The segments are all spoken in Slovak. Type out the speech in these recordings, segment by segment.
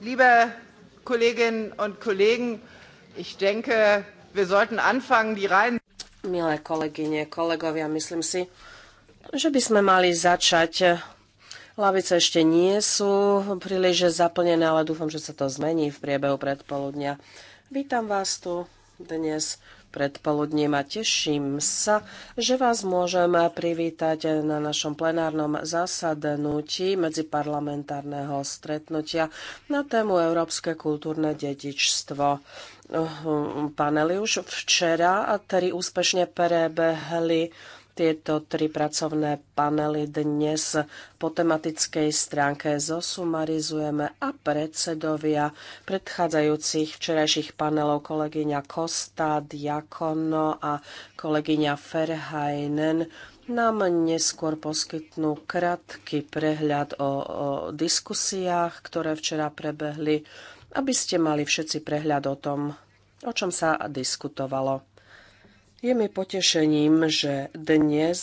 liebe Kolleginnen und Kollegen, ich denke, wir sollten anfangen, die Reihen. Milé kolegyne, kolegovia, myslím si, že by sme mali začať. Lavice ešte nie sú príliš zaplnené, ale dúfam, že sa to zmení v priebehu predpoludnia. Vítam vás tu dnes Predpoludním a teším sa, že vás môžem privítať na našom plenárnom zasadnutí medziparlamentárneho stretnutia na tému Európske kultúrne dedičstvo. Panely už včera, a tedy úspešne prebehli tieto tri pracovné panely dnes po tematickej stránke zosumarizujeme a predsedovia predchádzajúcich včerajších panelov kolegyňa Kosta, Diakono a kolegyňa Ferhajnen nám neskôr poskytnú krátky prehľad o, o diskusiách, ktoré včera prebehli, aby ste mali všetci prehľad o tom, o čom sa diskutovalo. Je mi potešením, že dnes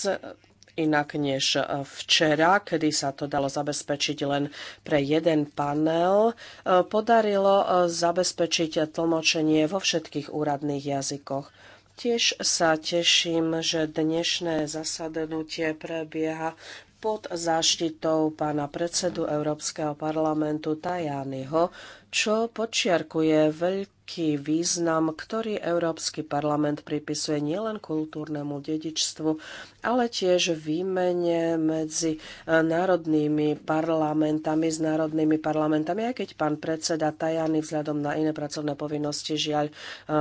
inak než včera, kedy sa to dalo zabezpečiť len pre jeden panel, eh, podarilo eh, zabezpečiť tlmočenie vo všetkých úradných jazykoch. Tiež sa teším, že dnešné zasadenutie prebieha pod záštitou pána predsedu Európskeho parlamentu Tajányho, čo počiarkuje veľkú veľký význam, ktorý Európsky parlament pripisuje nielen kultúrnemu dedičstvu, ale tiež výmene medzi eh, národnými parlamentami s národnými parlamentami, aj keď pán predseda Tajany vzhľadom na iné pracovné povinnosti žiaľ eh,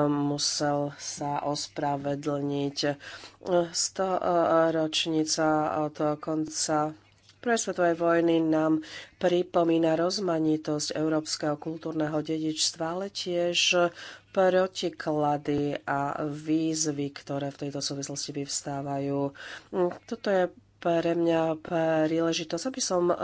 musel sa ospravedlniť. 100 eh, ročnica od konca pre svetovej vojny nám pripomína rozmanitosť európskeho kultúrneho dedičstva, ale tiež protiklady a výzvy, ktoré v tejto súvislosti vyvstávajú. Toto je pre mňa príležitosť, aby som e, e,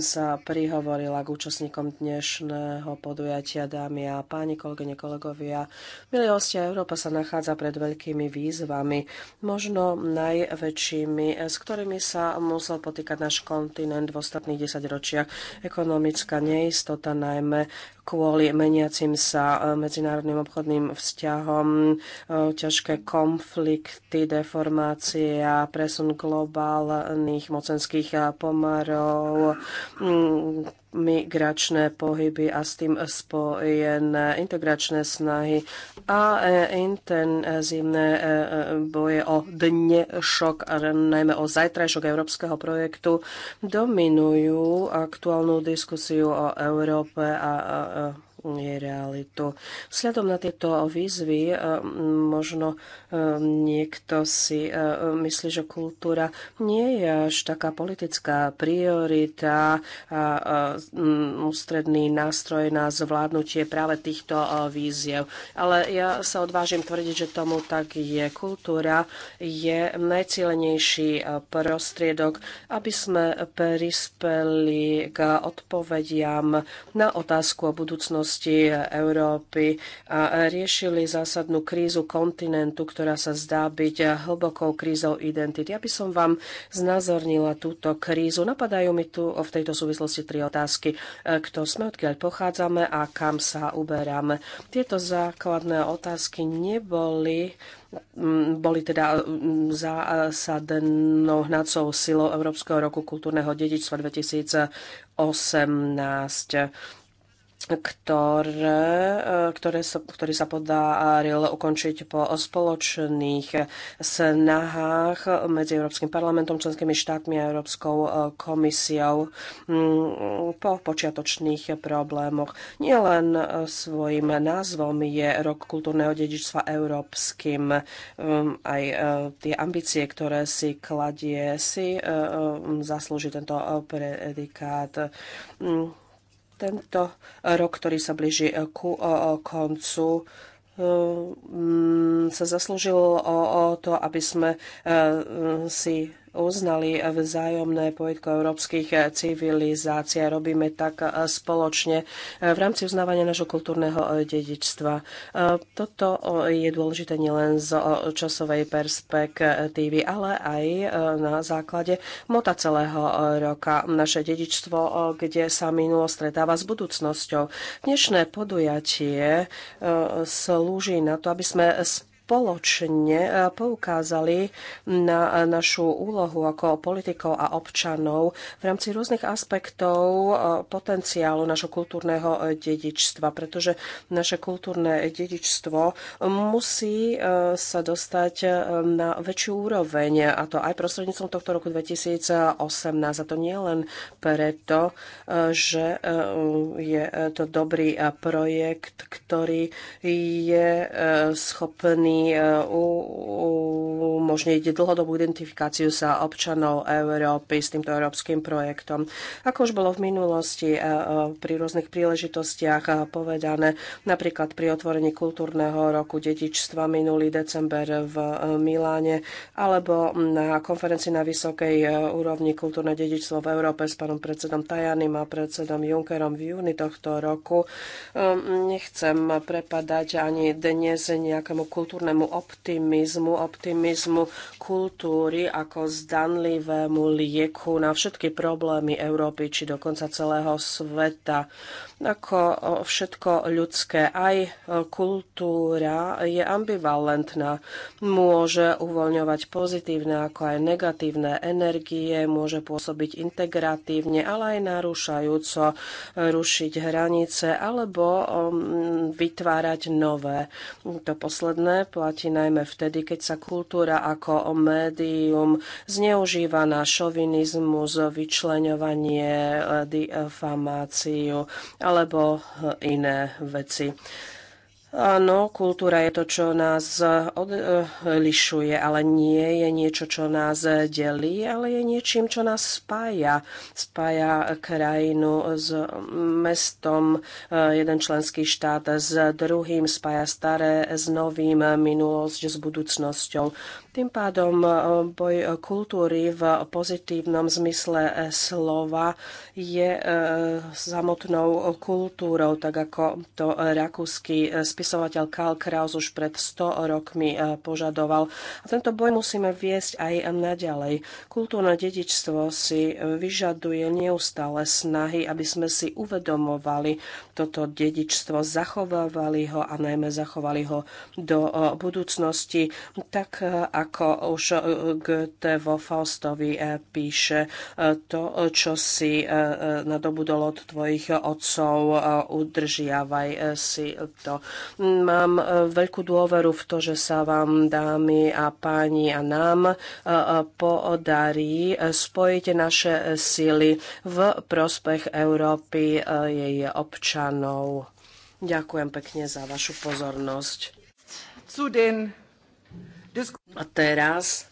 sa prihovorila k účastníkom dnešného podujatia, dámy a páni, kolegyne, kolegovia. Milí hostia, Európa sa nachádza pred veľkými výzvami, možno najväčšími, s ktorými sa musel potýkať náš kontinent v ostatných desaťročiach. Ekonomická neistota najmä, kvôli meniacim sa e, medzinárodným obchodným vzťahom, e, ťažké konflikty, deformácia, presun globálnych mocenských e, pomerov, migračné pohyby a s tým spojené integračné snahy a e, intenzívne e, e, boje o dnešok a najmä o zajtrajšok európskeho projektu dominujú aktuálnu diskusiu o Európe a realitu. Vzhľadom na tieto výzvy e, možno e, niekto si e, myslí, že kultúra nie je až taká politická priorita a ústredný nástroj na zvládnutie práve týchto víziev. Ale ja sa odvážim tvrdiť, že tomu tak je. Kultúra je najcielenejší prostriedok, aby sme prispeli k odpovediam na otázku o budúcnosti časti Európy a riešili zásadnú krízu kontinentu, ktorá sa zdá byť hlbokou krízou identity. Ja by som vám znázornila túto krízu. Napadajú mi tu v tejto súvislosti tri otázky. E, kto sme, odkiaľ pochádzame a kam sa uberáme. Tieto základné otázky neboli boli teda zásadnou hnacou silou Európskeho roku kultúrneho dedičstva 2018 ktoré, e, ktoré sa, ktorý sa podaril ukončiť po spoločných snahách medzi Európskym parlamentom, členskými štátmi a Európskou e, komisiou mm, po počiatočných problémoch. Nielen e, svojim názvom je Rok kultúrneho dedičstva európskym, aj tie ambície, ktoré si kladie, si zaslúži tento predikát mm, tento rok, ktorý sa blíži eh, ku eh, koncu, eh, mm, sa zaslúžil o to, aby sme si uznali vzájomné pojitko európskych civilizácií. a Robíme tak spoločne v rámci uznávania nášho kultúrneho dedičstva. Toto je dôležité nielen z časovej perspektívy, ale aj na základe mota celého roka. Naše dedičstvo, kde sa minulo stretáva s budúcnosťou. Dnešné podujatie e, slúži na to, aby sme spoločne spoločne e, poukázali na e, našu úlohu ako politikov a občanov v rámci rôznych aspektov e, potenciálu našho kultúrneho dedičstva, pretože naše kultúrne dedičstvo musí sa dostať na väčšiu úroveň, a to aj prostrednícom tohto roku 2018. A to nie len preto, že je to dobrý projekt, ktorý je schopný umožniť dlhodobú identifikáciu sa občanov Európy s týmto európskym projektom. Ako už bolo v minulosti e, e, pri rôznych príležitostiach e, povedané, napríklad pri otvorení kultúrneho roku detičstva minulý december v Miláne alebo na konferencii na vysokej úrovni kultúrne dedičstvo v Európe s pánom predsedom Tajanim a predsedom Junckerom v júni tohto roku. Nechcem prepadať ani dnes nejakému kultúrnemu takzvanému optimizmu, optimizmu kultúry ako zdanlivému lieku na všetky problémy Európy či dokonca celého sveta. Ako všetko ľudské, aj kultúra je ambivalentná. Môže uvoľňovať pozitívne ako aj negatívne energie, môže pôsobiť integratívne, ale aj narúšajúco, rušiť hranice alebo mm, vytvárať nové. To posledné platí najmä vtedy, keď sa kultúra ako médium zneužíva na šovinizmus, vyčleňovanie, eh, difamáciu alebo eh, iné veci. Áno, kultúra je to, čo nás odlišuje, ale nie je niečo, čo nás delí, ale je niečím, čo nás spája. Spája krajinu s mestom, jeden členský štát s druhým, spája staré s novým, minulosť s budúcnosťou. Tým pádom boj kultúry v pozitívnom zmysle slova je e, samotnou kultúrou, tak ako to rakúsky e, spisovateľ Karl Kraus už pred 100 rokmi e, požadoval. A tento boj musíme viesť aj naďalej. Kultúrne dedičstvo si vyžaduje neustále snahy, aby sme si uvedomovali toto dedičstvo, zachovávali ho a najmä zachovali ho do budúcnosti, tak ako už Goethe vo Faustovi píše to, čo si nadobudol od tvojich otcov, udržiavaj e, si to. Mám e, veľkú dôveru v to, že sa vám, dámy a páni a nám, e, podarí spojiť naše síly v prospech Európy, jej občanov. Ďakujem pekne za vašu pozornosť. A teraz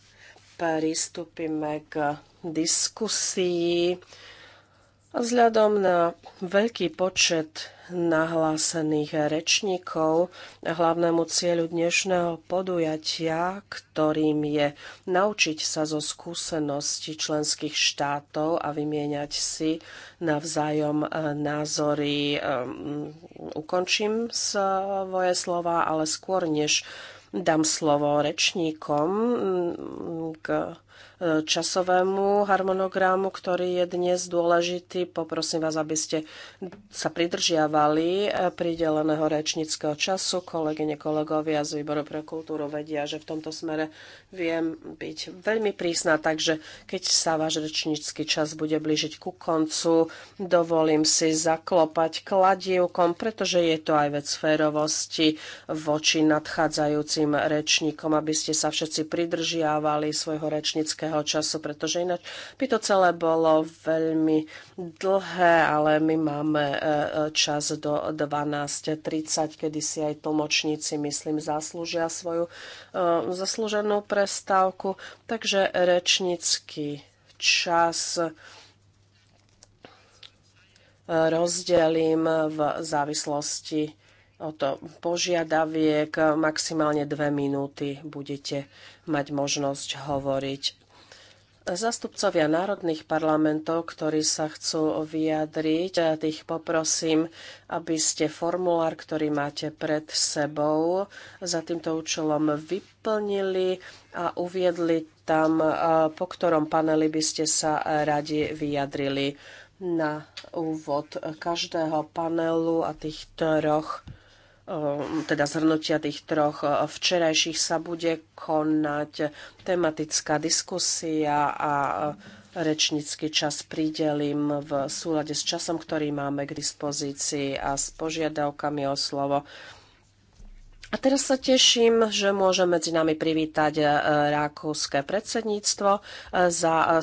pristúpime k diskusii. Vzhľadom na veľký počet nahlásených rečníkov hlavnému cieľu dnešného podujatia, ktorým je naučiť sa zo skúsenosti členských štátov a vymieňať si navzájom e, názory, e, ukončím svoje slova, ale skôr než dám slovo rečníkom k časovému harmonogramu, ktorý je dnes dôležitý. Poprosím vás, aby ste sa pridržiavali eh, prideleného rečníckého času. Kolegyne, kolegovia z Výboru pre kultúru vedia, že v tomto smere viem byť veľmi prísna, takže keď sa váš rečnícky čas bude blížiť ku koncu, dovolím si zaklopať kladivkom, pretože je to aj vec férovosti voči nadchádzajúcim rečníkom, aby ste sa všetci pridržiavali svojho rečníckého voľného času, pretože ináč by to celé bolo veľmi dlhé, ale my máme e, e, čas do 12.30, kedy si aj tlmočníci, myslím, zaslúžia svoju e, zaslúženú prestávku. Takže rečnícky čas rozdelím v závislosti od požiadaviek. Maximálne dve minúty budete mať možnosť hovoriť. Zastupcovia národných parlamentov, ktorí sa chcú vyjadriť, ja tých poprosím, aby ste formulár, ktorý máte pred sebou, za týmto účelom vyplnili a uviedli tam, po ktorom paneli by ste sa radi vyjadrili na úvod každého panelu a tých troch Ehm, teda zhrnutia tých troch včerajších sa bude konať tematická diskusia a e, rečnícky čas pridelím v súlade s časom, ktorý máme k dispozícii a s požiadavkami o slovo. A teraz sa teším, že môžem medzi nami privítať e, rakúske predsedníctvo e,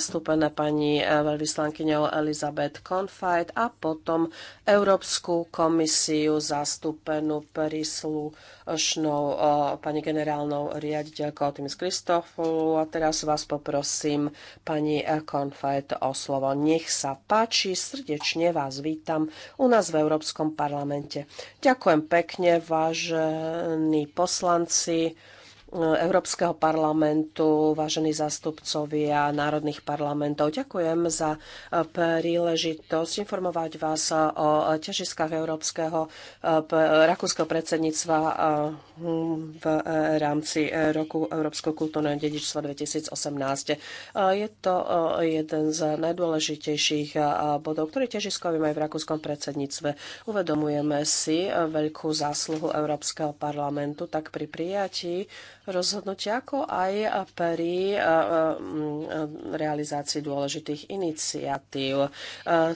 stúpené pani e, veľvyslankyňou Elizabeth Confide a potom Európsku komisiu zastúpenú príslušnou pani generálnou riaditeľkou Timis Kristofu. A teraz vás poprosím, pani Confide, o slovo. Nech sa páči, srdečne vás vítam u nás v Európskom parlamente. Ďakujem pekne, vážené volení poslanci Európskeho parlamentu, vážení zástupcovia národných parlamentov. Ďakujem za eh, príležitosť informovať vás eh, o ťažiskách Európskeho eh, rakúskeho predsedníctva v rámci roku Európskeho kultúrneho dedičstva 2018. Je to jeden z najdôležitejších bodov, ktorý ťažiskovým aj v rakúskom predsedníctve. Uvedomujeme si veľkú zásluhu Európskeho parlamentu tak pri prijatí rozhodnutia, ako aj pri eh, eh, realizácii dôležitých iniciatív. Eh,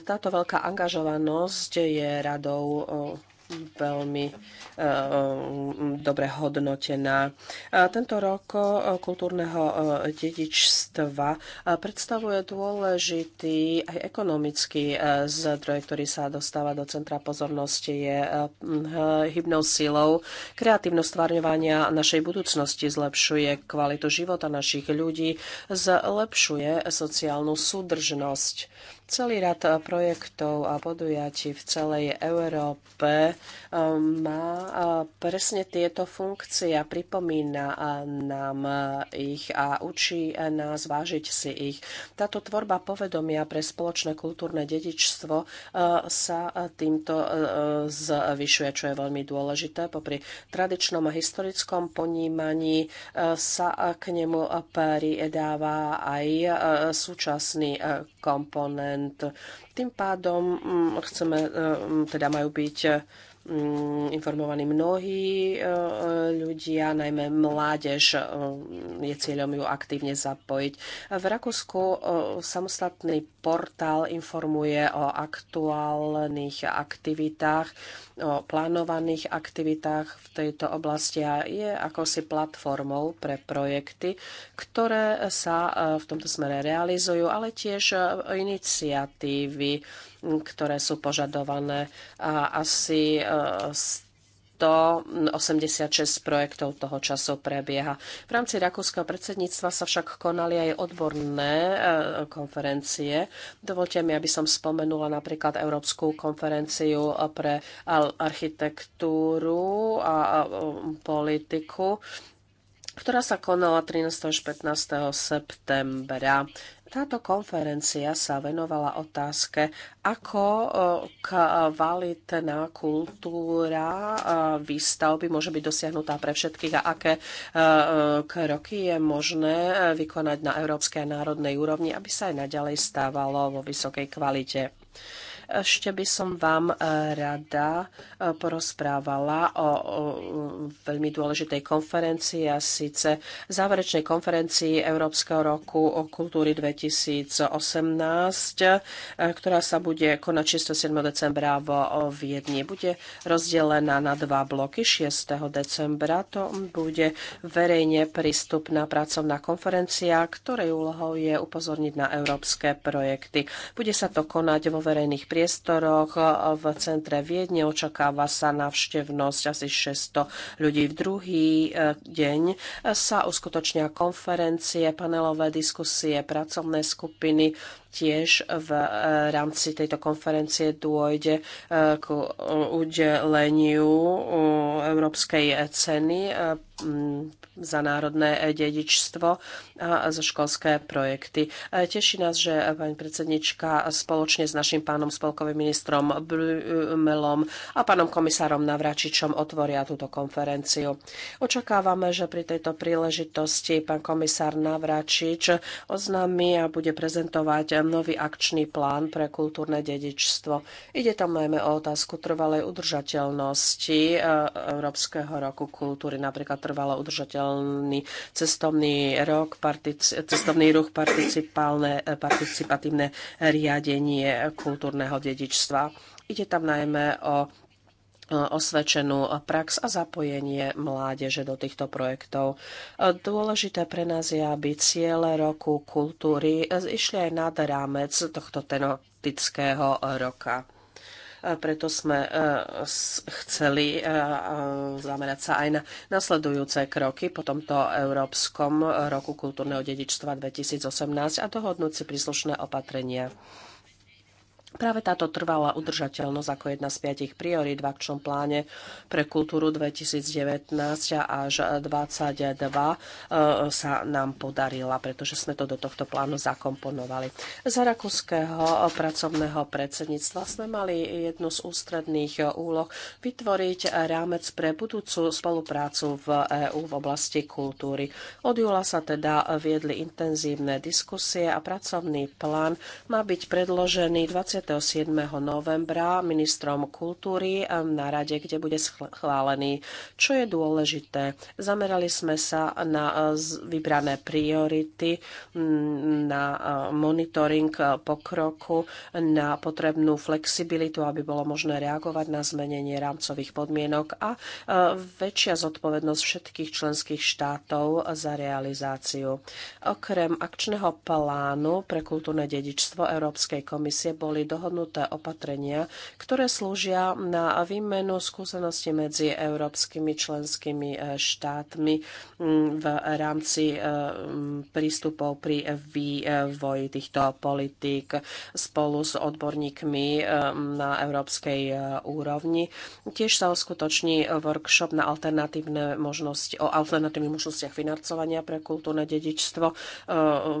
táto veľká angažovanosť je radou veľmi eh, mm, dobre hodnotená. Tento rok eh, kultúrneho eh, dedičstva predstavuje dôležitý aj ekonomický zdroj, ktorý sa dostáva do centra pozornosti, je hybnou silou. Kreatívnosť stvárňovania našej budúcnosti zlepšuje kvalitu života našich ľudí, zlepšuje sociálnu súdržnosť. Celý rad eh, projektov a podujatí v celej Európe eh, má eh, presne tieto funkcie a pripomína nám ich a učí nás vážiť si ich. Táto tvorba povedomia pre spoločné kultúrne dedičstvo sa týmto zvyšuje, čo je veľmi dôležité. Popri tradičnom a historickom ponímaní sa k nemu pridáva aj súčasný komponent tým pádom mm, chceme, mm, teda majú byť Mm, informovaní mnohí e, ľudia, najmä mládež. E, je cieľom ju aktívne zapojiť. V Rakúsku e, samostatný portál informuje o aktuálnych aktivitách, o plánovaných aktivitách v tejto oblasti a je akosi platformou pre projekty, ktoré sa v tomto smere realizujú, ale tiež iniciatívy, ktoré sú požadované. A asi 186 eh, projektov toho času prebieha. V rámci rakúskeho predsedníctva sa však konali aj odborné eh, konferencie. Dovolte mi, aby som spomenula napríklad Európsku konferenciu pre architektúru a politiku ktorá sa konala 13. až 15. septembra. Táto konferencia sa venovala otázke, ako e, kvalitná kultúra e, výstavby môže byť dosiahnutá pre všetkých a aké e, kroky je možné vykonať na európskej a národnej úrovni, aby sa aj naďalej stávalo vo vysokej kvalite. Ešte by som vám e, rada e, porozprávala o veľmi dôležitej konferencii a síce záverečnej konferencii Európskeho roku o kultúry 2018, e, ktorá sa bude konať 6. 7. decembra v Viedni. Bude rozdelená na dva bloky. 6. decembra to bude verejne prístupná pracovná konferencia, ktorej úlohou je upozorniť na európske projekty. Bude sa to konať vo verejných priestoroch priestoroch e, v centre Viedne. Očakáva sa navštevnosť asi 600 ľudí. V druhý e, deň e, sa uskutočnia konferencie, panelové diskusie, pracovné skupiny tiež v e, rámci tejto konferencie dôjde e, k udeleniu Európskej ceny e, za národné dedičstvo a za školské projekty. Teší nás, že pani predsednička spoločne s našim pánom spolkovým ministrom Brumelom a pánom komisárom Navračičom otvoria túto konferenciu. Očakávame, že pri tejto príležitosti pán komisár Navračič oznámi a bude prezentovať nový akčný plán pre kultúrne dedičstvo. Ide tam najmä o otázku trvalej udržateľnosti e, Európskeho roku kultúry, napríklad trvalo udržateľný cestovný rok, partici- cestovný ruch, e, participatívne riadenie kultúrneho dedičstva. Ide tam najmä o osvedčenú prax a zapojenie mládeže do týchto projektov. Dôležité pre nás je, aby ciele roku kultúry išli aj nad rámec tohto tematického roka preto sme e, chceli e, e, zamerať sa aj na nasledujúce kroky po tomto Európskom roku kultúrneho dedičstva 2018 a dohodnúť si príslušné opatrenia. Práve táto trvalá udržateľnosť ako jedna z piatich priorít v akčnom pláne pre kultúru 2019 až 2022 e, sa nám podarila, pretože sme to do tohto plánu zakomponovali. Za rakúskeho pracovného predsedníctva sme mali jednu z ústredných úloh vytvoriť rámec pre budúcu spoluprácu v EÚ v oblasti kultúry. Od júla sa teda viedli intenzívne diskusie a pracovný plán má byť predložený 20 7. novembra ministrom kultúry na rade, kde bude schválený. Čo je dôležité? Zamerali sme sa na e, vybrané priority, na e, monitoring e, pokroku, na potrebnú flexibilitu, aby bolo možné reagovať na zmenenie rámcových podmienok a väčšia zodpovednosť všetkých členských štátov za realizáciu. Okrem akčného plánu pre kultúrne dedičstvo Európskej komisie boli dohodnuté opatrenia, ktoré slúžia na výmenu skúseností medzi európskymi členskými e, štátmi v rámci e, prístupov pri vývoji týchto politík spolu s odborníkmi e, na európskej úrovni. Tiež sa uskutoční workshop na alternatívne možnosti, o alternatívnych možnostiach financovania pre kultúrne dedičstvo,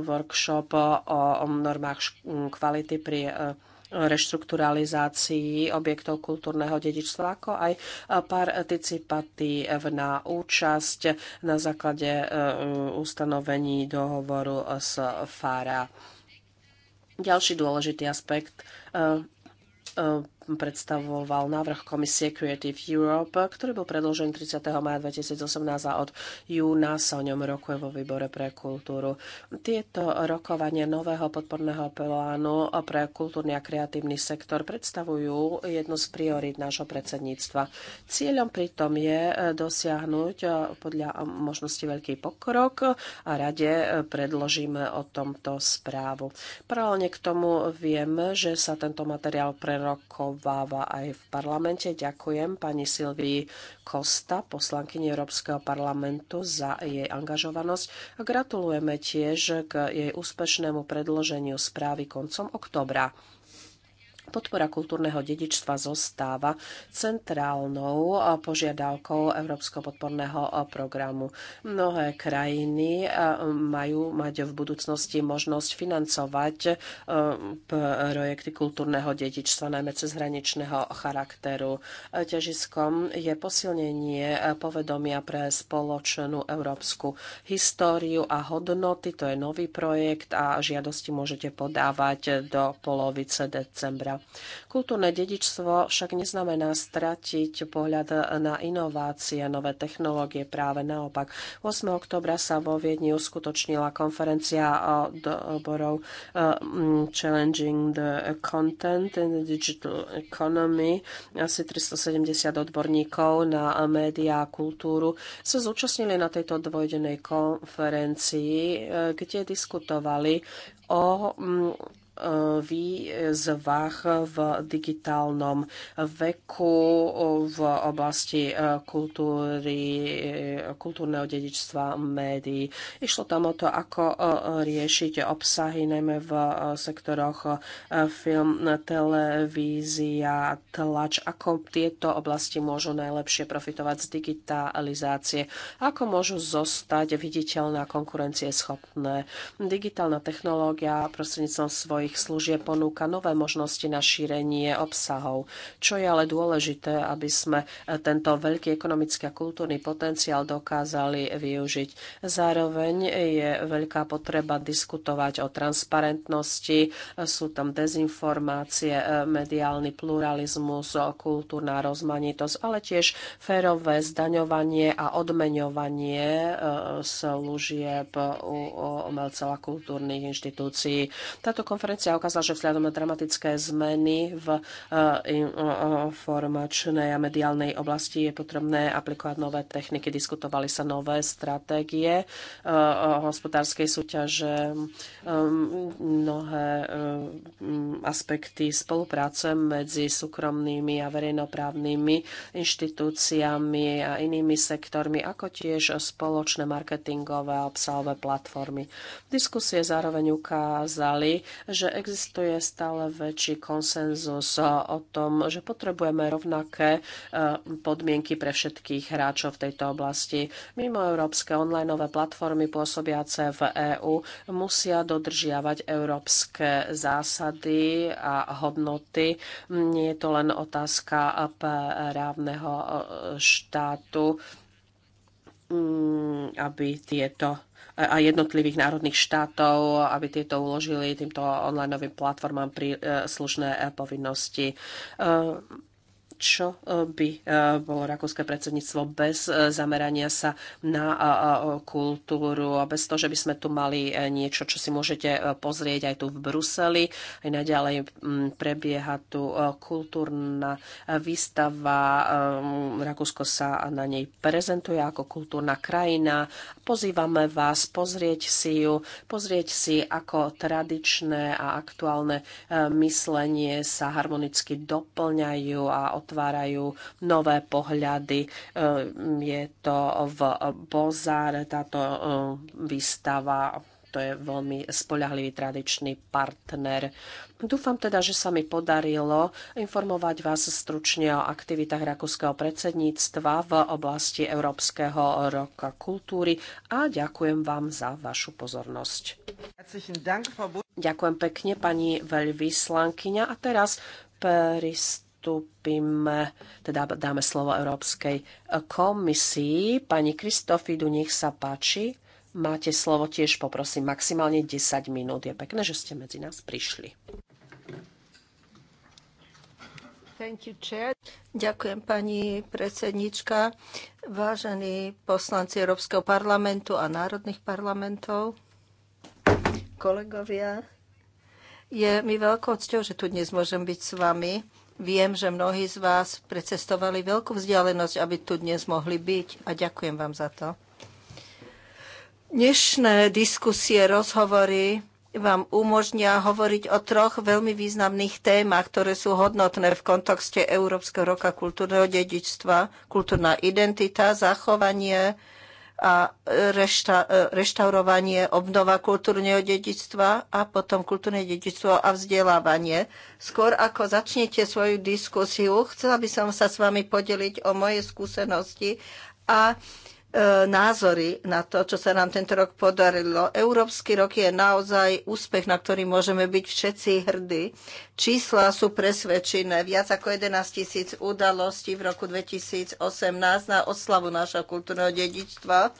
workshop o normách kvality pri reštrukturalizácii objektov kultúrneho dedičstva, ako aj participatív na účasť na základe e, ustanovení dohovoru s FARA. Ďalší dôležitý aspekt e, e, predstavoval návrh komisie Creative Europe, ktorý bol predložený 30. maja 2018 a od júna sa o ňom rokuje vo výbore pre kultúru. Tieto rokovanie nového podporného plánu pre kultúrny a kreatívny sektor predstavujú jednu z priorít nášho predsedníctva. Cieľom pritom je dosiahnuť eh, podľa možnosti veľký pokrok a rade eh, predložíme o tomto správu. Paralelne k tomu viem, že sa tento materiál rokov zachováva aj v parlamente. Ďakujem pani Silvii Kosta, poslankyni Európskeho parlamentu, za jej angažovanosť a gratulujeme tiež k jej úspešnému predloženiu správy koncom oktobra. Podpora kultúrneho dedičstva zostáva centrálnou požiadavkou Európskeho podporného programu. Mnohé krajiny e, majú mať v budúcnosti možnosť financovať e, projekty kultúrneho dedičstva, najmä cezhraničného charakteru. E, ťažiskom je posilnenie povedomia pre spoločnú európsku históriu a hodnoty. To je nový projekt a žiadosti môžete podávať do polovice decembra. Kultúrne dedičstvo však neznamená stratiť pohľad na inovácie, nové technológie, práve naopak. 8. oktobra sa vo Viedni uskutočnila konferencia o doborov mm, Challenging the Content in the Digital Economy. Asi 370 odborníkov na médiá a kultúru sa zúčastnili na tejto dvojdenej konferencii, eh, kde diskutovali o mm, výzvach v digitálnom veku v oblasti e, kultúry, e, kultúrneho dedičstva médií. Išlo tam o to, ako e, riešiť obsahy, najmä v sektoroch film, televízia, tlač, ako tieto oblasti môžu najlepšie profitovať z digitalizácie, ako môžu zostať viditeľné a konkurencieschopné. Digitálna technológia prostredníctvom svojich svojich služieb ponúka nové možnosti na šírenie obsahov. Čo je ale dôležité, aby sme tento veľký ekonomický a kultúrny potenciál dokázali využiť. Zároveň je veľká potreba diskutovať o transparentnosti, sú tam dezinformácie, mediálny pluralizmus, kultúrna rozmanitosť, ale tiež férové zdaňovanie a odmeňovanie e, služieb u umelcov a kultúrnych inštitúcií. Táto konferencia konferencia ukázala, že vzhľadom na dramatické zmeny v eh, informačnej a mediálnej oblasti je potrebné aplikovať nové techniky. Diskutovali sa nové stratégie eh, hospodárskej súťaže, eh, mnohé aspekty spolupráce medzi súkromnými a verejnoprávnymi inštitúciami a inými sektormi, ako tiež spoločné marketingové a obsahové platformy. Diskusie zároveň ukázali, že že existuje stále väčší konsenzus o tom, že potrebujeme rovnaké e, podmienky pre všetkých hráčov v tejto oblasti. Mimo európske onlineové platformy pôsobiace v EÚ musia dodržiavať európske zásady a hodnoty. Nie je to len otázka právneho e, štátu, aby tieto a jednotlivých národných štátov, aby tieto uložili týmto online platformám príslušné e, e, povinnosti. E, čo e, by e, bolo rakúske predsedníctvo bez e, zamerania sa na kultúru a bez toho, že by sme tu mali niečo, čo si môžete pozrieť aj tu v Bruseli. Aj naďalej prebieha tu kultúrna výstava. Rakúsko sa na nej prezentuje ako kultúrna krajina. Pozývame vás pozrieť si ju, pozrieť si, ako tradičné a aktuálne myslenie sa harmonicky doplňajú a otvárajú otvárajú nové pohľady. E, je to v Bozár, táto e, výstava to je veľmi spolahlivý tradičný partner. Dúfam teda, že sa mi podarilo informovať vás stručne o aktivitách rakúskeho predsedníctva v oblasti Európskeho roka kultúry a ďakujem vám za vašu pozornosť. Ďakujem pekne, pani veľvyslankyňa. A teraz pristúpime postúpime, teda dáme slovo Európskej komisii. Pani Kristofidu, nech sa páči. Máte slovo tiež, poprosím, maximálne 10 minút. Je pekné, že ste medzi nás prišli. You, Ďakujem, pani predsednička, vážení poslanci Európskeho parlamentu a národných parlamentov, kolegovia. Je mi veľkou cťou, že tu dnes môžem byť s vami Viem, že mnohí z vás precestovali veľkú vzdialenosť, aby tu dnes mohli byť a ďakujem vám za to. Dnešné diskusie, rozhovory vám umožnia hovoriť o troch veľmi významných témach, ktoré sú hodnotné v kontexte Európskeho roka kultúrneho dedičstva. Kultúrna identita, zachovanie a rešta, reštaurovanie, obnova kultúrneho dedictva a potom kultúrne dedictvo a vzdelávanie. Skôr ako začnete svoju diskusiu, chcela by som sa s vami podeliť o moje skúsenosti a uh, E, názory na to, čo sa nám tento rok podarilo. Európsky rok je naozaj úspech, na ktorý môžeme byť všetci hrdí. Čísla sú presvedčené. Viac ako 11 tisíc udalostí v roku 2018 na oslavu nášho kultúrneho dedičstva.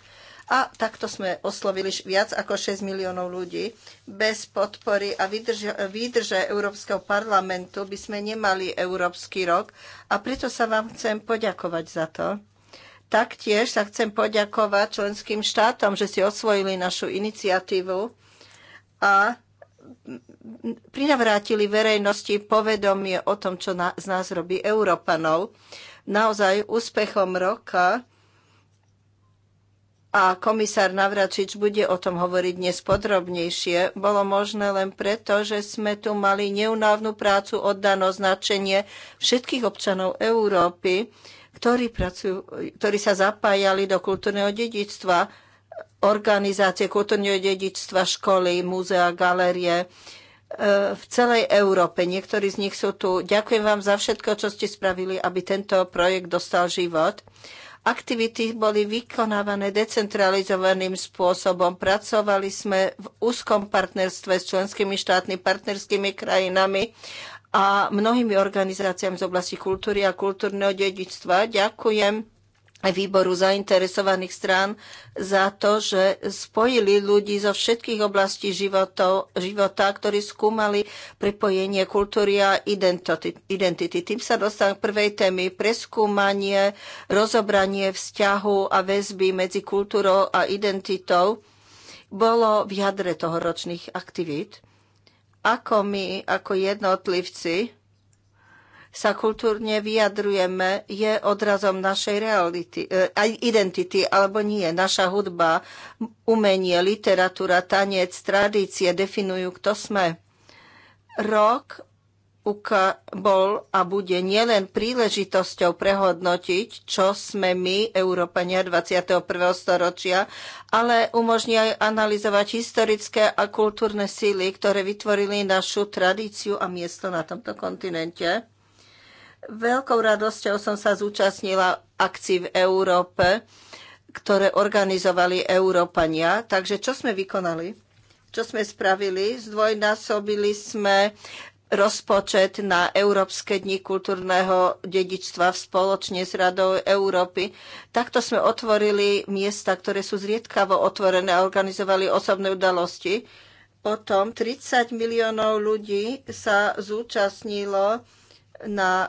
A takto sme oslovili viac ako 6 miliónov ľudí. Bez podpory a výdrže, výdrže Európskeho parlamentu by sme nemali Európsky rok. A preto sa vám chcem poďakovať za to Taktiež sa chcem poďakovať členským štátom, že si osvojili našu iniciatívu a prinavrátili verejnosti povedomie o tom, čo z nás robí Európanov. Naozaj úspechom roka a komisár Navračič bude o tom hovoriť dnes podrobnejšie. Bolo možné len preto, že sme tu mali neunávnu prácu, oddano značenie všetkých občanov Európy, ktorí, pracujú, ktorí sa zapájali do kultúrneho dedičstva, organizácie kultúrneho dedičstva, školy, múzea, galerie e, v celej Európe. Niektorí z nich sú tu. Ďakujem vám za všetko, čo ste spravili, aby tento projekt dostal život. Aktivity boli vykonávané decentralizovaným spôsobom. Pracovali sme v úzkom partnerstve s členskými štátmi, partnerskými krajinami a mnohými organizáciami z oblasti kultúry a kultúrneho dedičstva. Ďakujem výboru zainteresovaných strán za to, že spojili ľudí zo všetkých oblastí životov, života, ktorí skúmali prepojenie kultúry a identity. Tým sa dostávam k prvej témy preskúmanie, rozobranie vzťahu a väzby medzi kultúrou a identitou bolo v jadre toho ročných aktivít ako my, ako jednotlivci, sa kultúrne vyjadrujeme, je odrazom našej reality, e, aj identity, alebo nie. Naša hudba, umenie, literatúra, tanec, tradície definujú, kto sme. Rok bol a bude nielen príležitosťou prehodnotiť, čo sme my, Európania 21. storočia, ale umožní aj analyzovať historické a kultúrne síly, ktoré vytvorili našu tradíciu a miesto na tomto kontinente. Veľkou radosťou som sa zúčastnila akcií v Európe, ktoré organizovali Európania. Takže čo sme vykonali? čo sme spravili? Zdvojnásobili sme rozpočet na Európske dni kultúrneho dedičstva spoločne s Radou Európy. Takto sme otvorili miesta, ktoré sú zriedkavo otvorené a organizovali osobné udalosti. Potom 30 miliónov ľudí sa zúčastnilo na e,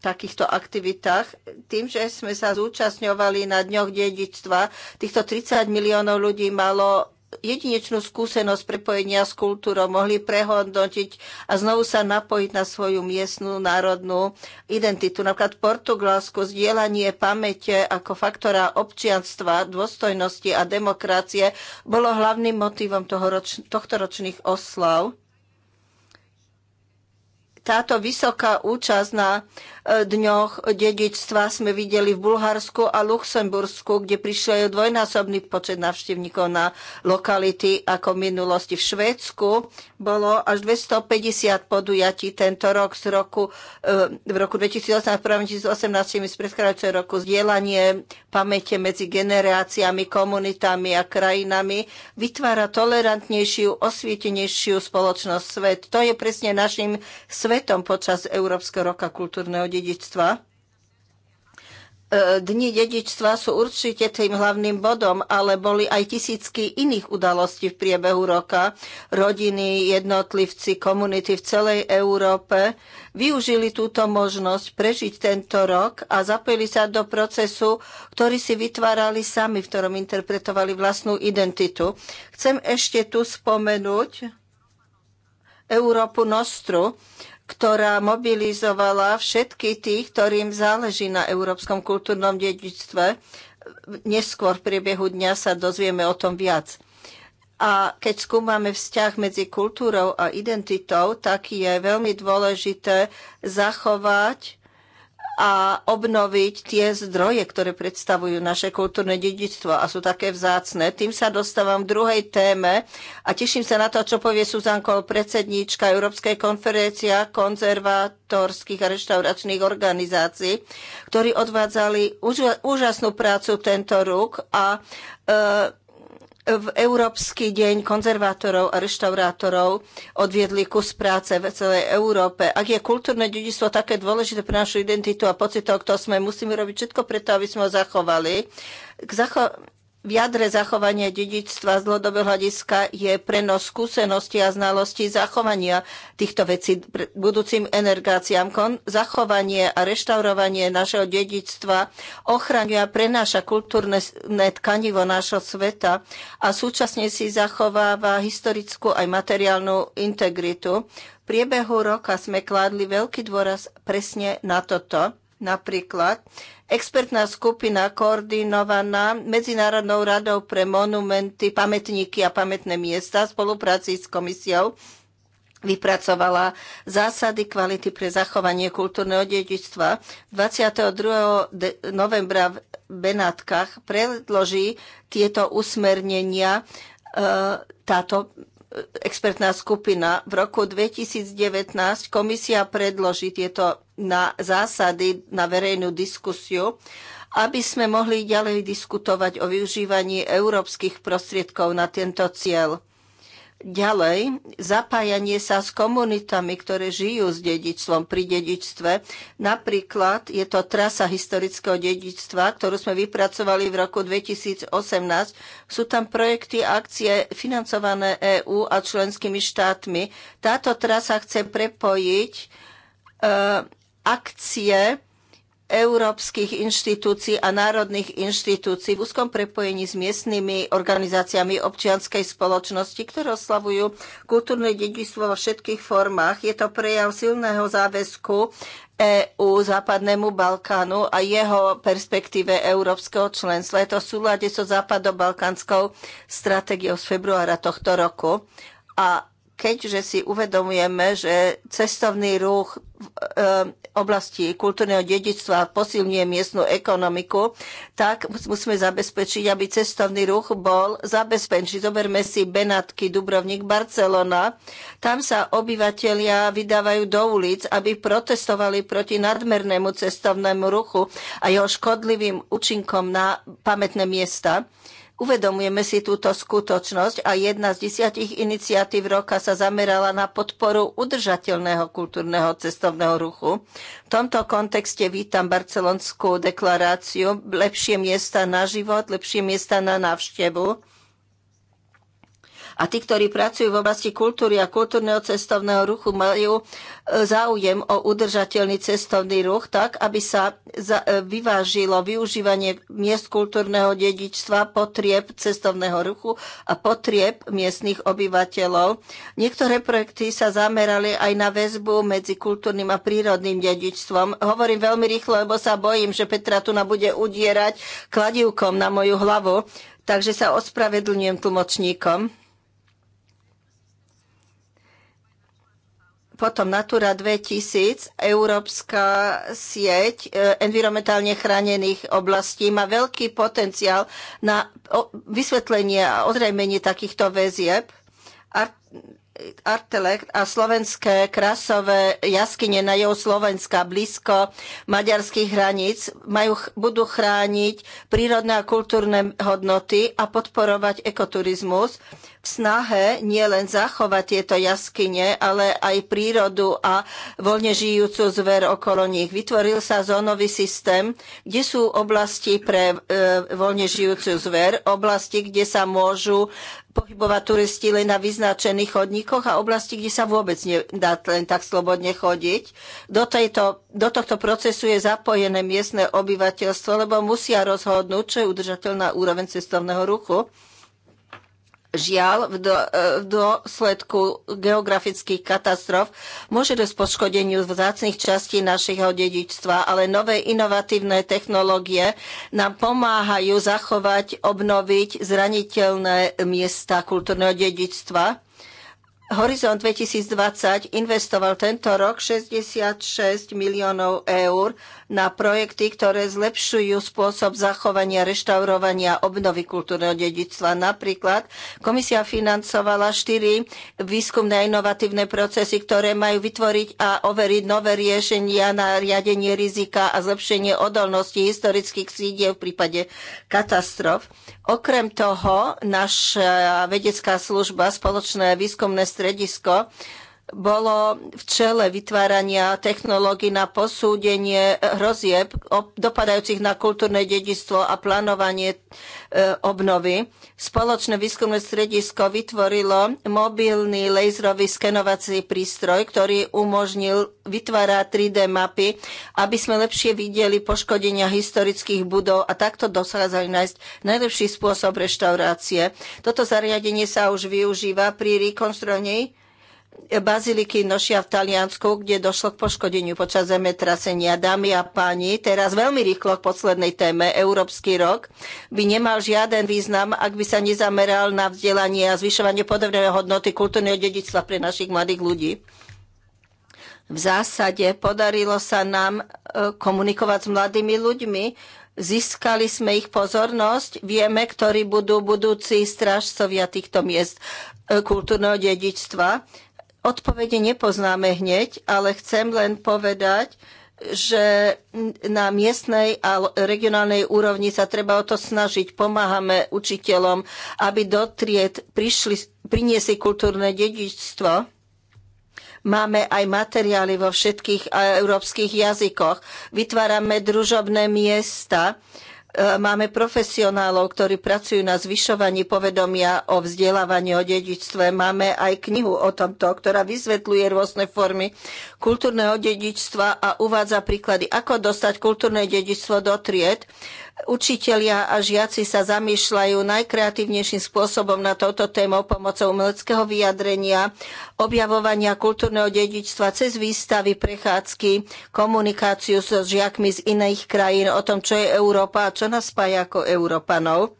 takýchto aktivitách. Tým, že sme sa zúčastňovali na dňoch dedičstva, týchto 30 miliónov ľudí malo jedinečnú skúsenosť prepojenia s kultúrou, mohli prehodnotiť a znovu sa napojiť na svoju miestnú národnú identitu. Napríklad Portugalsko, zdieľanie pamäte ako faktora občianstva, dôstojnosti a demokracie bolo hlavným motivom roč, tohto ročných oslav táto vysoká účasť na dňoch dedičstva sme videli v Bulharsku a Luxembursku, kde prišiel dvojnásobný počet návštevníkov na lokality ako v minulosti. V Švédsku bolo až 250 podujatí tento rok z roku, e, v roku 2018 v 2018 z predchádzajúceho roku zdieľanie pamäte medzi generáciami, komunitami a krajinami vytvára tolerantnejšiu, osvietenejšiu spoločnosť svet. To je presne našim svetom počas Európskeho roka kultúrneho dedičstva. E, dni dedičstva sú určite tým hlavným bodom, ale boli aj tisícky iných udalostí v priebehu roka. Rodiny, jednotlivci, komunity v celej Európe využili túto možnosť prežiť tento rok a zapojili sa do procesu, ktorý si vytvárali sami, v ktorom interpretovali vlastnú identitu. Chcem ešte tu spomenúť Európu Nostru, ktorá mobilizovala všetky tých, ktorým záleží na európskom kultúrnom dedičstve. Neskôr v priebehu dňa sa dozvieme o tom viac. A keď skúmame vzťah medzi kultúrou a identitou, tak je veľmi dôležité zachovať a obnoviť tie zdroje, ktoré predstavujú naše kultúrne dedičstvo a sú také vzácne. Tým sa dostávam k druhej téme a teším sa na to, čo povie Suzanko, predsedníčka Európskej konferencia konzervatorských a reštauračných organizácií, ktorí odvádzali úžasnú prácu tento rok a e, v Európsky deň konzervátorov a reštaurátorov odviedli kus práce v celej Európe. Ak je kultúrne dedičstvo také dôležité pre našu identitu a pocitov, kto sme, musíme robiť všetko preto, aby sme ho zachovali. K zacho- v jadre zachovania dedičstva z dlhodobého hľadiska je prenos skúsenosti a znalosti zachovania týchto vecí budúcim energáciám. Kon, zachovanie a reštaurovanie našeho dedičstva ochraňuje a prenáša kultúrne tkanivo nášho sveta a súčasne si zachováva historickú aj materiálnu integritu. V priebehu roka sme kládli veľký dôraz presne na toto. Napríklad expertná skupina koordinovaná Medzinárodnou radou pre monumenty, pamätníky a pamätné miesta v spolupráci s komisiou vypracovala zásady kvality pre zachovanie kultúrneho dedičstva. 22. novembra v Benátkach predloží tieto usmernenia e, táto e, expertná skupina. V roku 2019 komisia predloží tieto na zásady, na verejnú diskusiu, aby sme mohli ďalej diskutovať o využívaní európskych prostriedkov na tento cieľ. Ďalej, zapájanie sa s komunitami, ktoré žijú s dedičstvom pri dedičstve. Napríklad je to trasa historického dedičstva, ktorú sme vypracovali v roku 2018. Sú tam projekty a akcie financované EÚ a členskými štátmi. Táto trasa chce prepojiť e, akcie európskych inštitúcií a národných inštitúcií v úzkom prepojení s miestnymi organizáciami občianskej spoločnosti, ktoré oslavujú kultúrne dedičstvo vo všetkých formách. Je to prejav silného záväzku EÚ Západnému Balkánu a jeho perspektíve európskeho členstva. Je to v súlade so západobalkánskou stratégiou z februára tohto roku. A keďže si uvedomujeme, že cestovný ruch v eh, oblasti kultúrneho dedičstva posilňuje miestnu ekonomiku, tak musíme zabezpečiť, aby cestovný ruch bol zabezpečený. Zoberme si Benátky, Dubrovnik, Barcelona. Tam sa obyvatelia vydávajú do ulic, aby protestovali proti nadmernému cestovnému ruchu a jeho škodlivým účinkom na pamätné miesta. Uvedomujeme si túto skutočnosť a jedna z desiatich iniciatív roka sa zamerala na podporu udržateľného kultúrneho cestovného ruchu. V tomto kontexte vítam barcelonskú deklaráciu lepšie miesta na život, lepšie miesta na návštevu a tí, ktorí pracujú v oblasti kultúry a kultúrneho cestovného ruchu, majú e, záujem o udržateľný cestovný ruch tak, aby sa e, vyvážilo využívanie miest kultúrneho dedičstva, potrieb cestovného ruchu a potrieb miestnych obyvateľov. Niektoré projekty sa zamerali aj na väzbu medzi kultúrnym a prírodným dedičstvom. Hovorím veľmi rýchlo, lebo sa bojím, že Petra tu na bude udierať kladivkom na moju hlavu, takže sa ospravedlňujem tlmočníkom. Potom Natura 2000, európska sieť e, environmentálne chránených oblastí, má veľký potenciál na vysvetlenie a odrejmenie takýchto väzieb. Artelek a slovenské krasové jaskyne na jeho Slovenska blízko maďarských hraníc majú, budú chrániť prírodné a kultúrne hodnoty a podporovať ekoturizmus v snahe nielen zachovať tieto jaskyne, ale aj prírodu a voľne žijúcu zver okolo nich. Vytvoril sa zónový systém, kde sú oblasti pre e, voľne žijúcu zver, oblasti, kde sa môžu pohybovať turisti len na vyznačených chodníkoch a oblasti, kde sa vôbec nedá len tak slobodne chodiť. Do, tejto, do tohto procesu je zapojené miestne obyvateľstvo, lebo musia rozhodnúť, čo je udržateľná úroveň cestovného ruchu. Žiaľ, v, do, e, v dôsledku geografických katastrof môže dosť poškodeniu vzácných častí našeho dedičstva, ale nové inovatívne technológie nám pomáhajú zachovať, obnoviť zraniteľné miesta kultúrneho dedičstva. Horizont 2020 investoval tento rok 66 miliónov eur na projekty, ktoré zlepšujú spôsob zachovania, reštaurovania a obnovy kultúrneho dedictva. Napríklad komisia financovala štyri výskumné a inovatívne procesy, ktoré majú vytvoriť a overiť nové riešenia na riadenie rizika a zlepšenie odolnosti historických sídiev v prípade katastrof. Okrem toho, naša vedecká služba, spoločné výskumné stredisko, bolo v čele vytvárania technológií na posúdenie hrozieb dopadajúcich na kultúrne dedictvo a plánovanie e, obnovy. Spoločné výskumné stredisko vytvorilo mobilný laserový skenovací prístroj, ktorý umožnil vytvárať 3D mapy, aby sme lepšie videli poškodenia historických budov a takto dosázali nájsť najlepší spôsob reštaurácie. Toto zariadenie sa už využíva pri rekonstruovaní baziliky nošia v Taliansku, kde došlo k poškodeniu počas zemetrasenia. Dámy a páni, teraz veľmi rýchlo k poslednej téme. Európsky rok by nemal žiaden význam, ak by sa nezameral na vzdelanie a zvyšovanie podobnej hodnoty kultúrneho dedičstva pre našich mladých ľudí. V zásade podarilo sa nám e, komunikovať s mladými ľuďmi, Získali sme ich pozornosť, vieme, ktorí budú budúci strážcovia týchto miest e, kultúrneho dedičstva. Odpovede nepoznáme hneď, ale chcem len povedať, že na miestnej a regionálnej úrovni sa treba o to snažiť. Pomáhame učiteľom, aby do tried prišli, priniesli kultúrne dedičstvo. Máme aj materiály vo všetkých európskych jazykoch. Vytvárame družobné miesta E, máme profesionálov, ktorí pracujú na zvyšovaní povedomia o vzdelávaní, o dedičstve. Máme aj knihu o tomto, ktorá vysvetľuje rôzne formy kultúrneho dedičstva a uvádza príklady, ako dostať kultúrne dedičstvo do tried. Učitelia a žiaci sa zamýšľajú najkreatívnejším spôsobom na touto tému pomocou umeleckého vyjadrenia, objavovania kultúrneho dedičstva cez výstavy, prechádzky, komunikáciu so žiakmi z iných krajín o tom, čo je Európa a čo nás spája ako Európanov.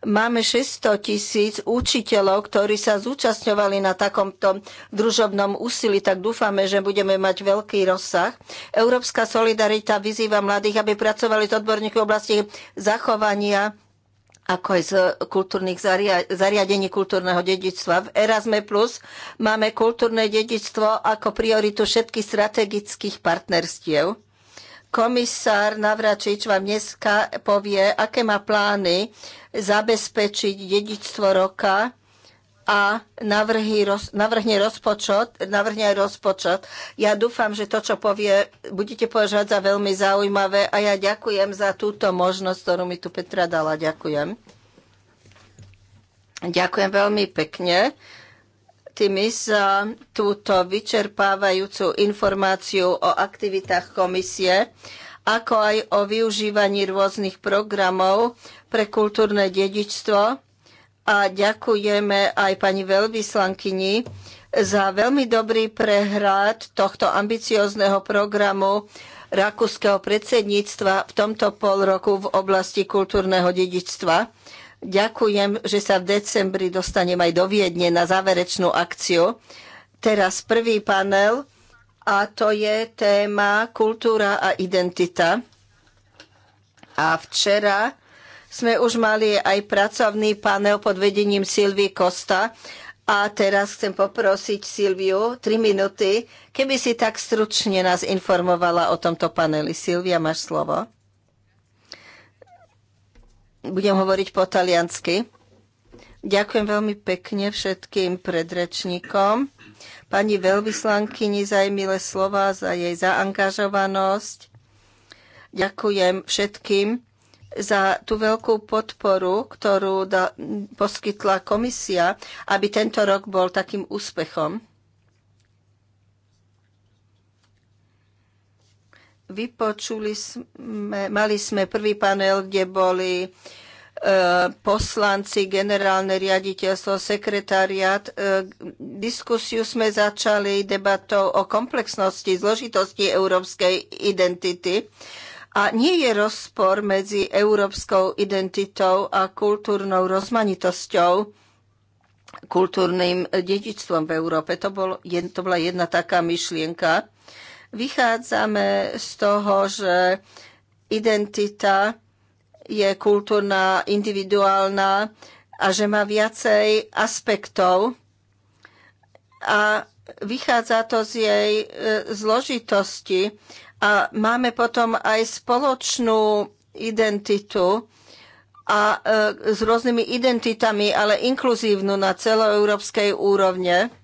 Máme 600 tisíc učiteľov, ktorí sa zúčastňovali na takomto družobnom úsilí, tak dúfame, že budeme mať veľký rozsah. Európska solidarita vyzýva mladých, aby pracovali s odborníkmi v oblasti zachovania ako aj z kultúrnych zariadení kultúrneho dedičstva. V Erasme Plus máme kultúrne dedičstvo ako prioritu všetkých strategických partnerstiev Komisár Navračič vám dneska povie, aké má plány zabezpečiť dedičstvo roka a roz, navrhne rozpočet, navrhne aj rozpočet. Ja dúfam, že to, čo povie, budete považovať za veľmi zaujímavé a ja ďakujem za túto možnosť, ktorú mi tu Petra dala. Ďakujem. Ďakujem veľmi pekne tými za túto vyčerpávajúcu informáciu o aktivitách komisie, ako aj o využívaní rôznych programov pre kultúrne dedičstvo. A ďakujeme aj pani veľvyslankyni za veľmi dobrý prehľad tohto ambiciozného programu rakúskeho predsedníctva v tomto pol roku v oblasti kultúrneho dedičstva Ďakujem, že sa v decembri dostanem aj do Viedne na záverečnú akciu. Teraz prvý panel a to je téma kultúra a identita. A včera sme už mali aj pracovný panel pod vedením Silvy Kosta a teraz chcem poprosiť Silviu 3 minúty, keby si tak stručne nás informovala o tomto paneli. Silvia, máš slovo. Budem hovoriť po taliansky. Ďakujem veľmi pekne všetkým predrečníkom. Pani veľvyslankyni za jej milé slova, za jej zaangažovanosť. Ďakujem všetkým za tú veľkú podporu, ktorú da, poskytla komisia, aby tento rok bol takým úspechom. Vypočuli sme, mali sme prvý panel, kde boli e, poslanci, generálne riaditeľstvo, sekretariat. E, diskusiu sme začali debatou o komplexnosti, zložitosti európskej identity. A nie je rozpor medzi európskou identitou a kultúrnou rozmanitosťou, kultúrnym dedičstvom v Európe. To, bol, to bola jedna taká myšlienka. Vychádzame z toho, že identita je kultúrna, individuálna a že má viacej aspektov a vychádza to z jej e, zložitosti a máme potom aj spoločnú identitu a e, s rôznymi identitami, ale inkluzívnu na celoeurópskej úrovne.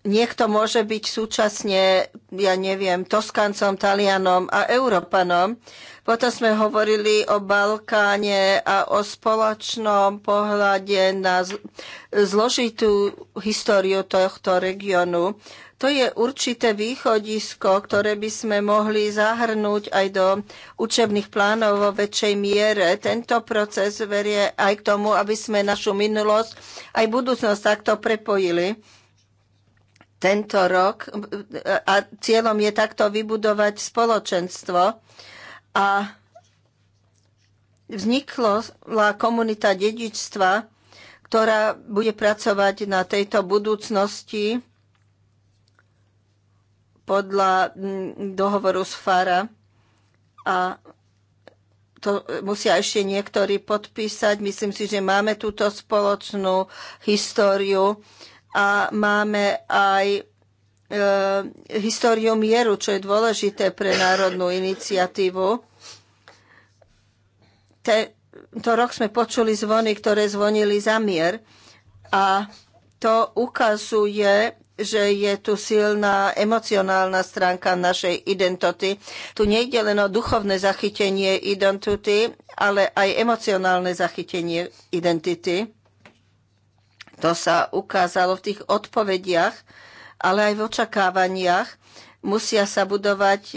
Niekto môže byť súčasne, ja neviem, Toskancom, Talianom a Európanom. Potom sme hovorili o Balkáne a o spoločnom pohľade na zložitú históriu tohto regiónu. To je určité východisko, ktoré by sme mohli zahrnúť aj do učebných plánov vo väčšej miere. Tento proces verie aj k tomu, aby sme našu minulosť aj budúcnosť takto prepojili tento rok a cieľom je takto vybudovať spoločenstvo a vznikla komunita dedičstva, ktorá bude pracovať na tejto budúcnosti podľa mm, dohovoru z FARA a to musia ešte niektorí podpísať. Myslím si, že máme túto spoločnú históriu a máme aj e, históriu mieru, čo je dôležité pre národnú iniciatívu. Tento rok sme počuli zvony, ktoré zvonili za mier a to ukazuje, že je tu silná emocionálna stránka našej identity. Tu nejde len o duchovné zachytenie identity, ale aj emocionálne zachytenie identity. To sa ukázalo v tých odpovediach, ale aj v očakávaniach. Musia sa budovať e,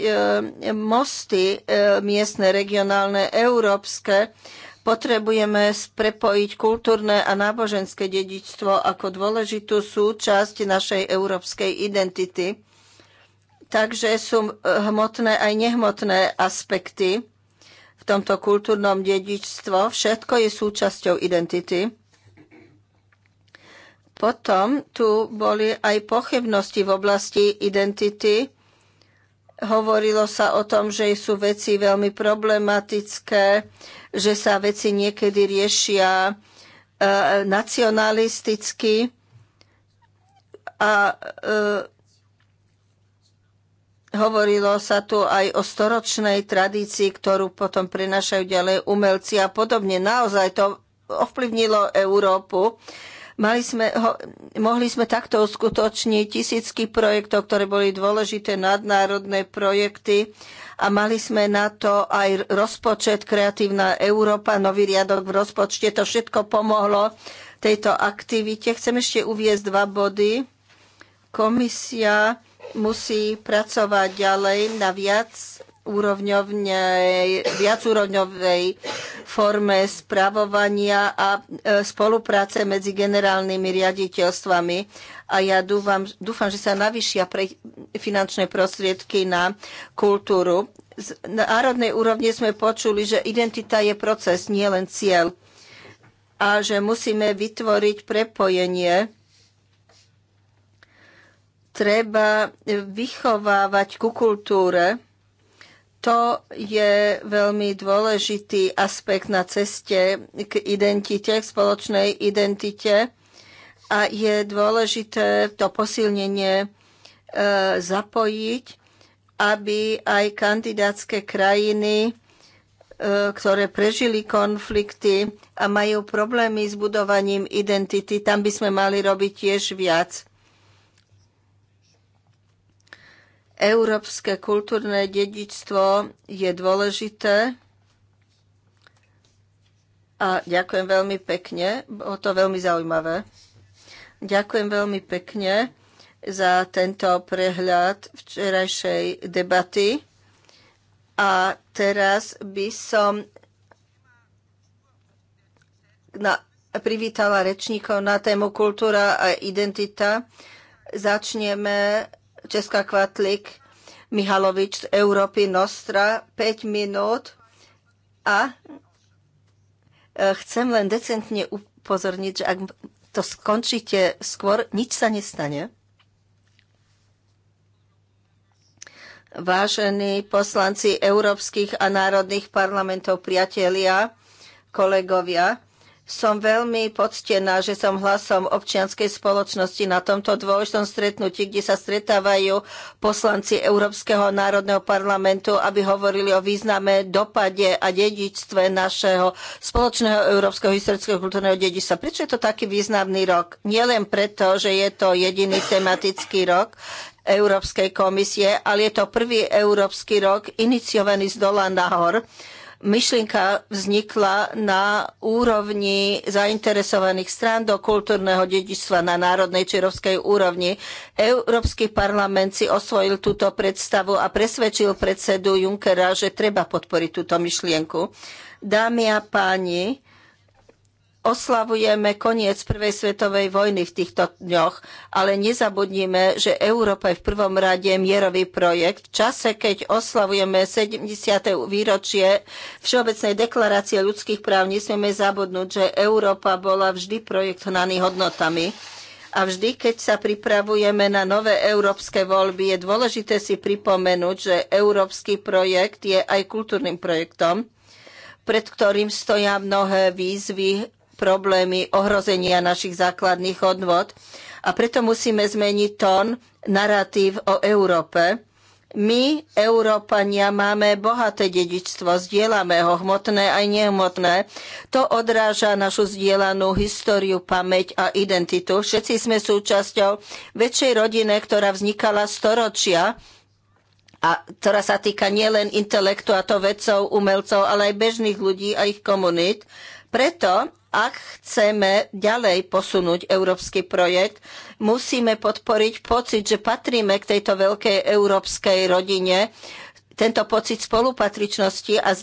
mosty e, miestne, regionálne, európske. Potrebujeme prepojiť kultúrne a náboženské dedičstvo ako dôležitú súčasť našej európskej identity. Takže sú hmotné aj nehmotné aspekty v tomto kultúrnom dedičstvo. Všetko je súčasťou identity potom tu boli aj pochybnosti v oblasti identity. Hovorilo sa o tom, že sú veci veľmi problematické, že sa veci niekedy riešia e, nacionalisticky a e, Hovorilo sa tu aj o storočnej tradícii, ktorú potom prenašajú ďalej umelci a podobne. Naozaj to ovplyvnilo Európu. Mali sme, ho, mohli sme takto uskutočniť tisícky projektov, ktoré boli dôležité nadnárodné projekty a mali sme na to aj rozpočet Kreatívna Európa, nový riadok v rozpočte. To všetko pomohlo tejto aktivite. Chcem ešte uviezť dva body. Komisia musí pracovať ďalej na viac úrovňovnej, viacúrovňovej forme spravovania a e, spolupráce medzi generálnymi riaditeľstvami. A ja dúfam, dúfam že sa navyšia pre finančné prostriedky na kultúru. Z národnej úrovne sme počuli, že identita je proces, nie len cieľ. A že musíme vytvoriť prepojenie treba vychovávať ku kultúre to je veľmi dôležitý aspekt na ceste k identite, k spoločnej identite a je dôležité to posilnenie e, zapojiť, aby aj kandidátske krajiny, e, ktoré prežili konflikty a majú problémy s budovaním identity, tam by sme mali robiť tiež viac. Európske kultúrne dedičstvo je dôležité a ďakujem veľmi pekne. Bolo to veľmi zaujímavé. Ďakujem veľmi pekne za tento prehľad včerajšej debaty. A teraz by som na, privítala rečníkov na tému kultúra a identita. Začneme Česká Kvatlik Mihalovič z Európy Nostra 5 minút a e, chcem len decentne upozorniť, že ak to skončíte skôr, nič sa nestane. Vážení poslanci európskych a národných parlamentov, priatelia, kolegovia, som veľmi poctená, že som hlasom občianskej spoločnosti na tomto dôležitom stretnutí, kde sa stretávajú poslanci Európskeho národného parlamentu, aby hovorili o význame, dopade a dedičstve našeho spoločného európskeho historického kultúrneho dedičstva. Prečo je to taký významný rok? Nielen preto, že je to jediný tematický rok, Európskej komisie, ale je to prvý európsky rok iniciovaný z dola nahor myšlienka vznikla na úrovni zainteresovaných strán do kultúrneho dedičstva na národnej či európskej úrovni. Európsky parlament si osvojil túto predstavu a presvedčil predsedu Junckera, že treba podporiť túto myšlienku. Dámy a páni, oslavujeme koniec Prvej svetovej vojny v týchto dňoch, ale nezabudnime, že Európa je v prvom rade mierový projekt. V čase, keď oslavujeme 70. výročie Všeobecnej deklarácie ľudských práv, nesmieme zabudnúť, že Európa bola vždy projekt hnaný hodnotami. A vždy, keď sa pripravujeme na nové európske voľby, je dôležité si pripomenúť, že európsky projekt je aj kultúrnym projektom, pred ktorým stoja mnohé výzvy problémy ohrozenia našich základných hodnot A preto musíme zmeniť tón, narratív o Európe. My, Európania, máme bohaté dedičstvo, zdieľame ho, hmotné aj nehmotné. To odráža našu zdieľanú históriu, pamäť a identitu. Všetci sme súčasťou väčšej rodiny, ktorá vznikala storočia a ktorá sa týka nielen intelektu a to vedcov, umelcov, ale aj bežných ľudí a ich komunít. Preto ak chceme ďalej posunúť európsky projekt, musíme podporiť pocit, že patríme k tejto veľkej európskej rodine, tento pocit spolupatričnosti a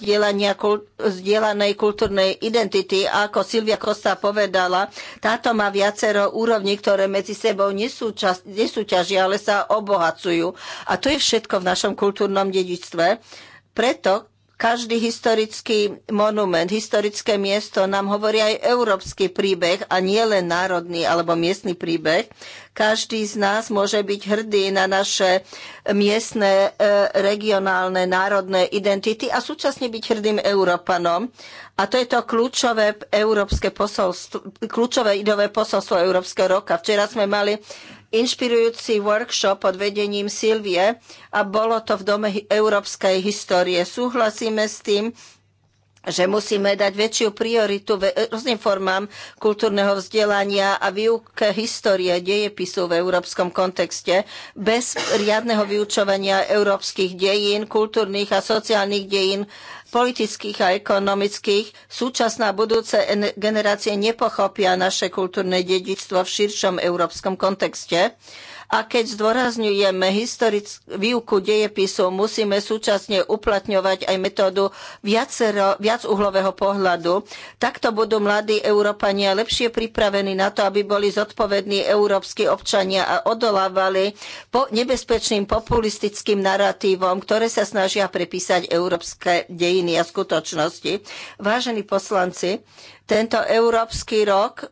zdieľanej kultúrnej identity. A ako Silvia Kosta povedala, táto má viacero úrovní, ktoré medzi sebou nesúťažia, ale sa obohacujú. A to je všetko v našom kultúrnom dedičstve. Preto každý historický monument, historické miesto nám hovorí aj európsky príbeh a nie len národný alebo miestny príbeh. Každý z nás môže byť hrdý na naše miestne, e, regionálne, národné identity a súčasne byť hrdým Európanom. A to je to kľúčové, európske posolstvo, kľúčové idové posolstvo Európskeho roka. Včera sme mali inšpirujúci workshop pod vedením Silvie a bolo to v Dome európskej histórie. Súhlasíme s tým, že musíme dať väčšiu prioritu rôznym formám kultúrneho vzdelania a výuke histórie dejepisu v európskom kontexte bez riadneho vyučovania európskych dejín, kultúrnych a sociálnych dejín, politických a ekonomických. Súčasná budúce generácie nepochopia naše kultúrne dedičstvo v širšom európskom kontexte. A keď zdôrazňujeme historick- výuku dejepisu, musíme súčasne uplatňovať aj metódu viacero, viacúhlového pohľadu. Takto budú mladí Európania lepšie pripravení na to, aby boli zodpovední európsky občania a odolávali po nebezpečným populistickým narratívom, ktoré sa snažia prepísať európske dejiny a skutočnosti. Vážení poslanci, tento európsky rok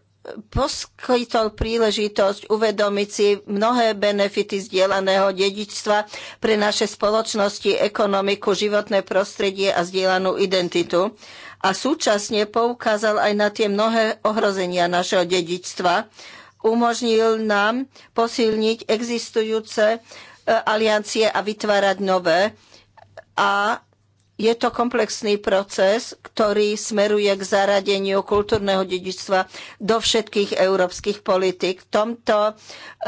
poskytol príležitosť uvedomiť si mnohé benefity zdieľaného dedičstva pre naše spoločnosti, ekonomiku, životné prostredie a zdieľanú identitu a súčasne poukázal aj na tie mnohé ohrozenia našeho dedičstva. Umožnil nám posilniť existujúce e, aliancie a vytvárať nové a je to komplexný proces, ktorý smeruje k zaradeniu kultúrneho dedičstva do všetkých európskych politik. V tomto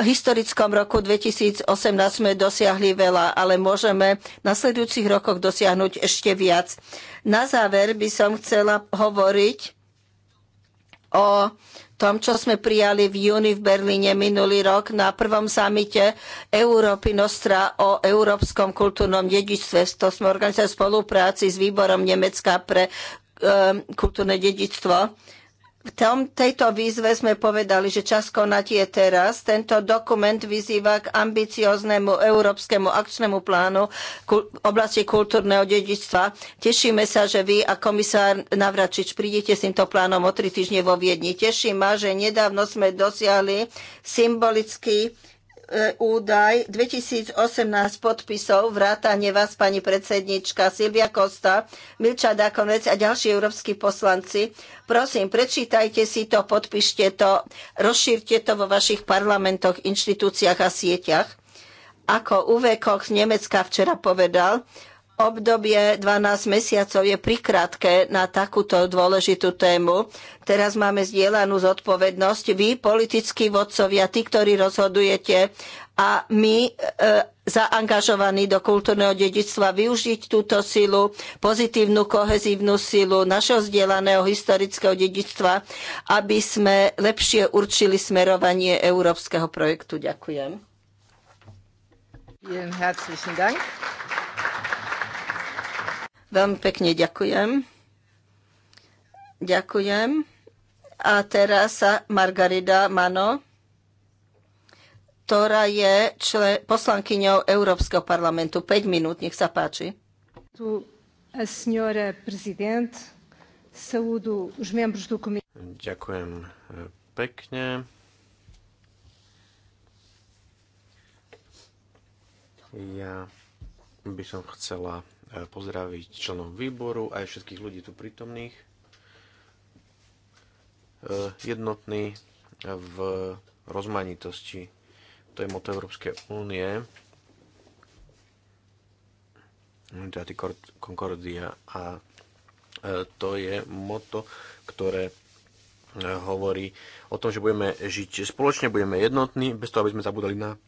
historickom roku 2018 sme dosiahli veľa, ale môžeme v nasledujúcich rokoch dosiahnuť ešte viac. Na záver by som chcela hovoriť o tom, čo sme prijali v júni v Berlíne minulý rok na prvom samite Európy Nostra o európskom kultúrnom dedičstve. To sme organizovali v spolupráci s výborom Nemecka pre eh, kultúrne dedičstvo v tom, tejto výzve sme povedali, že čas konať je teraz. Tento dokument vyzýva k ambicioznému európskemu akčnému plánu v oblasti kultúrneho dedičstva. Tešíme sa, že vy a komisár Navračič prídete s týmto plánom o tri týždne vo Viedni. Teší ma, že nedávno sme dosiahli symbolický údaj e 2018 podpisov, vrátane vás, pani predsednička Silvia Kosta, Milča Dakonec a ďalší európsky poslanci. Prosím, prečítajte si to, podpíšte to, rozšírte to vo vašich parlamentoch, inštitúciách a sieťach. Ako Uwe Koch z Nemecka včera povedal, Obdobie 12 mesiacov je prikrátke na takúto dôležitú tému. Teraz máme zdieľanú zodpovednosť. Vy, politickí vodcovia, tí, ktorí rozhodujete a my e, zaangažovaní do kultúrneho dedičstva využiť túto silu, pozitívnu kohezívnu silu našeho vzdielaného historického dedičstva, aby sme lepšie určili smerovanie európskeho projektu. Ďakujem. Vielen herzlichen Dank. Veľmi pekne ďakujem. Ďakujem. A teraz sa Margarida Mano, ktorá je člen, poslankyňou Európskeho parlamentu. 5 minút, nech sa páči. Tu a eh, senhora prezident, saúdo os membros do comitê. Ďakujem eh, pekne. Ja by som chcela pozdraviť členom výboru aj všetkých ľudí tu prítomných. E, jednotný v rozmanitosti. To je moto Európskej únie. Unitáty Concordia a e, to je moto, ktoré e, hovorí o tom, že budeme žiť spoločne, budeme jednotní, bez toho, aby sme zabudali na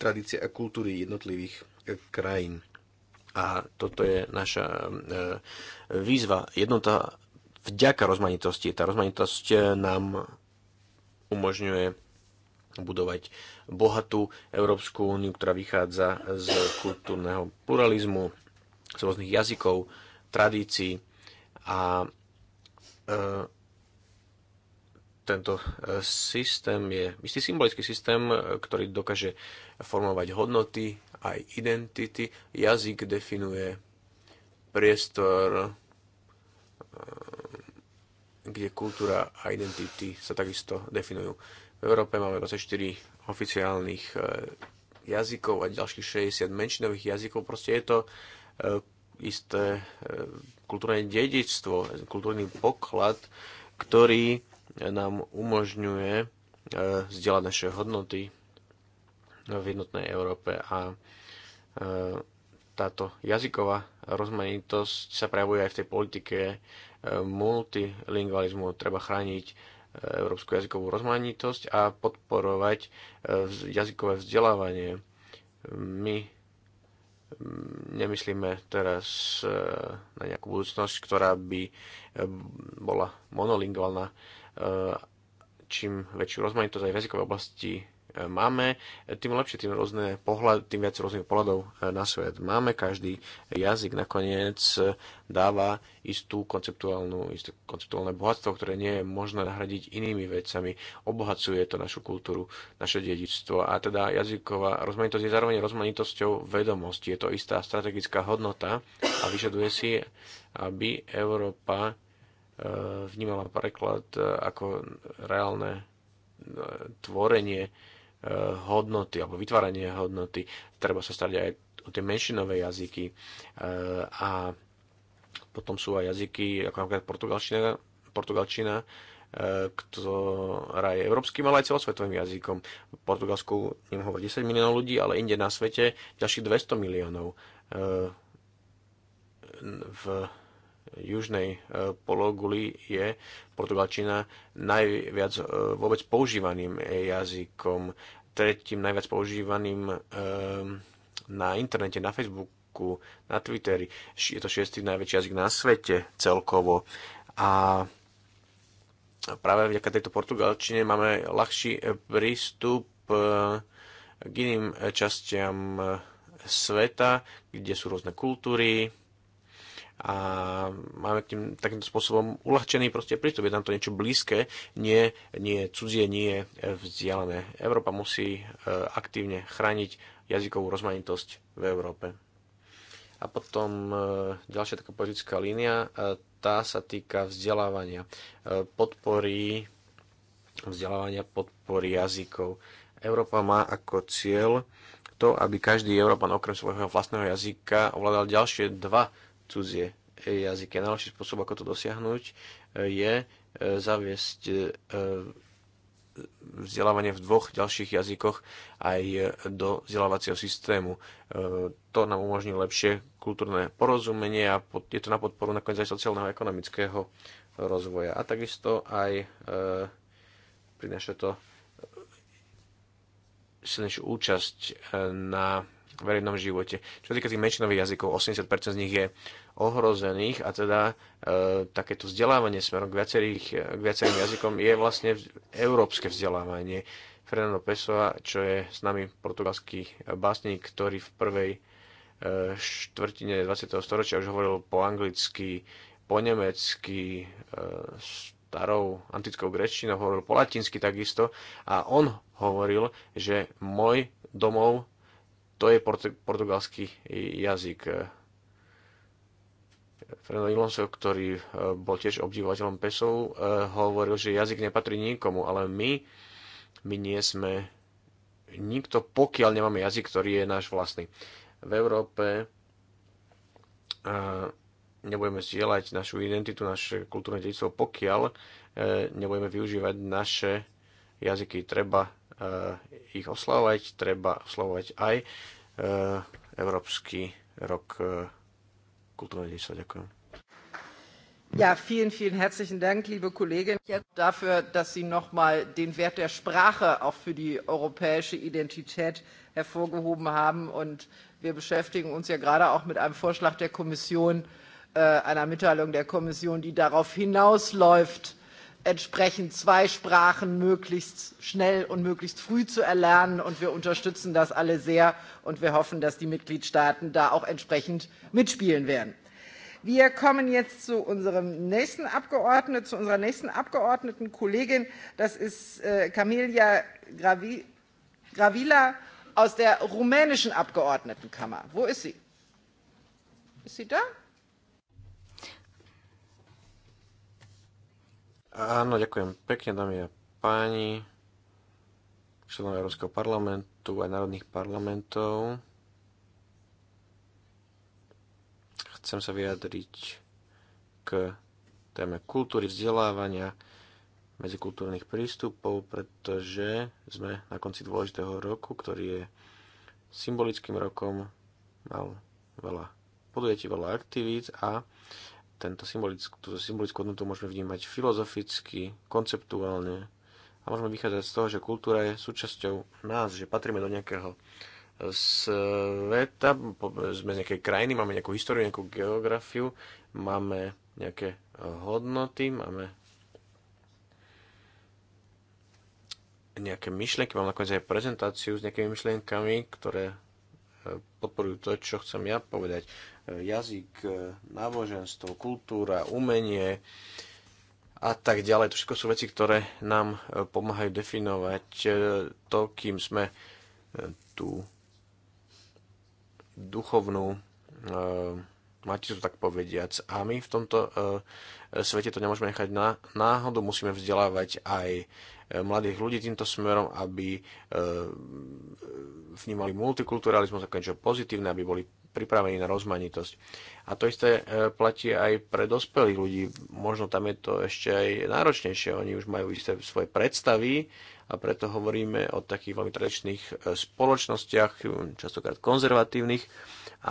tradície a kultúry jednotlivých krajín. A toto je naša e, výzva. Jednota vďaka rozmanitosti. Tá rozmanitosť e, nám umožňuje budovať bohatú Európsku úniu, ktorá vychádza z kultúrneho pluralizmu, z rôznych jazykov, tradícií a e, tento e, systém je istý symbolický systém, ktorý dokáže formovať hodnoty aj identity. Jazyk definuje priestor, eh, kde kultúra a identity sa takisto definujú. V Európe máme 24 oficiálnych eh, jazykov a ďalších 60 menšinových jazykov. Proste je to eh, isté kultúrne dedičstvo, kultúrny poklad, ktorý nám umožňuje vzdielať naše hodnoty, v jednotnej Európe a e, táto jazyková rozmanitosť sa prejavuje aj v tej politike e, multilingualizmu. Treba chrániť e, európsku jazykovú rozmanitosť a podporovať jazykové vzdelávanie. My mm, nemyslíme teraz na nejakú budúcnosť, ktorá by bola monolinguálna. Čím väčšiu rozmanitosť aj v jazykovej oblasti máme, tým lepšie, tým, rôzne pohľad, tým viac rôznych pohľadov e, na svet máme. Každý jazyk nakoniec e, dáva istú konceptuálnu, isté konceptuálne bohatstvo, ktoré nie je možné nahradiť inými vecami. Obohacuje to našu kultúru, naše dedičstvo a teda jazyková rozmanitosť je zároveň rozmanitosťou vedomosti. Je to istá strategická hodnota a vyžaduje si, aby Európa e, vnímala preklad ako reálne tvorenie Eh, hodnoty alebo vytváranie hodnoty. Treba sa starať aj o tie menšinové jazyky eh, a potom sú aj jazyky ako napríklad portugalčina, portugalčina eh, ktorá je európskym, ale aj celosvetovým jazykom. V Portugalsku nem hovorí 10 miliónov ľudí, ale inde na svete ďalších 200 miliónov. V južnej e, pologuli je portugalčina najviac e, vôbec používaným jazykom, tretím najviac používaným e, na internete, na Facebooku, na Twitteri. Je to šiestý najväčší jazyk na svete celkovo. A práve vďaka tejto portugalčine máme ľahší prístup k iným častiam sveta, kde sú rôzne kultúry, a máme k tým takýmto spôsobom uľahčený proste prístup. Je tam to niečo blízke, nie, nie cudzie, nie vzdialené. Európa musí e, aktívne chrániť jazykovú rozmanitosť v Európe. A potom e, ďalšia taká politická línia, e, tá sa týka vzdelávania. Podpory vzdelávania, podpory jazykov. Európa má ako cieľ to, aby každý Európan okrem svojho vlastného jazyka ovládal ďalšie dva cudzie jazyky. najlepší spôsob, ako to dosiahnuť, e, je e, zaviesť e, vzdelávanie v dvoch ďalších jazykoch aj do vzdelávacieho systému. To nám umožní lepšie kultúrne porozumenie a je to na podporu nakoniec aj sociálneho a ekonomického rozvoja. A takisto aj prináša to silnejšiu účasť na verejnom živote. Čo sa týka tých menšinových jazykov, 80% z nich je ohrozených a teda e, takéto vzdelávanie smerom k, viacerých, e, k viacerým jazykom je vlastne európske vzdelávanie. Fernando Pessoa, čo je s nami portugalský básnik, ktorý v prvej e, štvrtine 20. storočia už hovoril po anglicky, po nemecky, e, starou antickou grečtinou, hovoril po latinsky takisto a on hovoril, že môj domov to je port- portugalský jazyk Fernando Ilonso, ktorý e, bol tiež obdivovateľom pesov, e, hovoril, že jazyk nepatrí nikomu, ale my, my nie sme nikto, pokiaľ nemáme jazyk, ktorý je náš vlastný. V Európe e, nebudeme zdieľať našu identitu, naše kultúrne dedictvo, pokiaľ nebudeme využívať naše jazyky. Treba ich oslavovať, treba oslavovať aj Európsky rok kultúra dedičstva. Ďakujem. Ja, vielen, vielen herzlichen Dank, liebe Kollegin, dafür, dass Sie nochmal den Wert der Sprache auch für die europäische Identität hervorgehoben haben. Und wir beschäftigen uns ja gerade auch mit einem Vorschlag der Kommission, äh, einer Mitteilung der Kommission, die darauf hinausläuft, entsprechend zwei Sprachen möglichst schnell und möglichst früh zu erlernen. Und wir unterstützen das alle sehr und wir hoffen, dass die Mitgliedstaaten da auch entsprechend mitspielen werden. Wir kommen jetzt zu unserem nächsten Abgeordneten, zu unserer nächsten Abgeordneten Kollegin. Das ist äh, Camelia Gravi Gravila aus der rumänischen Abgeordnetenkammer. Wo ist sie? Ist sie da? Áno, ďakujem pekne, dámy a páni, členov Európskeho parlamentu aj národných parlamentov. Chcem sa vyjadriť k téme kultúry, vzdelávania, medzikultúrnych prístupov, pretože sme na konci dôležitého roku, ktorý je symbolickým rokom, mal veľa podujatí, veľa aktivít a tento symbolickú, túto symbolickú hodnotu môžeme vnímať filozoficky, konceptuálne a môžeme vychádzať z toho, že kultúra je súčasťou nás, že patríme do nejakého e, sveta, sme z nejakej krajiny, máme nejakú históriu, nejakú geografiu, máme nejaké e, hodnoty, máme nejaké myšlenky, mám nakoniec aj prezentáciu s nejakými myšlienkami, ktoré podporujú to, čo chcem ja povedať. Jazyk, náboženstvo, kultúra, umenie a tak ďalej. To všetko sú veci, ktoré nám e, pomáhajú definovať e, to, kým sme e, tú duchovnú maticu, tak povediac. A my v tomto svete to nemôžeme nechať na náhodu, musíme vzdelávať aj E, mladých ľudí týmto smerom, aby e, vnímali multikulturalizmus ako niečo pozitívne, aby boli pripravení na rozmanitosť. A to isté e, platí aj pre dospelých ľudí. Možno tam je to ešte aj náročnejšie. Oni už majú isté svoje predstavy a preto hovoríme o takých veľmi tradičných spoločnostiach, častokrát konzervatívnych.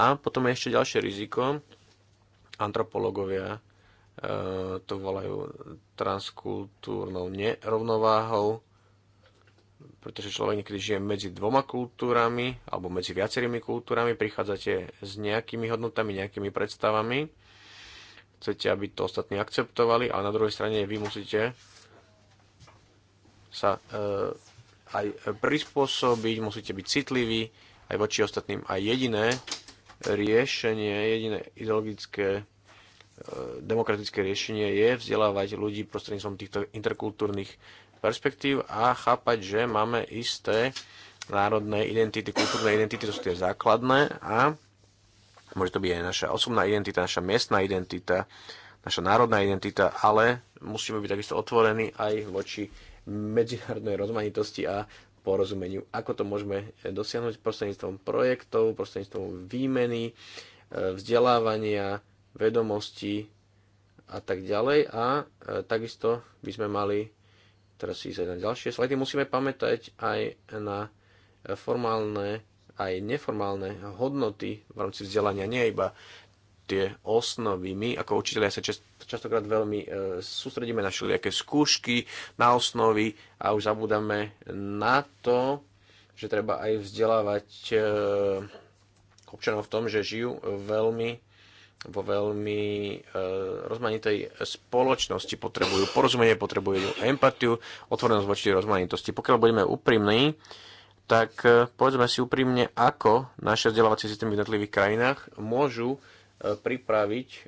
A potom je ešte ďalšie riziko. Antropológovia E, to volajú transkultúrnou nerovnováhou, pretože človek niekedy žije medzi dvoma kultúrami alebo medzi viacerými kultúrami, prichádzate s nejakými hodnotami, nejakými predstavami, chcete, aby to ostatní akceptovali, ale na druhej strane vy musíte sa e, aj prispôsobiť, musíte byť citliví aj voči ostatným. A jediné riešenie, jediné ideologické demokratické riešenie je vzdelávať ľudí prostredníctvom týchto interkultúrnych perspektív a chápať, že máme isté národné identity, kultúrne identity, to sú tie základné a môže to byť aj naša osobná identita, naša miestna identita, naša národná identita, ale musíme byť takisto otvorení aj voči medzinárodnej rozmanitosti a porozumeniu, ako to môžeme dosiahnuť prostredníctvom projektov, prostredníctvom výmeny, e, vzdelávania, vedomosti a tak ďalej. A e, takisto by sme mali teraz ísť na ďalšie slajdy. Musíme pamätať aj na formálne aj neformálne hodnoty v rámci vzdelania, nie iba tie osnovy. My ako učiteľia sa čest, častokrát veľmi e, sústredíme na všelijaké skúšky, na osnovy a už zabúdame na to, že treba aj vzdelávať e, občanov v tom, že žijú veľmi vo veľmi e, rozmanitej spoločnosti potrebujú porozumenie, potrebujú empatiu, otvorenosť voči rozmanitosti. Pokiaľ budeme úprimní, tak e, povedzme si úprimne, ako naše vzdelávacie systémy v jednotlivých krajinách môžu e, pripraviť e,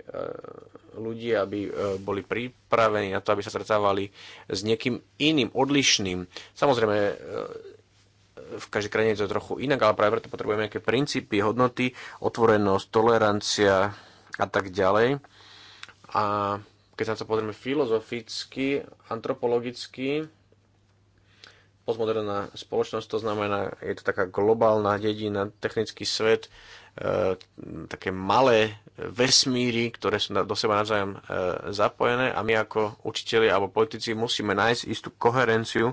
ľudí, aby e, boli pripravení na to, aby sa stretávali s niekým iným, odlišným. Samozrejme, e, v každej krajine je to trochu inak, ale práve preto potrebujeme nejaké princípy, hodnoty, otvorenosť, tolerancia, a tak ďalej. A keď sa to pozrieme filozoficky, antropologicky, postmoderná spoločnosť, to znamená, je to taká globálna dedina, technický svet, e, také malé vesmíry, ktoré sú do seba navzájom e, zapojené a my ako učiteľi alebo politici musíme nájsť istú koherenciu,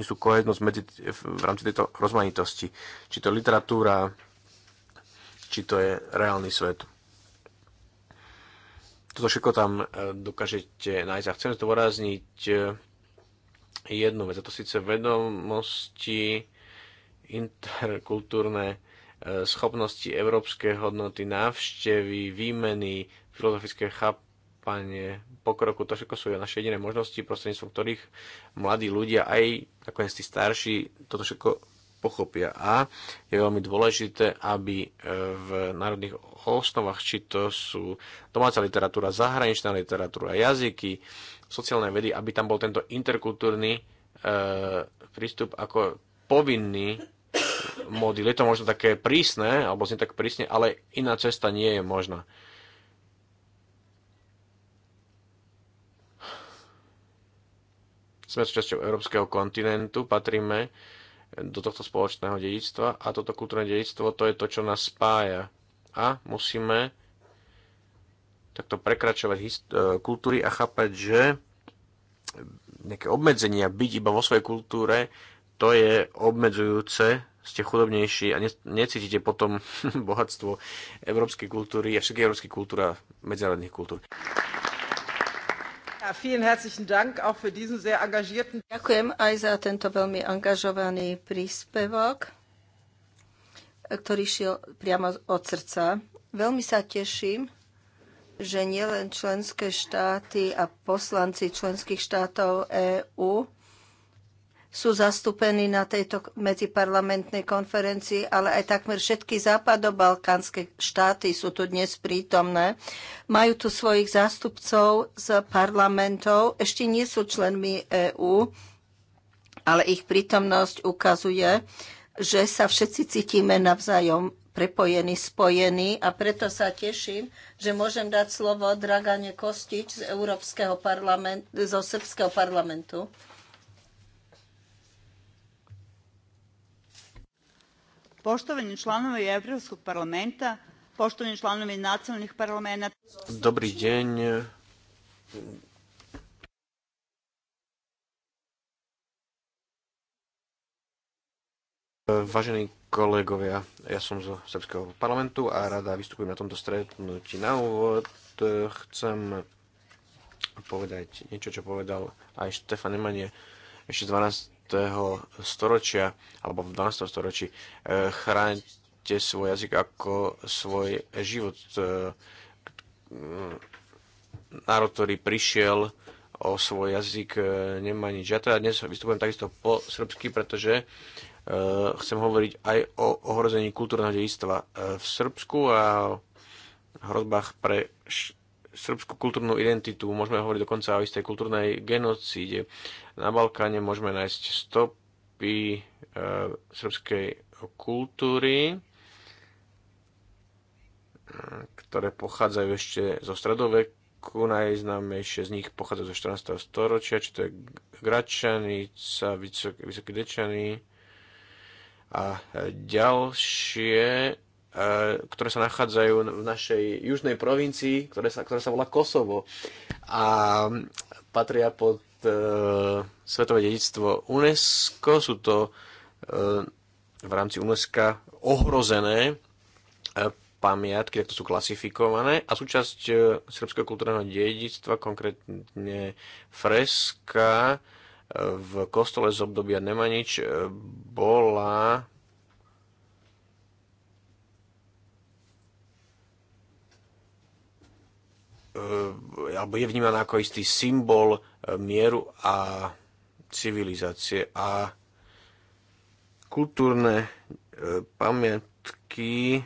istú koherenciu medzi, v, v rámci tejto rozmanitosti. Či to literatúra, či to je reálny svet. Toto všetko tam e, dokážete nájsť. A chcem zdôrazniť e, jednu vec, a to síce vedomosti, interkultúrne e, schopnosti, európske hodnoty, návštevy, výmeny, filozofické chápanie, pokroku, to všetko sú naše jediné možnosti, prostredníctvom ktorých mladí ľudia, aj nakoniec tí starší, toto všetko pochopia. A je veľmi dôležité, aby e, v národných osnovách, či to sú domáca literatúra, zahraničná literatúra, jazyky, sociálne vedy, aby tam bol tento interkultúrny e, prístup ako povinný modil. Je to možno také prísne, alebo znie tak prísne, ale iná cesta nie je možná. Sme súčasťou európskeho kontinentu, patríme do tohto spoločného dedičstva a toto kultúrne dedičstvo to je to, čo nás spája. A musíme takto prekračovať e, kultúry a chápať, že nejaké obmedzenia, byť iba vo svojej kultúre, to je obmedzujúce, ste chudobnejší a ne- necítite potom bohatstvo európskej kultúry a všetkých európskych kultúr a medzinárodných kultúr. Ďakujem aj za tento veľmi angažovaný príspevok, ktorý šiel priamo od srdca. Veľmi sa teším, že nielen členské štáty a poslanci členských štátov EÚ sú zastúpení na tejto medziparlamentnej konferencii, ale aj takmer všetky západobalkánske štáty sú tu dnes prítomné. Majú tu svojich zástupcov z parlamentov, ešte nie sú členmi EÚ, ale ich prítomnosť ukazuje, že sa všetci cítime navzájom prepojení, spojení a preto sa teším, že môžem dať slovo Dragane Kostič z Európskeho parlamentu, zo Srbského parlamentu. poštovani članovi Evropskog parlamenta, poštovani članovi nacionalnih parlamenta. Dobri deň. Vážení kolegovia, ja som zo Srbského parlamentu a rada vystupujem na tomto stretnutí. Na úvod eh, chcem povedať niečo, čo povedal aj Štefan Nemanie ešte 12 storočia alebo v 12. storočí. Eh, chráňte svoj jazyk ako svoj život. Eh, národ, ktorý prišiel o svoj jazyk, eh, nemá nič. Ja teda dnes vystupujem takisto po srbsky, pretože chcem hovoriť aj o ohrození kultúrneho dedičstva v Srbsku a hrozbách pre srbskú kultúrnu identitu, môžeme hovoriť dokonca o istej kultúrnej genocíde. Na Balkáne môžeme nájsť stopy e, srbskej kultúry, e, ktoré pochádzajú ešte zo stredoveku, najznámejšie z nich pochádzajú zo 14. storočia, či to je Gračanica, Vysoký Dečany a ďalšie E, ktoré sa nachádzajú v našej južnej provincii, ktoré sa, ktoré sa volá Kosovo a patria pod uh, svetové dedictvo UNESCO. Sú to uh, v rámci UNESCO ohrozené uh, pamiatky, takto sú klasifikované a súčasť uh, srbského kultúrneho dedictva, konkrétne freska v kostole z obdobia Nemanič bola E, alebo je vnímaná ako istý symbol e, mieru a civilizácie a kultúrne e, pamiatky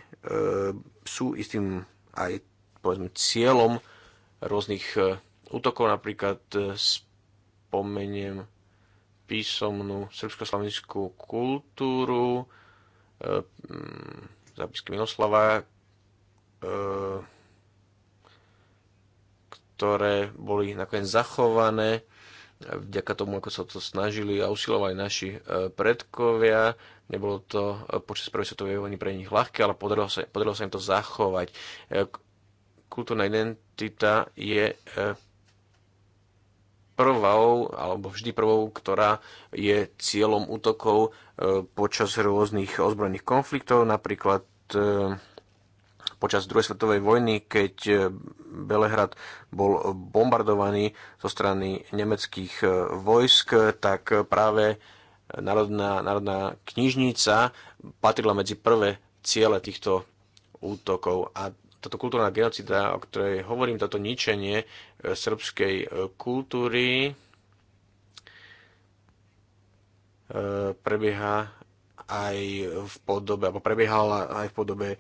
sú istým aj povedzme, cieľom rôznych útokov, napríklad spomeniem písomnú srbsko kultúru, zápisky Miloslava, ktoré boli nakoniec zachované vďaka tomu, ako sa to snažili a usilovali naši e, predkovia. Nebolo to e, počas prvej svetovej vojny pre nich ľahké, ale podarilo sa, podarilo sa im to zachovať. E, kultúrna identita je prvou, alebo vždy prvou, ktorá je cieľom útokov počas rôznych ozbrojených konfliktov, napríklad počas druhej svetovej vojny, keď e, Belehrad bol bombardovaný zo strany nemeckých e, vojsk, tak e, práve Národná, Národná knižnica patrila medzi prvé ciele týchto útokov. A táto kultúrna genocida, o ktorej hovorím, toto ničenie srbskej kultúry prebieha aj v podobe, alebo prebiehala aj v podobe e,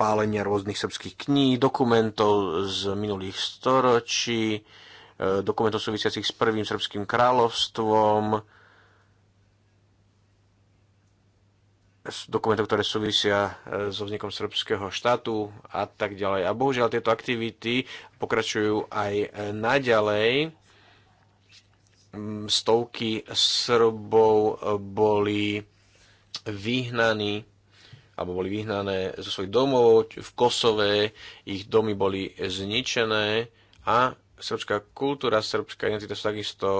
pálenia rôznych srbských kníh, dokumentov z minulých storočí, e, dokumentov súvisiacich s prvým srbským kráľovstvom, dokumentov, ktoré súvisia e, so vznikom srbského štátu a tak ďalej. A bohužiaľ tieto aktivity pokračujú aj naďalej. Stovky Srbov boli vyhnaní alebo boli vyhnané zo svojich domov v Kosove, ich domy boli zničené a srbská kultúra, srbská identita sú takisto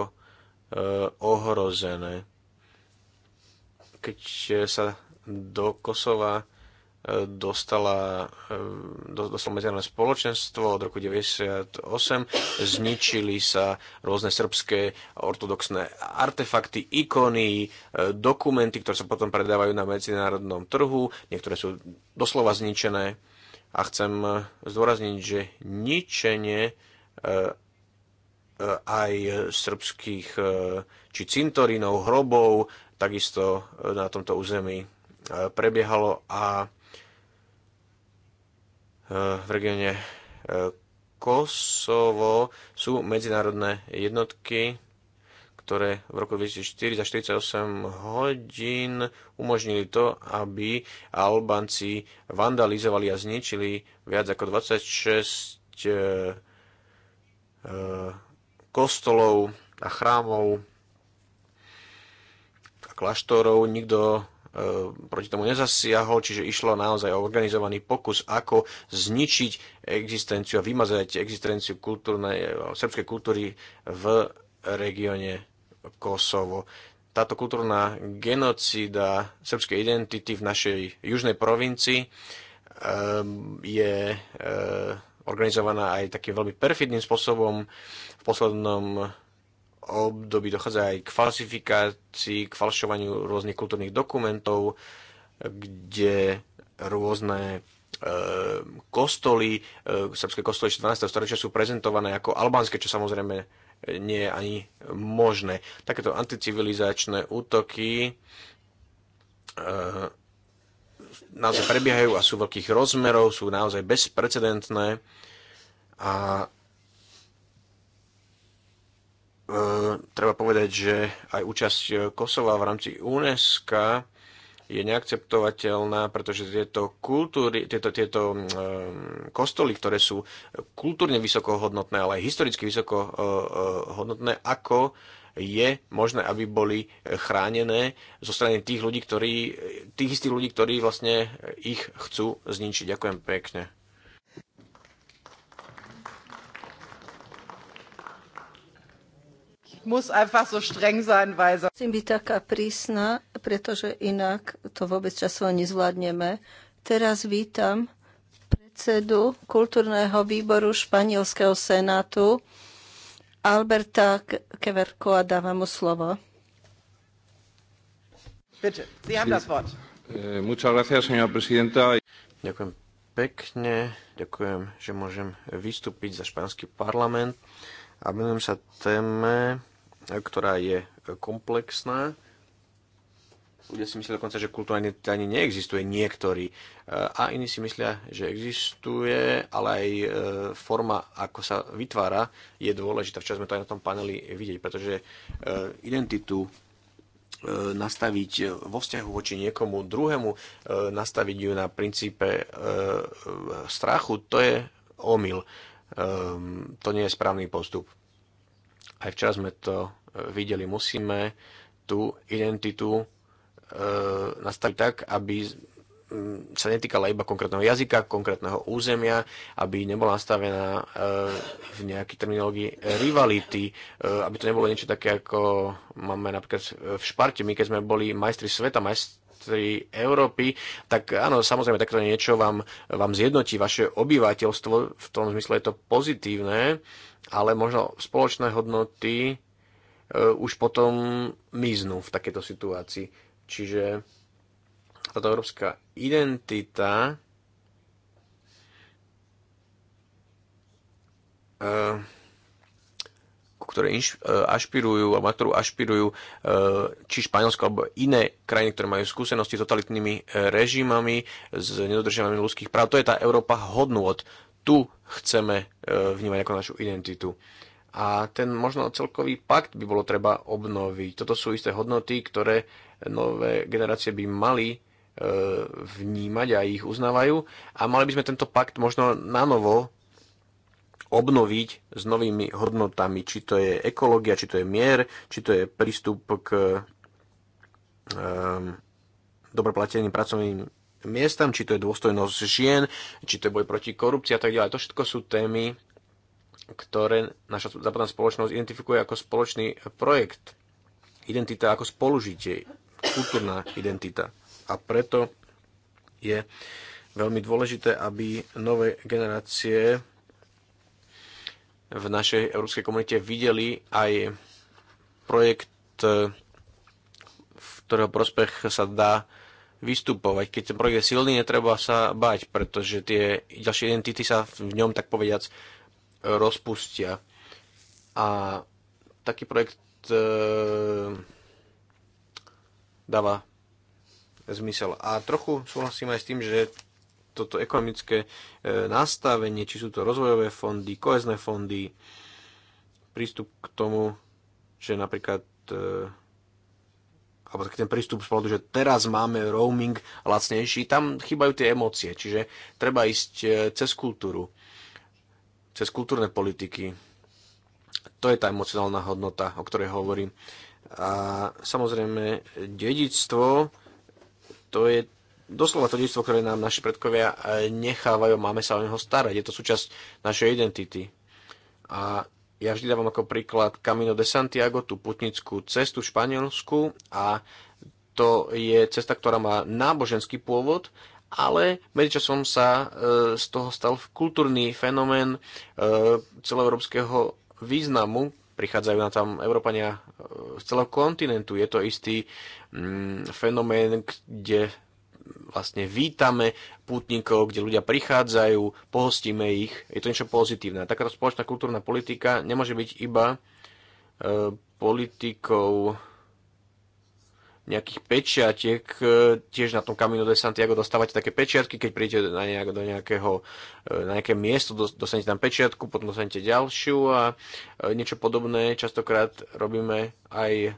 e, ohrozené. Keď eh, sa do Kosova dostala, e, dostalo medzinárodné spoločenstvo od roku 1998. Zničili sa rôzne srbské ortodoxné artefakty, ikony, e, dokumenty, ktoré sa potom predávajú na medzinárodnom trhu. Niektoré sú doslova zničené. A chcem e, zdôrazniť, že ničenie aj srbských či cintorínov, hrobov, takisto na tomto území prebiehalo a v regióne e, Kosovo sú medzinárodné jednotky, ktoré v roku 2004 za 48 hodín umožnili to, aby Albanci vandalizovali a zničili viac ako 26 e, e, kostolov a chrámov a kláštorov. Nikto E, proti tomu nezasiahol, čiže išlo naozaj o organizovaný pokus, ako zničiť existenciu a vymazať existenciu kultúrnej, e, srbskej kultúry v regióne Kosovo. Táto kultúrna genocída srbskej identity v našej južnej provincii e, je organizovaná aj takým veľmi perfidným spôsobom. V poslednom období dochádza aj k falsifikácii, k falšovaniu rôznych kultúrnych dokumentov, kde rôzne e, kostoly, e, srbské kostoly 14. storočia sú prezentované ako albánske, čo samozrejme nie je ani možné. Takéto anticivilizačné útoky e, naozaj prebiehajú a sú veľkých rozmerov, sú naozaj bezprecedentné a E, treba povedať, že aj účasť e, Kosova v rámci UNESCO je neakceptovateľná, pretože tieto kultúry, tieto, tieto e, kostoly, ktoré sú kultúrne vysokohodnotné, ale aj historicky vysokohodnotné, ako je možné, aby boli chránené zo strany tých ľudí, ktorí, tých istých ľudí, ktorí vlastne ich chcú zničiť. Ďakujem pekne. muss einfach so streng sein, weil... Musím byť taká prísna, pretože inak to vôbec časovo nezvládneme. Teraz vítam predsedu kultúrneho výboru Španielského senátu Alberta Keverko a dávam mu slovo. Bitte, Sie haben das Wort. Eh, muchas gracias, señora presidenta. Ďakujem pekne, ďakujem, že môžem vystúpiť za španský parlament a venujem sa téme ktorá je komplexná, ľudia si myslia dokonca, že kultúra ani neexistuje, niektorí. E, a iní si myslia, že existuje, ale aj e, forma, ako sa vytvára, je dôležitá. Včera sme to aj na tom paneli vidieť, pretože e, identitu nastaviť vo vzťahu voči niekomu druhému, nastaviť ju na princípe strachu, to je omyl. To nie je správny postup. Aj včera sme to e, videli. Musíme tú identitu e, nastaviť tak, aby sa netýkala iba konkrétneho jazyka, konkrétneho územia, aby nebola nastavená e, v nejakej terminológii rivality, aby to nebolo niečo také, ako máme napríklad v Šparte. My, keď sme boli majstri sveta, majstri Európy, tak áno, samozrejme, takto niečo vám, vám zjednotí vaše obyvateľstvo, v tom zmysle je to pozitívne, ale možno spoločné hodnoty e, už potom miznú v takejto situácii. Čiže táto európska identita e, ktoré e, ašpirujú, alebo na ktorú ašpirujú či Španielsko, alebo iné krajiny, ktoré majú skúsenosti s totalitnými režimami, s nedodržiavaním ľudských práv. To je tá Európa od tu chceme e, vnímať ako našu identitu. A ten možno celkový pakt by bolo treba obnoviť. Toto sú isté hodnoty, ktoré nové generácie by mali e, vnímať a ich uznávajú. A mali by sme tento pakt možno na novo obnoviť s novými hodnotami, či to je ekológia, či to je mier, či to je prístup k um, pracovným miestam, či to je dôstojnosť žien, či to je boj proti korupcii a tak ďalej. To všetko sú témy, ktoré naša západná spoločnosť identifikuje ako spoločný projekt. Identita ako spolužitie, kultúrna identita. A preto je veľmi dôležité, aby nové generácie v našej európskej komunite videli aj projekt, v ktorého prospech sa dá vystupovať. Keď ten projekt je silný, netreba sa bať, pretože tie ďalšie identity sa v ňom, tak povediac, rozpustia. A taký projekt e, eh, dáva zmysel. A trochu súhlasím aj s tým, že toto ekonomické e, eh, nastavenie, či sú to rozvojové fondy, kohezné fondy, prístup k tomu, že napríklad e, alebo taký ten prístup z že teraz máme roaming lacnejší, tam chýbajú tie emócie, čiže treba ísť e, cez kultúru, cez kultúrne politiky. To je tá emocionálna hodnota, o ktorej hovorím. A samozrejme, dedictvo, to je doslova to dedictvo, ktoré nám naši predkovia e, nechávajú, máme sa o neho starať, je to súčasť našej identity. A ja vždy dávam ako príklad Camino de Santiago, tú putnickú cestu v Španielsku a to je cesta, ktorá má náboženský pôvod, ale medzičasom sa e, z toho stal kultúrny fenomén e, celoeurópskeho významu. Prichádzajú na tam Európania e, z celého kontinentu. Je to istý mm, fenomén, kde vlastne vítame pútnikov, kde ľudia prichádzajú, pohostíme ich, je to niečo pozitívne. Takáto spoločná kultúrna politika nemôže byť iba e, politikou nejakých pečiatiek, e, tiež na tom Camino de Santiago dostávate také pečiatky, keď prídete na nejak, do nejakého, e, na nejaké miesto, dostanete tam pečiatku, potom dostanete ďalšiu a niečo podobné častokrát robíme aj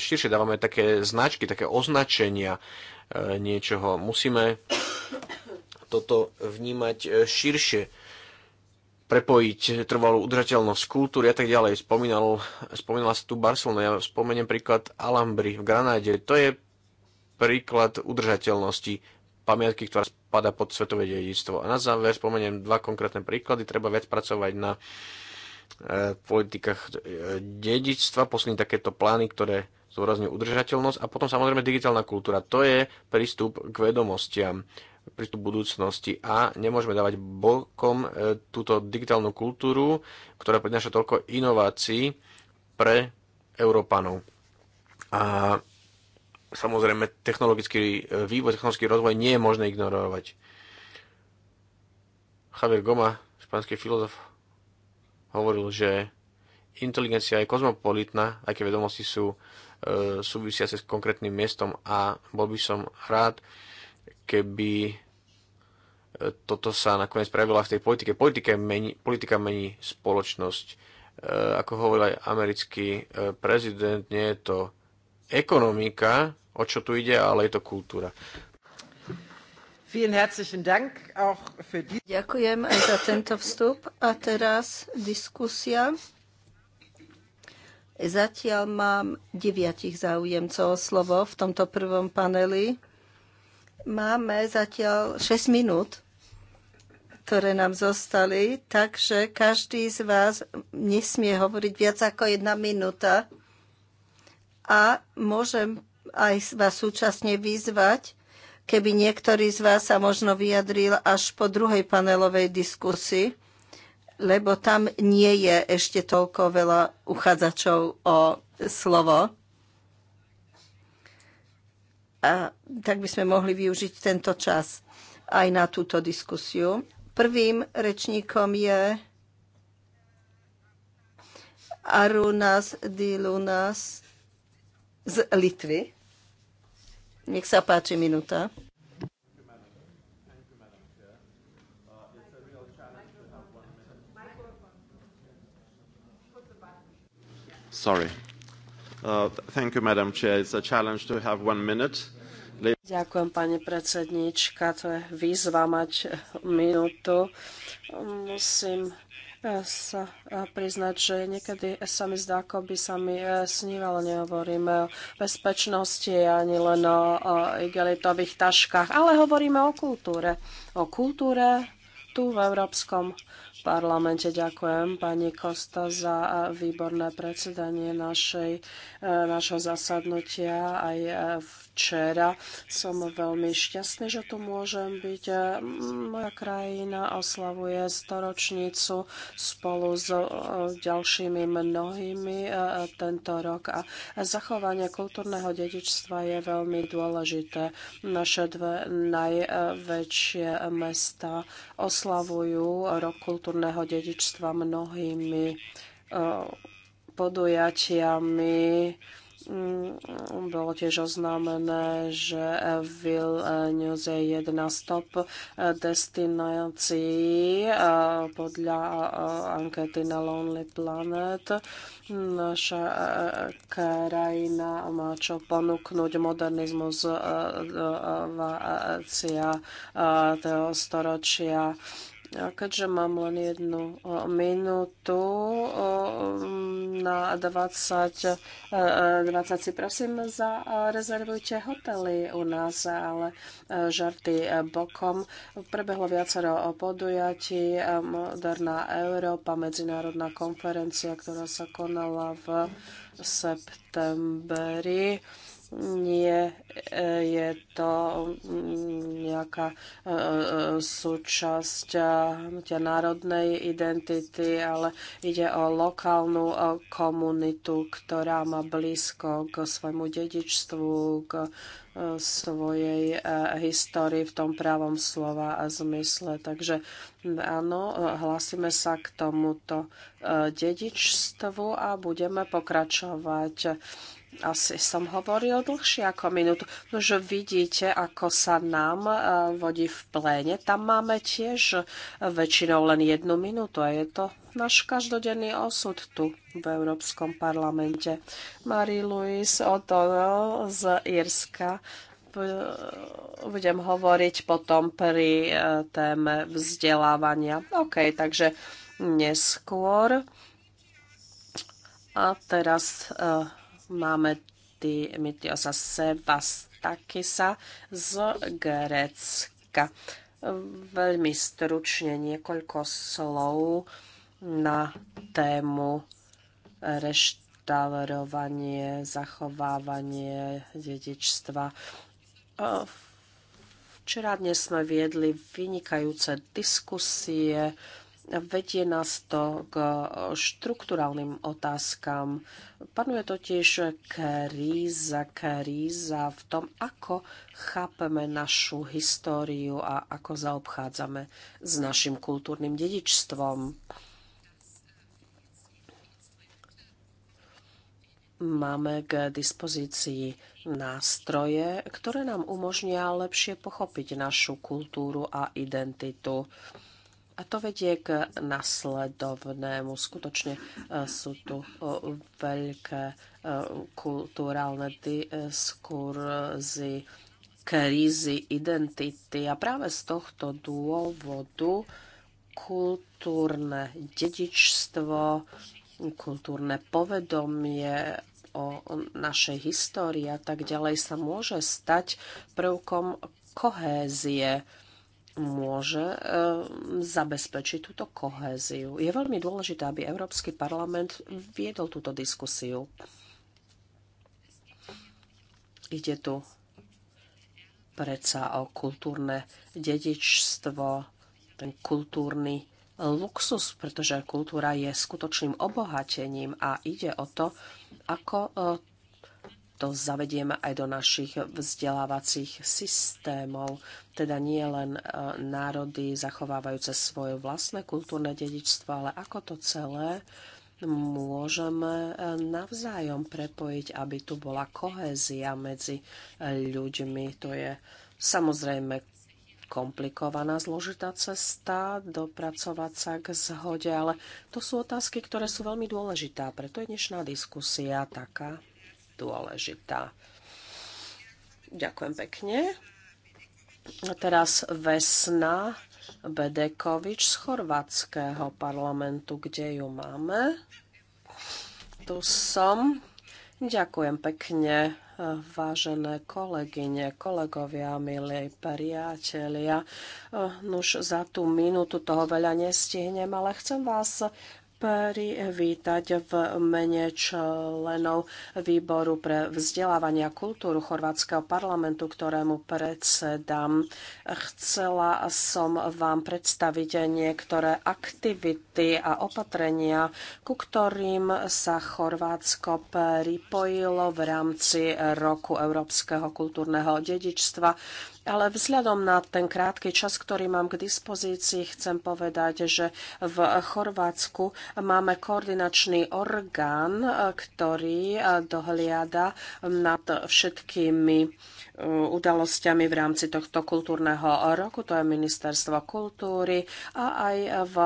širšie, dávame také značky, také označenia niečoho. Musíme toto vnímať eh, širšie, prepojiť trvalú udržateľnosť kultúry a tak ďalej. Spomínal, spomínala sa tu Barcelona, ja spomeniem príklad Alhambry v Granáde. To je príklad udržateľnosti pamiatky, ktorá spada pod svetové dedictvo. A na záver spomeniem dva konkrétne príklady. Treba viac pracovať na e, politikách eh, dedictva, posledný takéto plány, ktoré zdôrazňujú udržateľnosť a potom samozrejme digitálna kultúra. To je prístup k vedomostiam, prístup budúcnosti a nemôžeme dávať bokom e, túto digitálnu kultúru, ktorá prináša toľko inovácií pre Európanov. A samozrejme technologický e, vývoj, technologický rozvoj nie je možné ignorovať. Javier Goma, španský filozof, hovoril, že inteligencia je kozmopolitná, aké vedomosti sú E, súvisiace s konkrétnym miestom a bol by som rád, keby e, toto sa nakoniec prejavilo aj v tej politike. Politika mení, politika mení spoločnosť. E, ako hovoril aj americký prezident, nie je to ekonomika, o čo tu ide, ale je to kultúra. Ďakujem aj za tento vstup. A teraz diskusia. Zatiaľ mám deviatich záujemcov o slovo v tomto prvom paneli. Máme zatiaľ 6 minút, ktoré nám zostali, takže každý z vás nesmie hovoriť viac ako jedna minúta a môžem aj vás súčasne vyzvať, keby niektorý z vás sa možno vyjadril až po druhej panelovej diskusii lebo tam nie je ešte toľko veľa uchádzačov o slovo. A tak by sme mohli využiť tento čas aj na túto diskusiu. Prvým rečníkom je Arunas Dilunas z Litvy. Nech sa páči minúta. Sorry. Uh, thank you, Madam Chair. It's a challenge to have one minute. Ďakujem, pani predsednička. To je výzva mať uh, minútu. Musím uh, sa uh, priznať, že niekedy sa mi zdá, ako by sa mi snívalo, nehovoríme o bezpečnosti ani len o, o igelitových taškách, ale hovoríme o kultúre. O kultúre tu v Európskom parlamente. Ďakujem pani Kosta za výborné predsedanie našej, eh, našho zasadnutia aj eh, v včera. Som veľmi šťastný, že tu môžem byť. Moja krajina oslavuje storočnicu spolu s e, ďalšími mnohými e, e, tento rok a zachovanie kultúrneho dedičstva je veľmi dôležité. Naše dve najväčšie mesta oslavujú rok kultúrneho dedičstva mnohými podujatiami, Mm, bolo tiež oznámené, že Vilnius je jedna z top eh, destinácií eh, podľa eh, ankety na Lonely Planet. Naša krajina má čo ponúknuť modernizmus vácia toho storočia Keďže mám len jednu minútu mm, na 20, 20 e, e, si prosím za rezervujte hotely u nás, ale e, žarty bokom. Prebehlo viacero podujatí, Moderná Európa, medzinárodná konferencia, ktorá sa konala v septembri nie eh, je to mm, nejaká eh, eh, súčasť národnej identity, ale ide o lokálnu komunitu, ktorá má blízko k svojmu dedičstvu, k svojej histórii v tom právom slova a zmysle. Takže mm, áno, hlasíme sa k tomuto dedičstvu a budeme pokračovať asi som hovoril dlhšie ako minútu. Nož vidíte, ako sa nám e, vodí v pléne. Tam máme tiež väčšinou len jednu minútu a je to náš každodenný osud tu v Európskom parlamente. Marie-Louise O'Donnell z Irska budem hovoriť potom pri e, téme vzdelávania. OK, takže neskôr. A teraz e, Máme Dimitiosa Sebastakisa z Grécka. Veľmi stručne niekoľko slov na tému reštaurovanie, zachovávanie dedičstva. Včera dnes sme viedli vynikajúce diskusie vedie nás to k štruktúralným otázkam. Panuje totiž kríza, kríza v tom, ako chápeme našu históriu a ako zaobchádzame s našim kultúrnym dedičstvom. máme k dispozícii nástroje, ktoré nám umožnia lepšie pochopiť našu kultúru a identitu. A to vedie k nasledovnému. Skutočne e, sú tu e, veľké e, kultúrálne diskurzy, krízy identity a práve z tohto dôvodu kultúrne dedičstvo, kultúrne povedomie o našej histórii a tak ďalej sa môže stať prvkom kohézie môže ehm, zabezpečiť túto kohéziu. Je veľmi dôležité, aby Európsky parlament viedol túto diskusiu. Ide tu predsa o kultúrne dedičstvo, ten kultúrny luxus, pretože kultúra je skutočným obohatením a ide o to, ako ehm, to zavedieme aj do našich vzdelávacích systémov, teda nie len e, národy zachovávajúce svoje vlastné kultúrne dedičstvo, ale ako to celé môžeme e, navzájom prepojiť, aby tu bola kohézia medzi e, ľuďmi. To je samozrejme komplikovaná, zložitá cesta dopracovať sa k zhode, ale to sú otázky, ktoré sú veľmi dôležité a preto je dnešná diskusia taká dôležitá. Ďakujem pekne. A teraz Vesna Bedekovič z chorvátskeho parlamentu, kde ju máme. Tu som. Ďakujem pekne, vážené kolegyne, kolegovia, milí priatelia. Nuž za tú minútu toho veľa nestihnem, ale chcem vás privítať v mene členov výboru pre vzdelávanie a kultúru Chorvátskeho parlamentu, ktorému predsedám. Chcela som vám predstaviť niektoré aktivity a opatrenia, ku ktorým sa Chorvátsko pripojilo v rámci roku Európskeho kultúrneho dedičstva ale vzhľadom na ten krátky čas, ktorý mám k dispozícii, chcem povedať, že v Chorvátsku máme koordinačný orgán, ktorý dohliada nad všetkými udalosťami v rámci tohto kultúrneho roku, to je Ministerstvo kultúry a aj v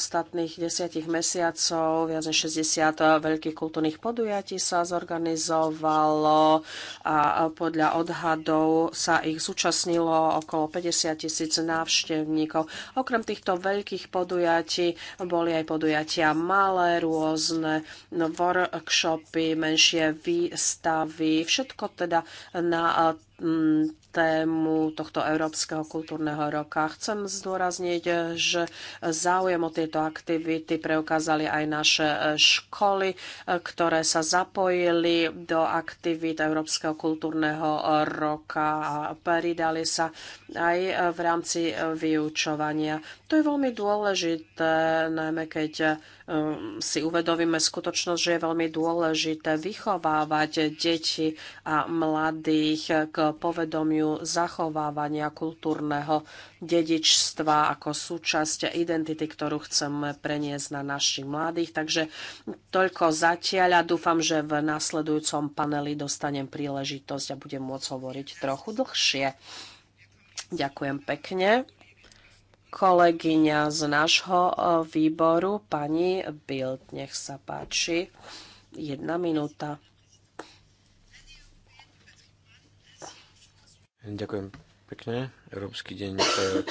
ostatných desiatich mesiacov viac než 60 veľkých kultúrnych podujatí sa zorganizovalo a podľa odhadov sa ich zúčastnilo okolo 50 tisíc návštevníkov. Okrem týchto veľkých podujatí boli aj podujatia malé, rôzne workshopy, menšie výstavy, všetko teda na Mm, tému tohto Európskeho kultúrneho roka. Chcem zdôrazniť, že záujem o tieto aktivity preukázali aj naše e, školy, e, ktoré sa zapojili do aktivít Európskeho kultúrneho e, roka a pridali sa aj v rámci vyučovania. To je veľmi dôležité, najmä keď si uvedomíme skutočnosť, že je veľmi dôležité vychovávať deti a mladých k povedomiu zachovávania kultúrneho dedičstva ako súčasť identity, ktorú chceme preniesť na našich mladých. Takže toľko zatiaľ a dúfam, že v nasledujúcom paneli dostanem príležitosť a budem môcť hovoriť trochu dlhšie. Ďakujem pekne. Kolegyňa z nášho e, výboru, pani Bild, nech sa páči. Jedna minúta. Ďakujem pekne. Európsky deň e,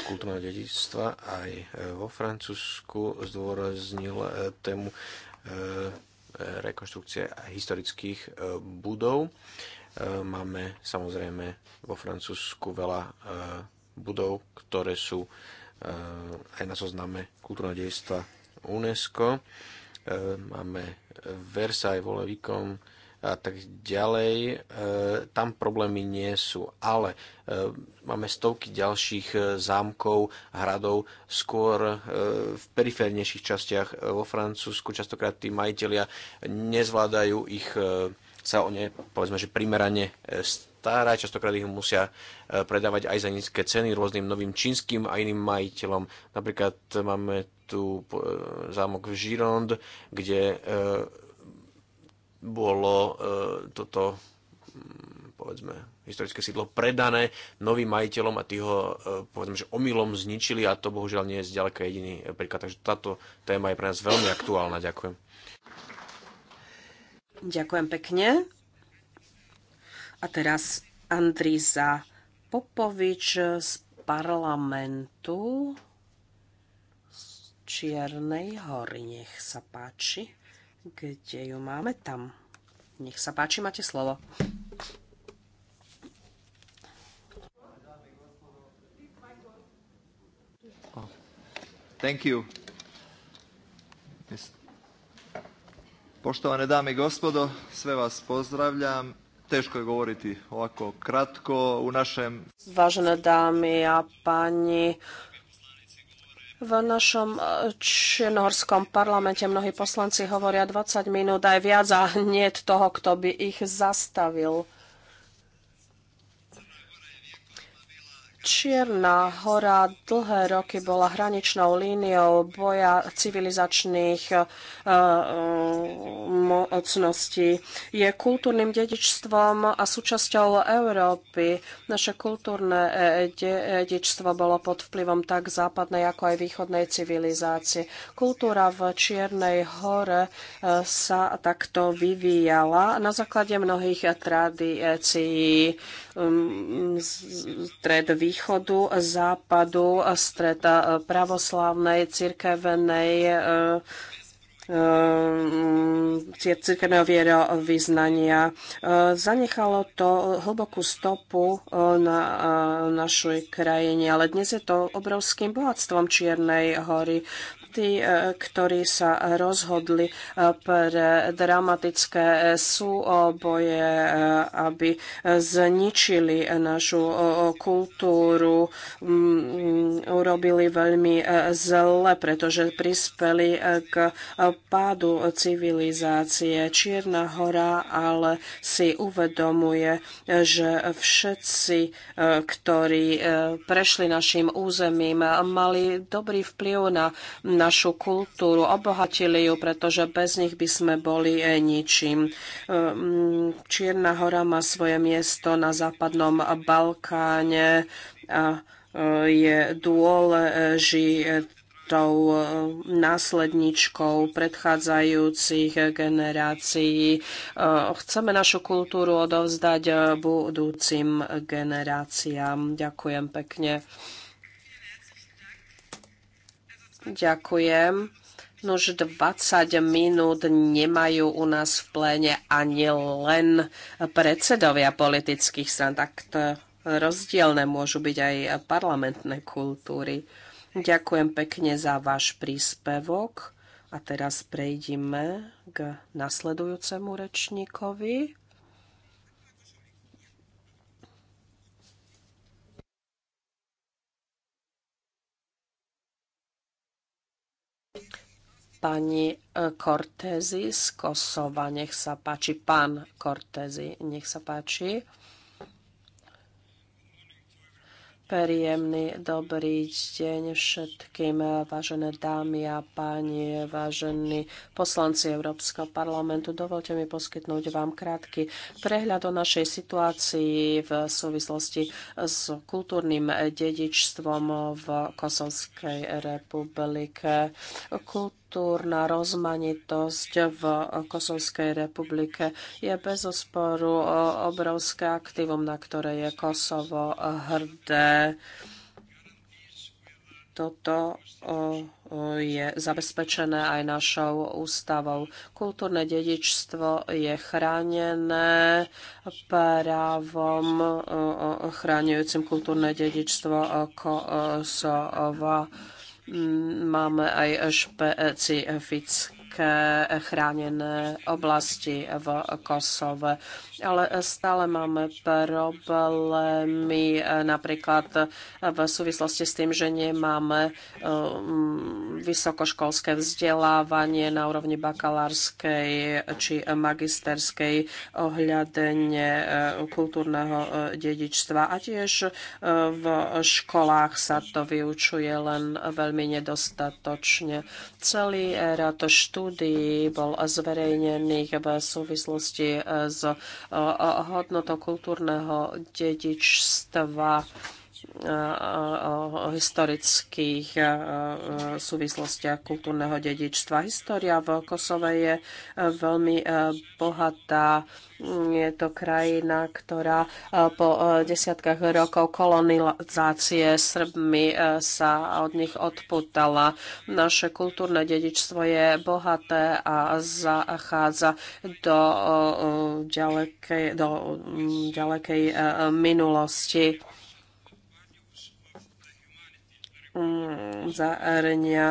kultúrneho dedictva aj e, vo Francúzsku zdôraznil e, tému rekonštrukcie historických budov. Máme samozrejme vo Francúzsku veľa budov, ktoré sú aj na zozname kultúrneho dedictva UNESCO. Máme Versailles, Volevikom, a tak ďalej, e, tam problémy nie sú. Ale e, máme stovky ďalších e, zámkov, hradov, skôr v periférnejších častiach vo Francúzsku. Častokrát tí majiteľia nezvládajú ich sa o ne, povedzme, že primerane starať. Častokrát ich musia predávať aj za nízke ceny rôznym novým čínskym a iným majiteľom. Napríklad máme tu zámok v Gironde, kde bolo e, toto mm, povedzme, historické sídlo predané novým majiteľom a tí ho, e, povedzme, že omylom zničili a to bohužiaľ nie je zďaleka jediný príklad. Takže táto téma je pre nás veľmi aktuálna. Ďakujem. Ďakujem pekne. A teraz Andriza Popovič z parlamentu z Čiernej hory. Nech sa páči. Kde ju máme tam? Nech sa páči, máte slovo. Oh. Thank you. Poštovane dame i gospodo, sve vas pozdravljam. Teško je govoriti ovako kratko u našem... Vážené dámy a páni, v našom e, čenorskom parlamente mnohí poslanci hovoria 20 minút aj viac a nie toho, kto by ich zastavil. Čierna hora dlhé roky bola hraničnou líniou boja civilizačných mocností. Je kultúrnym dedičstvom a súčasťou Európy. Naše kultúrne dedičstvo bolo pod vplyvom tak západnej, ako aj východnej civilizácie. Kultúra v Čiernej hore sa takto vyvíjala na základe mnohých tradícií stred východu, západu, stred eh, pravoslavnej cirkevenej, eh, eh, církevného vierovýznania. Zanechalo to hlbokú stopu na našej krajine, ale dnes je to obrovským bohatstvom Čiernej hory tí, e, ktorí sa rozhodli e, pre dramatické e, súboje, aby zničili našu kultúru, mm, urobili veľmi zle, pretože prispeli k pádu civilizácie. Čierna hora ale si uvedomuje, že všetci, ktorí prešli našim územím, mali dobrý vplyv na, na našu kultúru, obohatili ju, pretože bez nich by sme boli e, ničím. E, Čierna hora má svoje miesto na západnom Balkáne a e, je dôležitý tou následničkou predchádzajúcich generácií. Chceme našu kultúru odovzdať budúcim generáciám. Ďakujem pekne. Ďakujem. Nož 20 minút nemajú u nás v pléne ani len predsedovia politických stran. Tak to rozdielne môžu byť aj parlamentné kultúry. Ďakujem pekne za váš príspevok. A teraz prejdime k nasledujúcemu rečníkovi. pani e, Cortezi z Kosova. Nech sa páči, pán Cortezi, nech sa páči. Príjemný dobrý deň všetkým, vážené dámy a páni, vážení poslanci Európskeho parlamentu. Dovolte mi poskytnúť vám krátky prehľad o našej situácii v súvislosti s kultúrnym dedičstvom v Kosovskej republike. Kult kultúrna rozmanitosť v Kosovskej republike je bez osporu obrovské aktívum, na ktoré je Kosovo hrdé. Toto je zabezpečené aj našou ústavou. Kultúrne dedičstvo je chránené právom chráňujúcim kultúrne dedičstvo Kosova. Máme aj špecifické k e, chránené oblasti v Kosove. Ale stále máme problémy e, napríklad e, v súvislosti s tým, že nemáme vysokoškolské vzdelávanie na úrovni bakalárskej či magisterskej ohľadne kultúrneho dedičstva. A tiež v školách sa to vyučuje len veľmi nedostatočne. Celý rad štúdií bol zverejnených v súvislosti s eh, hodnotou kultúrneho dedičstva Eh, eh, o historických eh, súvislostiach kultúrneho dedičstva. História v Kosove je veľmi bohatá. Mm, je to krajina, ktorá po desiatkách rokov kolonizácie Srbmi sa od nich odputala. Naše kultúrne dedičstvo je bohaté a zachádza do ďalekej, do mm, ďalekej minulosti. Mm, zahrania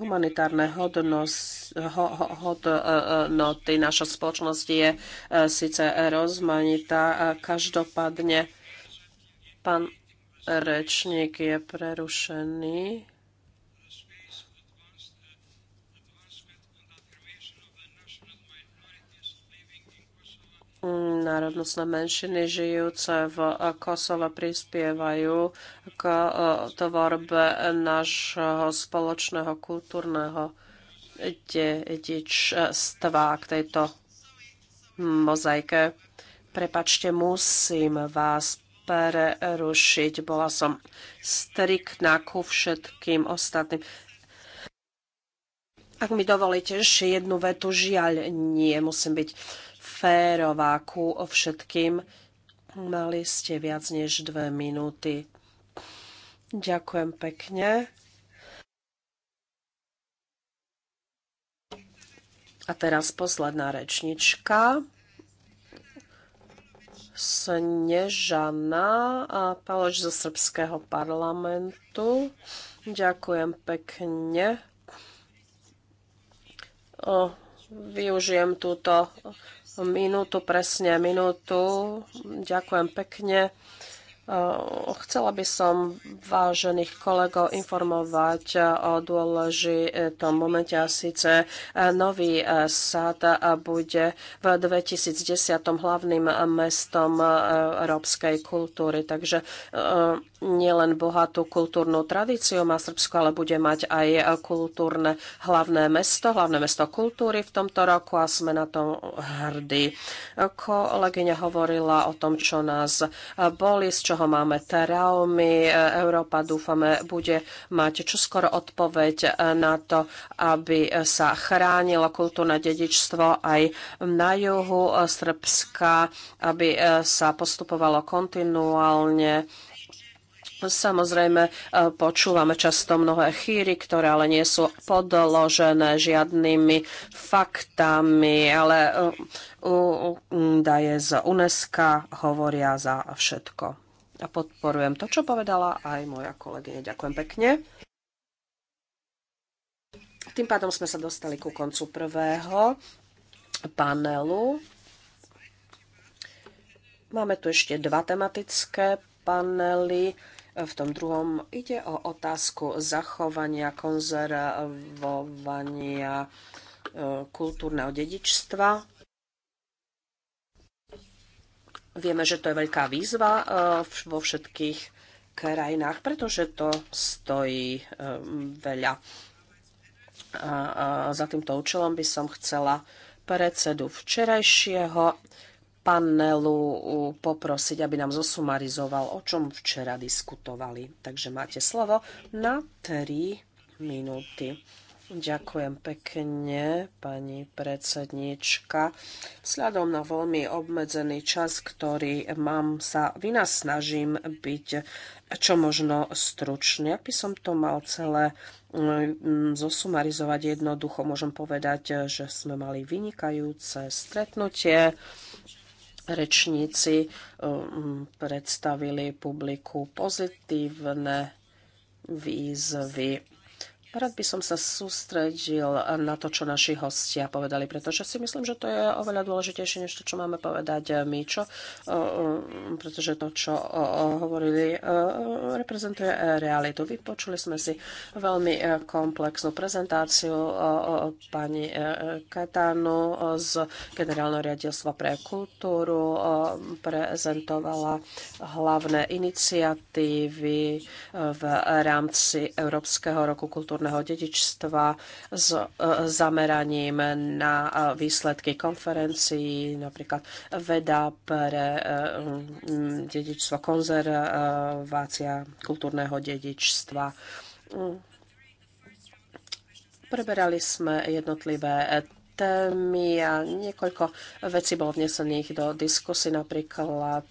humanitárne hodnosti, hodnoty. Naša spoločnosť je e, síce rozmanitá, každopádne pán rečník je prerušený. národnostné menšiny žijúce v Kosove prispievajú k e, tvorbe nášho spoločného kultúrneho dedičstva k tejto mozaike. Prepačte, musím vás prerušiť. Bola som striktná ku všetkým ostatným. Ak mi dovolíte ešte jednu vetu, žiaľ, nie, musím byť férová ku všetkým. Mali ste viac než dve minúty. Ďakujem pekne. A teraz posledná rečnička. Snežana Paloč zo Srbského parlamentu. Ďakujem pekne. O, využijem túto minútu, presne minútu. Ďakujem pekne. Eh, chcela by som vážených kolegov informovať eh, o dôležitom momente a síce eh, nový sad bude v 2010 hlavným mestom európskej kultúry. Takže nielen bohatú kultúrnu tradíciu má Srbsko, ale bude mať aj kultúrne hlavné mesto, hlavné mesto kultúry v tomto roku a sme na to hrdí. Kolegyňa hovorila o tom, čo nás boli, z čoho toho máme traumy. E, Európa, dúfame, bude mať čoskoro odpoveď e, na to, aby e, sa chránilo kultúrne dedičstvo aj na juhu Srbska, aby sa postupovalo kontinuálne. Samozrejme, počúvame často mnohé chýry, ktoré ale nie sú podložené žiadnymi faktami, ale údaje z UNESCO hovoria za všetko a podporujem to, čo povedala aj moja kolegyňa. Ďakujem pekne. Tým pádom sme sa dostali ku koncu prvého panelu. Máme tu ešte dva tematické panely. V tom druhom ide o otázku zachovania, konzervovania e, kultúrneho dedičstva Vieme, že to je veľká výzva eh, vo všetkých krajinách, pretože to stojí eh, veľa. A za týmto účelom by som chcela predsedu včerajšieho panelu poprosiť, aby nám zosumarizoval, o čom včera diskutovali. Takže máte slovo na 3 minúty. Ďakujem pekne, pani predsednička. Vzhľadom na veľmi obmedzený čas, ktorý mám, sa vynasnažím byť čo možno stručný. Ak by som to mal celé mm, zosumarizovať jednoducho, môžem povedať, že sme mali vynikajúce stretnutie rečníci mm, predstavili publiku pozitívne výzvy Rád by som sa sústredil na to, čo naši hostia povedali, pretože si myslím, že to je oveľa dôležitejšie, než to, čo máme povedať eh, my, čo, eh, eh, pretože to, čo hovorili, reprezentuje realitu. Vypočuli sme si veľmi komplexnú prezentáciu pani Katánu z Generálneho riadilstva pre kultúru. Prezentovala hlavné iniciatívy v rámci Európskeho roku kultúry kultúrneho dedičstva s e, zameraním na e, výsledky konferencií, napríklad veda pre e, dedičstvo, konzervácia kultúrneho dedičstva. Preberali sme jednotlivé témy a niekoľko vecí bolo vnesených do diskusy, napríklad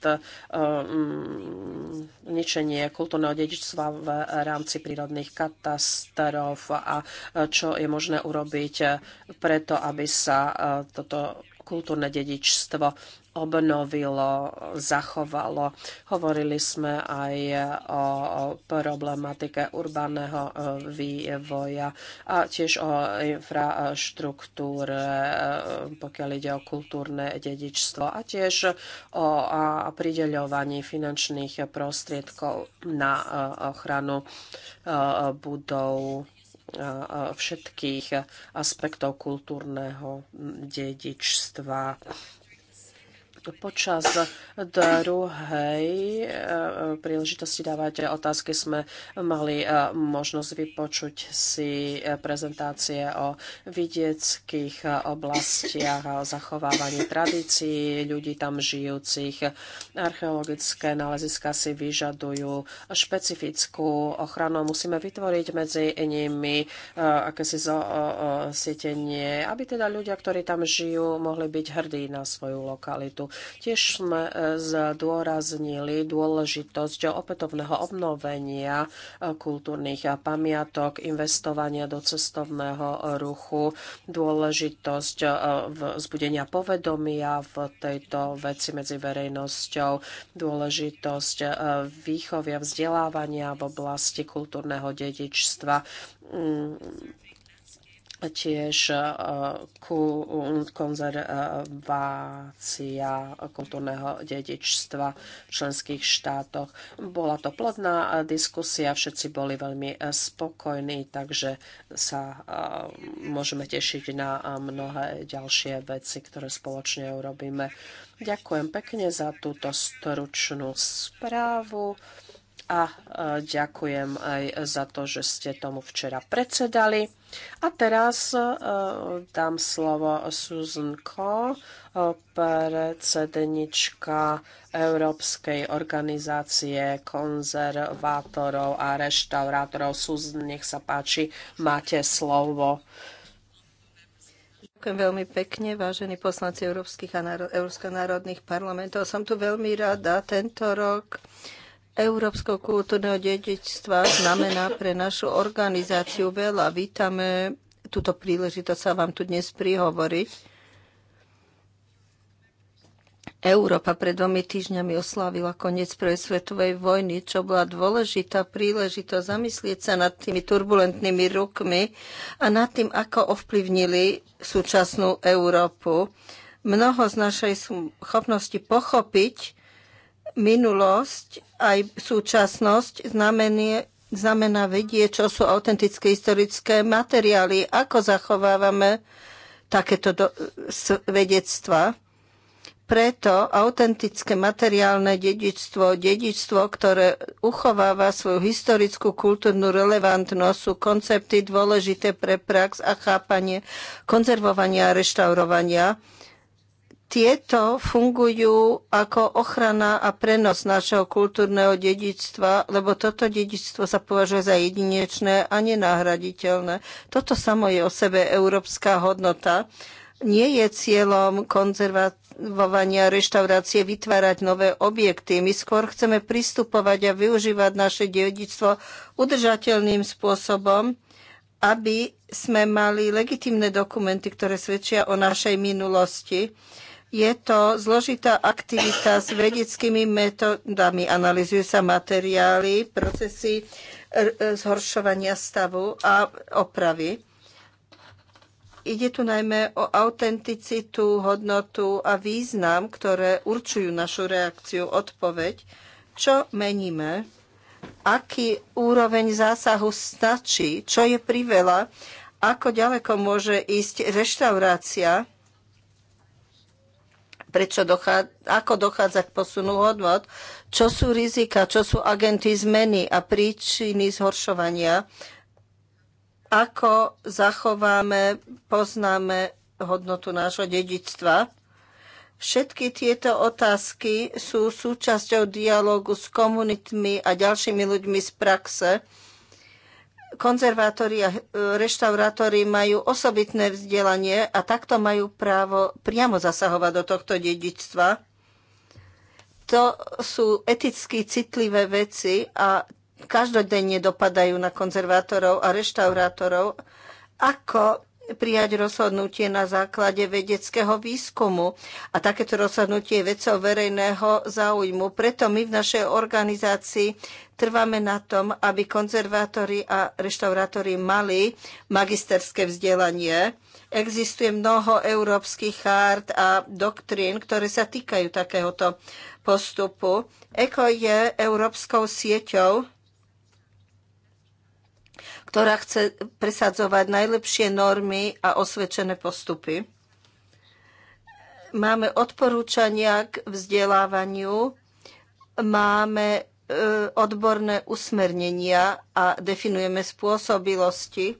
um, ničenie kultúrneho dedičstva v rámci prírodných katastrof a čo je možné urobiť preto, aby sa e, toto kultúrne dedičstvo obnovilo, zachovalo. Hovorili sme aj o problematike urbaného e, vývoja a tiež o infraštruktúre, e, pokiaľ ide o kultúrne dedičstvo a tiež o prideľovaní finančných prostriedkov na e, ochranu budov všetkých aspektov kultúrneho dedičstva. Počas druhej eh, príležitosti dávať otázky sme mali eh, možnosť vypočuť si eh, prezentácie o vidieckých oblastiach a o zachovávaní tradícií ľudí tam žijúcich. Archeologické náleziska si vyžadujú špecifickú ochranu. Musíme vytvoriť medzi nimi akési sietenie, aby teda ľudia, ktorí tam žijú, mohli byť hrdí na svoju lokalitu. Tiež sme e, zdôraznili dôležitosť opätovného obnovenia e, kultúrnych pamiatok, investovania do cestovného ruchu, dôležitosť e, vzbudenia povedomia v tejto veci medzi verejnosťou, dôležitosť výchovia vzdelávania v oblasti kultúrneho dedičstva mm, tiež eh, konzervácia kultúrneho dedičstva v členských štátoch. Bola to plodná eh, diskusia, všetci boli veľmi eh, spokojní, takže sa môžeme tešiť na mnohé ďalšie veci, ktoré spoločne urobíme. Ďakujem pekne za túto stručnú správu a e, ďakujem aj za to, že ste tomu včera predsedali. A teraz e, dám slovo Susan Ko, e, predsednička Európskej organizácie konzervátorov a reštaurátorov. Susan, nech sa páči, máte slovo. Ďakujem veľmi pekne, vážení poslanci Európskych a Európskych národných parlamentov. Som tu veľmi rada tento rok európskeho kultúrneho dedičstva znamená pre našu organizáciu veľa. Vítame túto príležitosť sa vám tu dnes prihovoriť. Európa pred dvomi týždňami oslávila koniec prvej svetovej vojny, čo bola dôležitá príležitosť zamyslieť sa nad tými turbulentnými rukmi a nad tým, ako ovplyvnili súčasnú Európu. Mnoho z našej schopnosti pochopiť minulosť aj súčasnosť znamenie, znamená vedieť, čo sú autentické historické materiály, ako zachovávame takéto do, svedectva. Preto autentické materiálne dedičstvo, dedičstvo, ktoré uchováva svoju historickú kultúrnu relevantnosť, sú koncepty dôležité pre prax a chápanie konzervovania a reštaurovania. Tieto fungujú ako ochrana a prenos našeho kultúrneho dedičstva, lebo toto dedičstvo sa považuje za jedinečné a nenahraditeľné. Toto samo je o sebe európska hodnota. Nie je cieľom konzervovania reštaurácie vytvárať nové objekty. My skôr chceme pristupovať a využívať naše dedičstvo udržateľným spôsobom, aby sme mali legitimné dokumenty, ktoré svedčia o našej minulosti. Je to zložitá aktivita s vedeckými metodami. Analizujú sa materiály, procesy e, e, zhoršovania stavu a opravy. Ide tu najmä o autenticitu, hodnotu a význam, ktoré určujú našu reakciu, odpoveď, čo meníme, aký úroveň zásahu stačí, čo je priveľa, ako ďaleko môže ísť reštaurácia, prečo dochádza, ako dochádza k posunu hodnot, čo sú rizika, čo sú agenty zmeny a príčiny zhoršovania, ako zachováme, poznáme hodnotu nášho dedičstva. Všetky tieto otázky sú súčasťou dialogu s komunitmi a ďalšími ľuďmi z praxe, konzervátori a e, reštaurátori majú osobitné vzdelanie a takto majú právo priamo zasahovať do tohto dedičstva. To sú eticky citlivé veci a každodenne dopadajú na konzervátorov a reštaurátorov, ako prijať rozhodnutie na základe vedeckého výskumu. A takéto rozhodnutie je vecou verejného záujmu. Preto my v našej organizácii trváme na tom, aby konzervátori a reštaurátori mali magisterské vzdelanie. Existuje mnoho európskych chart a doktrín, ktoré sa týkajú takéhoto postupu. ECO je európskou sieťou ktorá chce presadzovať najlepšie normy a osvedčené postupy. Máme odporúčania k vzdelávaniu, máme e, odborné usmernenia a definujeme spôsobilosti,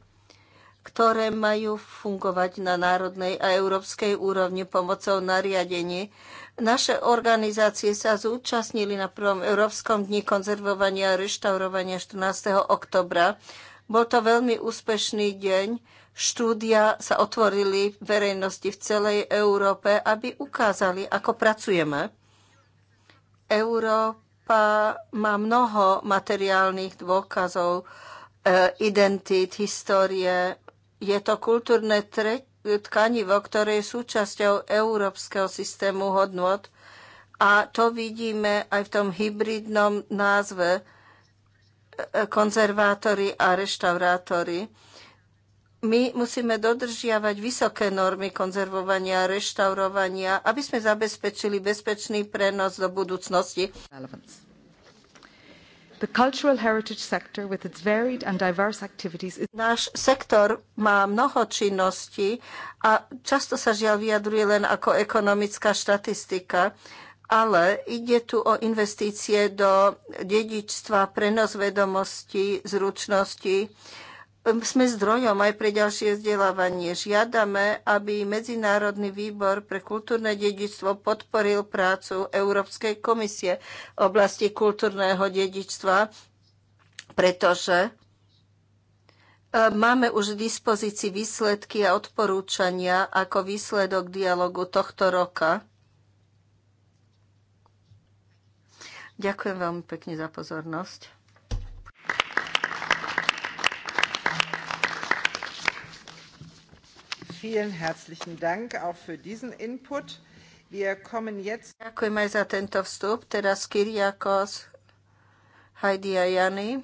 ktoré majú fungovať na národnej a európskej úrovni pomocou nariadení. Naše organizácie sa zúčastnili na prvom Európskom dni konzervovania a reštaurovania 14. oktobra bol to veľmi úspešný deň. Štúdia sa otvorili verejnosti v celej Európe, aby ukázali, ako pracujeme. Európa má mnoho materiálnych dôkazov, e, identit, histórie. Je to kultúrne tkanivo, ktoré je súčasťou európskeho systému hodnot a to vidíme aj v tom hybridnom názve konzervátori a reštaurátori. My musíme dodržiavať vysoké normy konzervovania a reštaurovania, aby sme zabezpečili bezpečný prenos do budúcnosti. Náš sektor má mnoho činností a často sa žiaľ vyjadruje len ako ekonomická štatistika ale ide tu o investície do dedičstva, prenos vedomostí, zručnosti. Ehm, sme zdrojom aj pre ďalšie vzdelávanie. Žiadame, aby Medzinárodný výbor pre kultúrne dedičstvo podporil prácu Európskej komisie v oblasti kultúrneho dedičstva, pretože ehm, Máme už v dispozícii výsledky a odporúčania ako výsledok dialogu tohto roka Ďakujem veľmi pekne za pozornosť. Vielen herzlichen Dank auch für diesen Input. Wir kommen jetzt. Ďakujem aj za tento vstup. Teraz Kyriakos, Heidi a Jany.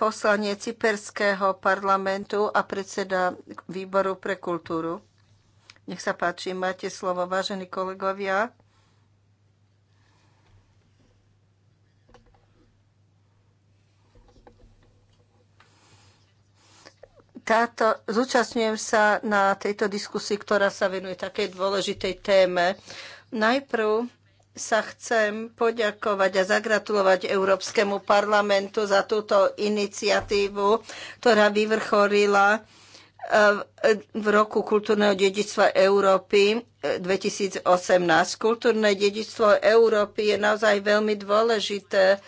Poslanie Cyperského parlamentu a predseda výboru pre kultúru. Nech sa páči, máte slovo, vážení kolegovia. táto, zúčastňujem sa na tejto diskusii, ktorá sa venuje takej dôležitej téme. Najprv sa chcem poďakovať a zagratulovať Európskemu parlamentu za túto iniciatívu, ktorá vyvrchorila eh, v roku kultúrneho dedičstva Európy 2018. Eh, Kultúrne dedičstvo Európy je naozaj veľmi dôležité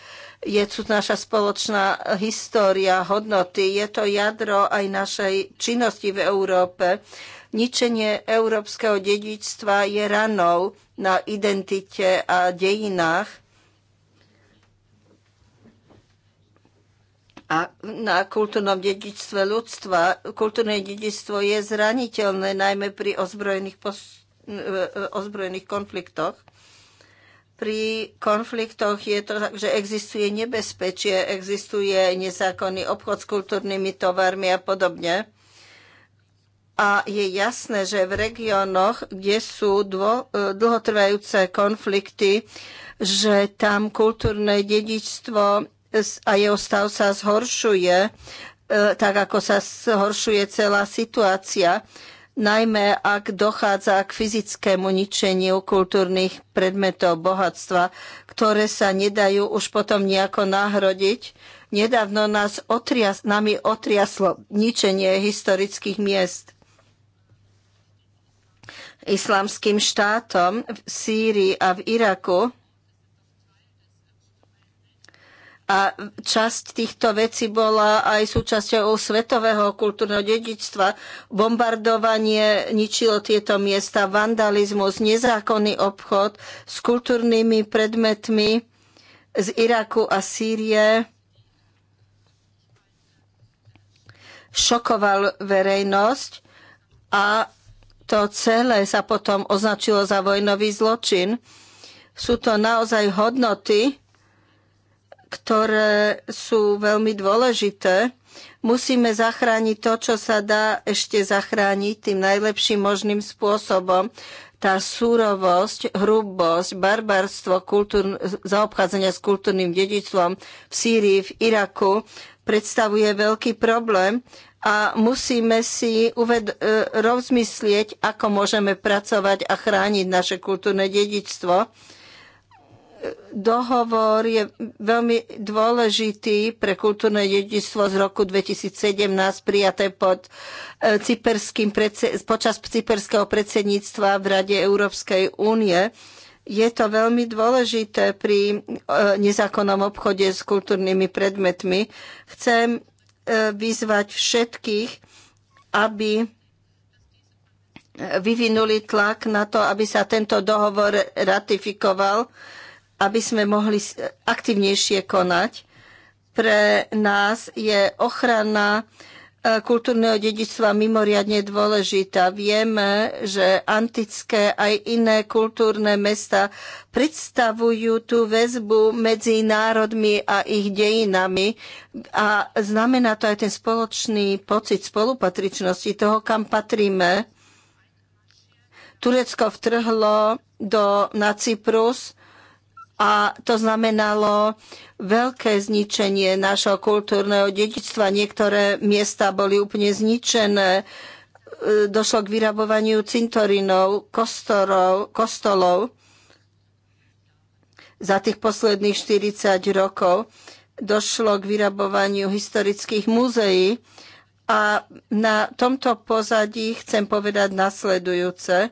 je tu naša spoločná história, hodnoty, je to jadro aj našej činnosti v Európe. Ničenie európskeho dedičstva je ranou na identite a dejinách a na kultúrnom dedičstve ľudstva. Kultúrne dedičstvo je zraniteľné najmä pri ozbrojených, e, e, ozbrojených konfliktoch pri konfliktoch je to, že existuje nebezpečie, existuje nezákonný obchod s kultúrnymi tovarmi a podobne. A je jasné, že v regiónoch, kde sú dvo, e, dlhotrvajúce konflikty, že tam kultúrne dedičstvo a jeho stav sa zhoršuje, e, tak ako sa zhoršuje celá situácia najmä ak dochádza k fyzickému ničeniu kultúrnych predmetov bohatstva, ktoré sa nedajú už potom nejako nahrodiť. Nedávno nás otrias, nami otriaslo ničenie historických miest islamským štátom v Sýrii a v Iraku A časť týchto vecí bola aj súčasťou svetového kultúrneho dedičstva. Bombardovanie ničilo tieto miesta, vandalizmus, nezákonný obchod s kultúrnymi predmetmi z Iraku a Sýrie šokoval verejnosť a to celé sa potom označilo za vojnový zločin. Sú to naozaj hodnoty, ktoré sú veľmi dôležité. Musíme zachrániť to, čo sa dá ešte zachrániť tým najlepším možným spôsobom. Tá súrovosť, hrubosť, barbarstvo kultúr, zaobchádzania s kultúrnym dedičstvom v Sýrii, v Iraku predstavuje veľký problém a musíme si uved- e, rozmyslieť, ako môžeme pracovať a chrániť naše kultúrne dedičstvo dohovor je veľmi dôležitý pre kultúrne dedičstvo z roku 2017 prijaté pod e, cyperským, počas cyperského predsedníctva v Rade Európskej únie. Je to veľmi dôležité pri e, nezákonnom obchode s kultúrnymi predmetmi. Chcem e, vyzvať všetkých, aby vyvinuli tlak na to, aby sa tento dohovor ratifikoval aby sme mohli aktivnejšie konať. Pre nás je ochrana e, kultúrneho dedičstva mimoriadne dôležitá. Vieme, že antické aj iné kultúrne mesta predstavujú tú väzbu medzi národmi a ich dejinami a znamená to aj ten spoločný pocit spolupatričnosti toho, kam patríme. Turecko vtrhlo do, na Cyprus, a to znamenalo veľké zničenie nášho kultúrneho dedičstva. Niektoré miesta boli úplne zničené, e, došlo k vyrabovaniu cintorinov, kostorov, kostolov za tých posledných 40 rokov. Došlo k vyrabovaniu historických múzeí a na tomto pozadí chcem povedať nasledujúce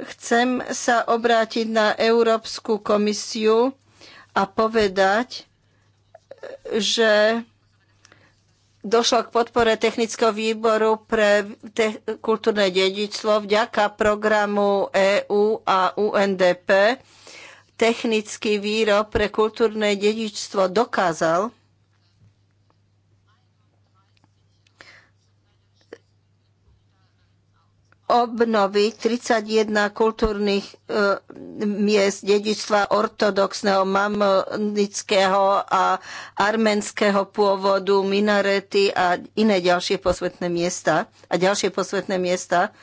Chcem sa obrátiť na Európsku komisiu a povedať, že došlo k podpore Technického výboru pre te- kultúrne dedičstvo vďaka programu EU a UNDP. Technický výrob pre kultúrne dedičstvo dokázal, obnovy 31 kultúrnych e, miest dedičstva ortodoxného, mamonického a arménskeho pôvodu, minarety a iné ďalšie posvetné miesta a ďalšie posvetné miesta.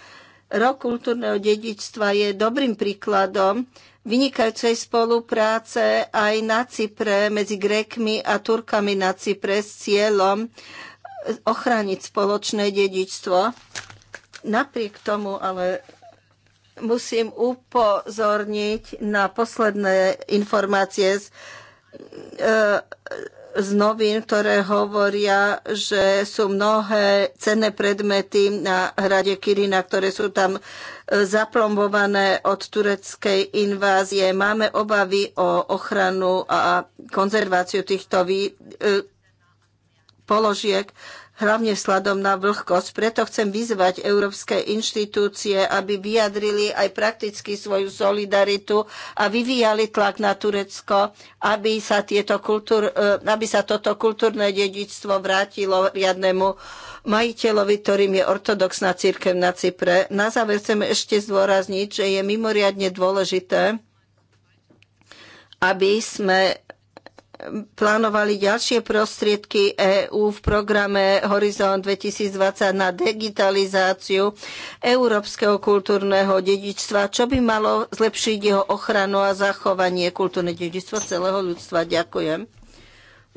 Rok kultúrneho dedičstva je dobrým príkladom vynikajúcej spolupráce aj na Cypre medzi Grékmi a Turkami na Cypre s cieľom ochrániť spoločné dedičstvo Napriek tomu ale musím upozorniť na posledné informácie z, e, z novín, ktoré hovoria, že sú mnohé cenné predmety na hrade Kirina, ktoré sú tam e, zaplombované od tureckej invázie. Máme obavy o ochranu a konzerváciu týchto e, položiek hlavne sladom na vlhkosť. Preto chcem vyzvať európske inštitúcie, aby vyjadrili aj prakticky svoju solidaritu a vyvíjali tlak na Turecko, aby sa, tieto kultúr, e, aby sa toto kultúrne dedičstvo vrátilo riadnemu majiteľovi, ktorým je ortodoxná církev na Cypre. Na záver chcem ešte zdôrazniť, že je mimoriadne dôležité, aby sme plánovali ďalšie prostriedky EÚ v programe Horizont 2020 na digitalizáciu európskeho kultúrneho dedičstva, čo by malo zlepšiť jeho ochranu a zachovanie kultúrne dedičstva celého ľudstva. Ďakujem.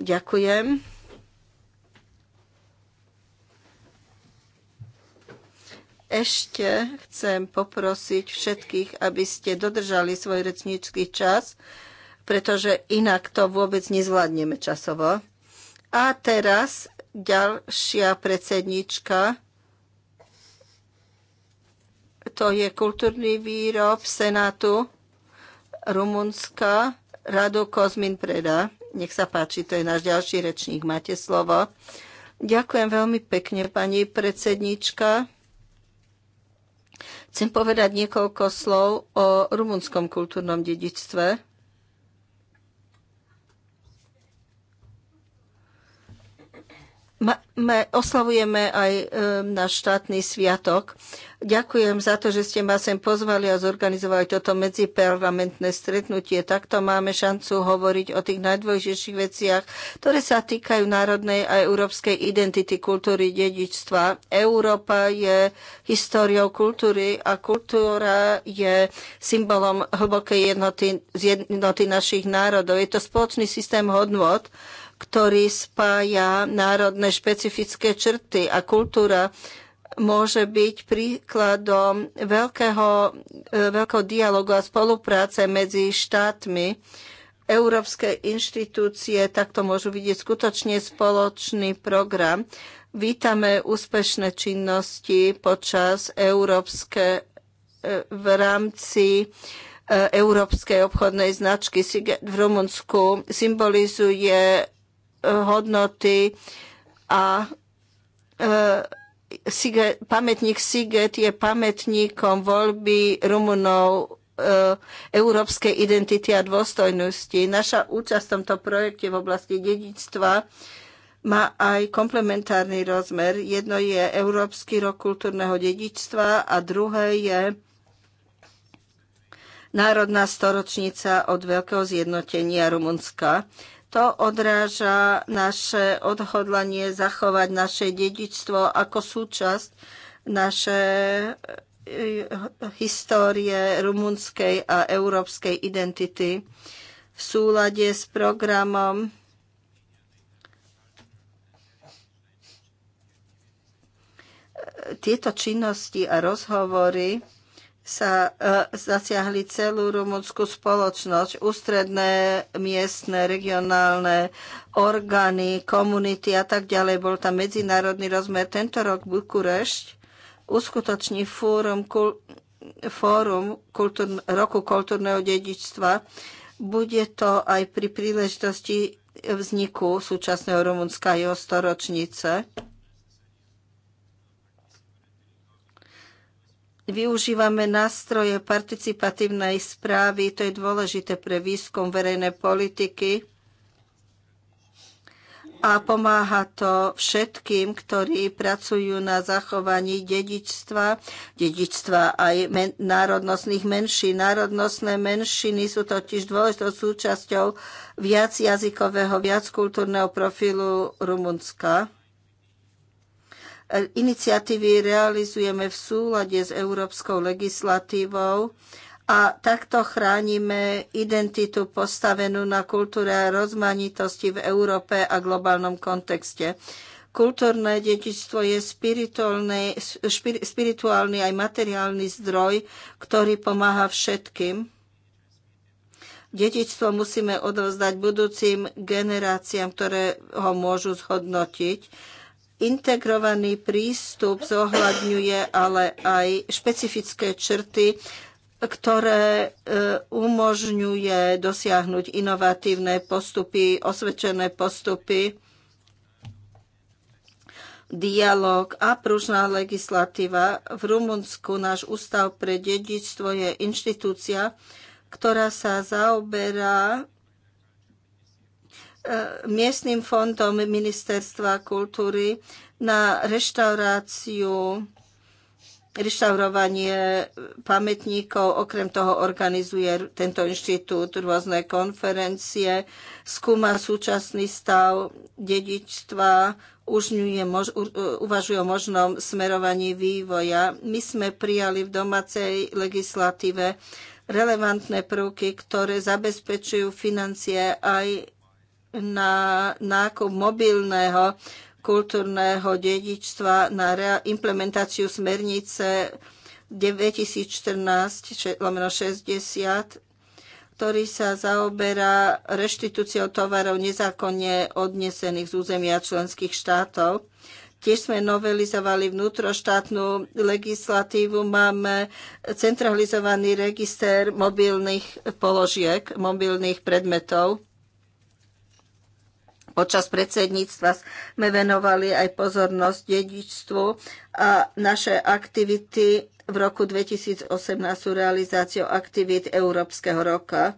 Ďakujem. Ešte chcem poprosiť všetkých, aby ste dodržali svoj rečnícky čas pretože inak to vôbec nezvládneme časovo. A teraz ďalšia predsednička, to je kultúrny výrob Senátu Rumunska, Radu Kozmin Preda. Nech sa páči, to je náš ďalší rečník. Máte slovo. Ďakujem veľmi pekne, pani predsednička. Chcem povedať niekoľko slov o rumunskom kultúrnom dedičstve. oslavujeme aj e, náš štátny sviatok. Ďakujem za to, že ste ma sem pozvali a zorganizovali toto medziparlamentné stretnutie. Takto máme šancu hovoriť o tých najdôležitejších veciach, ktoré sa týkajú národnej a európskej identity, kultúry, dedičstva. Európa je históriou kultúry a kultúra je symbolom hlbokej jednoty, jednoty našich národov. Je to spoločný systém hodnot, ktorý spája národné špecifické črty a kultúra môže byť príkladom veľkého, e, veľkého dialogu a spolupráce medzi štátmi. Európske inštitúcie takto môžu vidieť skutočne spoločný program. Vítame úspešné činnosti počas európske e, v rámci e, európskej obchodnej značky v Rumunsku symbolizuje hodnoty a e, Sige, pamätník Siget je pamätníkom voľby Rumunov e, európskej identity a dôstojnosti. Naša účasť v tomto projekte v oblasti dedičstva má aj komplementárny rozmer. Jedno je Európsky rok kultúrneho dedičstva a druhé je Národná storočnica od veľkého zjednotenia Rumunska. To odráža naše odhodlanie zachovať naše dedičstvo ako súčasť naše eh, histórie rumunskej a európskej identity v súlade s programom tieto činnosti a rozhovory sa e, zasiahli celú rumunskú spoločnosť, ústredné, miestne, regionálne orgány, komunity a tak ďalej. Bol tam medzinárodný rozmer. Tento rok Bukurešť uskutoční fórum, kul, fórum kultúr, roku kultúrneho dedičstva. Bude to aj pri príležitosti vzniku súčasného Rumunska jeho storočnice. Využívame nástroje participatívnej správy, to je dôležité pre výskum verejnej politiky a pomáha to všetkým, ktorí pracujú na zachovaní dedičstva, dedičstva aj men- národnostných menšín. Národnostné menšiny sú totiž dôležitou súčasťou viac viac kultúrneho profilu Rumunska. Iniciatívy realizujeme v súlade s európskou legislatívou a takto chránime identitu postavenú na kultúre a rozmanitosti v Európe a globálnom kontexte. Kultúrne dedičstvo je spirituálny aj materiálny zdroj, ktorý pomáha všetkým. Dedičstvo musíme odovzdať budúcim generáciám, ktoré ho môžu zhodnotiť. Integrovaný prístup zohľadňuje ale aj špecifické črty, ktoré e, umožňuje dosiahnuť inovatívne postupy, osvedčené postupy, dialog a pružná legislatíva. V Rumunsku náš Ústav pre dedičstvo je inštitúcia, ktorá sa zaoberá E, miestnym fondom Ministerstva kultúry na reštauráciu, reštaurovanie pamätníkov. Okrem toho organizuje tento inštitút rôzne konferencie, skúma súčasný stav dedičstva, už e, uvažuje o možnom smerovaní vývoja. My sme prijali v domácej legislatíve relevantné prvky, ktoré zabezpečujú financie aj na nákup mobilného kultúrneho dedičstva na implementáciu smernice 2014-60, ktorý sa zaoberá reštitúciou tovarov nezákonne odnesených z územia členských štátov. Tiež sme novelizovali vnútroštátnu legislatívu, máme centralizovaný register mobilných položiek, mobilných predmetov Počas predsedníctva sme venovali aj pozornosť dedičstvu a naše aktivity v roku 2018 sú realizáciou aktivít Európskeho roka.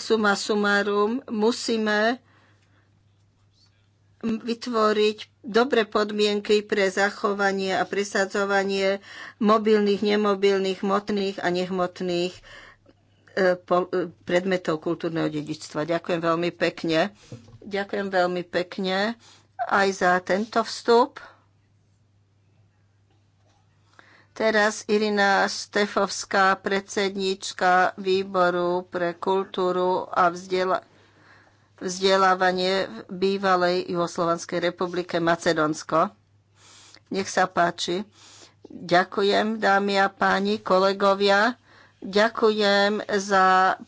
Suma sumarum, musíme vytvoriť dobre podmienky pre zachovanie a presadzovanie mobilných, nemobilných, motných a nehmotných predmetov kultúrneho dedičstva. Ďakujem veľmi pekne. Ďakujem veľmi pekne aj za tento vstup. Teraz Irina Štefovská, predsedníčka výboru pre kultúru a vzdiela- vzdelávanie v bývalej Juhoslovanskej republike Macedónsko. Nech sa páči. Ďakujem, dámy a páni, kolegovia. Ďakujem za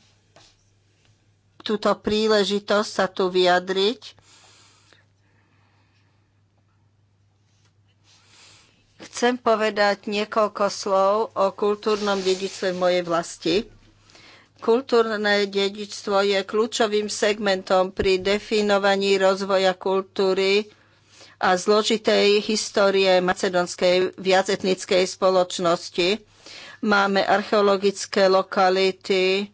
túto príležitosť sa tu vyjadriť. Chcem povedať niekoľko slov o kultúrnom dedičstve v mojej vlasti. Kultúrne dedičstvo je kľúčovým segmentom pri definovaní rozvoja kultúry a zložitej histórie macedonskej viacetnickej spoločnosti Máme archeologické lokality,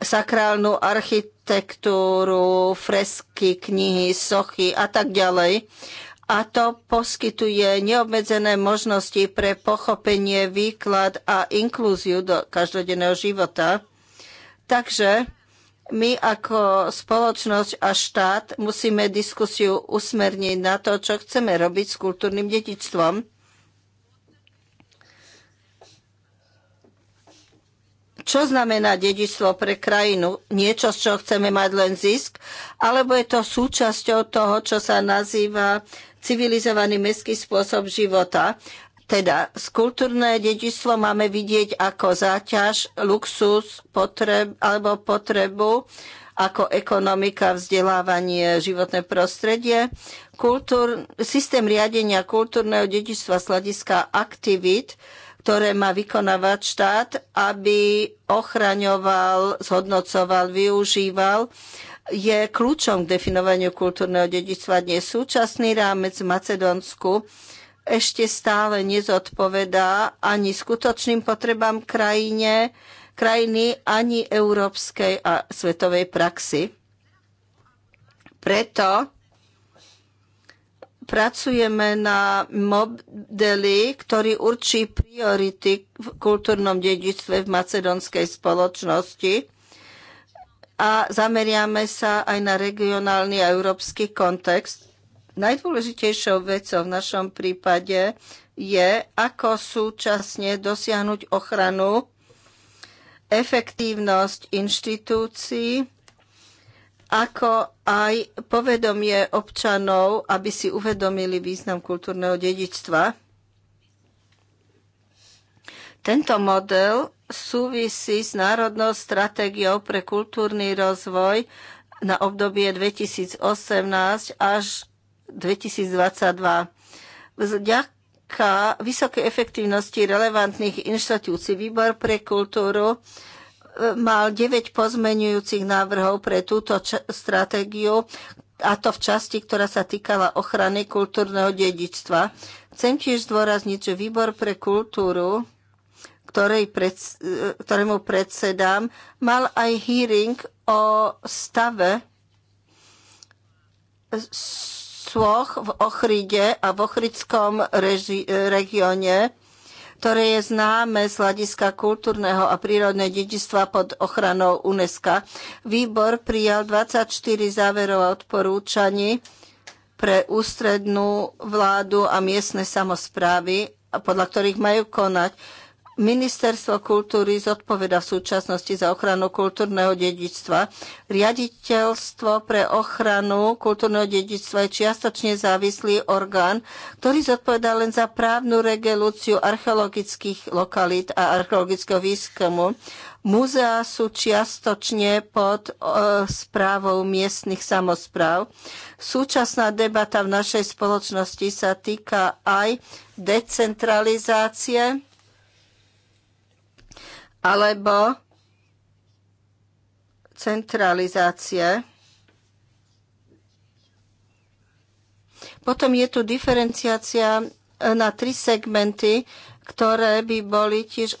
sakrálnu architektúru, fresky, knihy, sochy a tak ďalej a to poskytuje neobmedzené možnosti pre pochopenie, výklad a inklúziu do každodenného života. Takže my ako spoločnosť a štát musíme diskusiu usmerniť na to, čo chceme robiť s kultúrnym dedičstvom. čo znamená dedičstvo pre krajinu? Niečo, z čoho chceme mať len zisk? Alebo je to súčasťou toho, čo sa nazýva civilizovaný mestský spôsob života? Teda kultúrne dedičstvo máme vidieť ako záťaž, luxus potreb, alebo potrebu, ako ekonomika, vzdelávanie, životné prostredie. Kultúr, systém riadenia kultúrneho dedičstva z hľadiska aktivít ktoré má vykonávať štát, aby ochraňoval, zhodnocoval, využíval, je kľúčom k definovaniu kultúrneho dedictva. Dnes súčasný rámec v Macedónsku ešte stále nezodpovedá ani skutočným potrebám krajine, krajiny, ani európskej a svetovej praxi. Preto pracujeme na modeli, ktorý určí priority v kultúrnom dedičstve v macedónskej spoločnosti a zameriame sa aj na regionálny a európsky kontext. Najdôležitejšou vecou v našom prípade je, ako súčasne dosiahnuť ochranu, efektívnosť inštitúcií, ako aj povedomie občanov, aby si uvedomili význam kultúrneho dedičstva. Tento model súvisí s národnou stratégiou pre kultúrny rozvoj na obdobie 2018 až 2022. Vďaka vysokej efektívnosti relevantných inštitúcií Výbor pre kultúru mal 9 pozmenujúcich návrhov pre túto stratégiu, a to v časti, ktorá sa týkala ochrany kultúrneho dedičstva. Chcem tiež zdôrazniť, že výbor pre kultúru, ktorej pred, ktorému predsedám, mal aj hearing o stave sloch v Ochride a v Ochridskom reži- regióne ktoré je známe z hľadiska kultúrneho a prírodného dedičstva pod ochranou UNESCO. Výbor prijal 24 záverov a odporúčaní pre ústrednú vládu a miestne samozprávy, podľa ktorých majú konať Ministerstvo kultúry zodpoveda v súčasnosti za ochranu kultúrneho dedičstva. Riaditeľstvo pre ochranu kultúrneho dedičstva je čiastočne závislý orgán, ktorý zodpoveda len za právnu regelúciu archeologických lokalít a archeologického výskumu. Múzea sú čiastočne pod e, správou miestnych samozpráv. Súčasná debata v našej spoločnosti sa týka aj decentralizácie alebo centralizácie. Potom je tu diferenciácia e, na tri segmenty, ktoré by boli tiež e,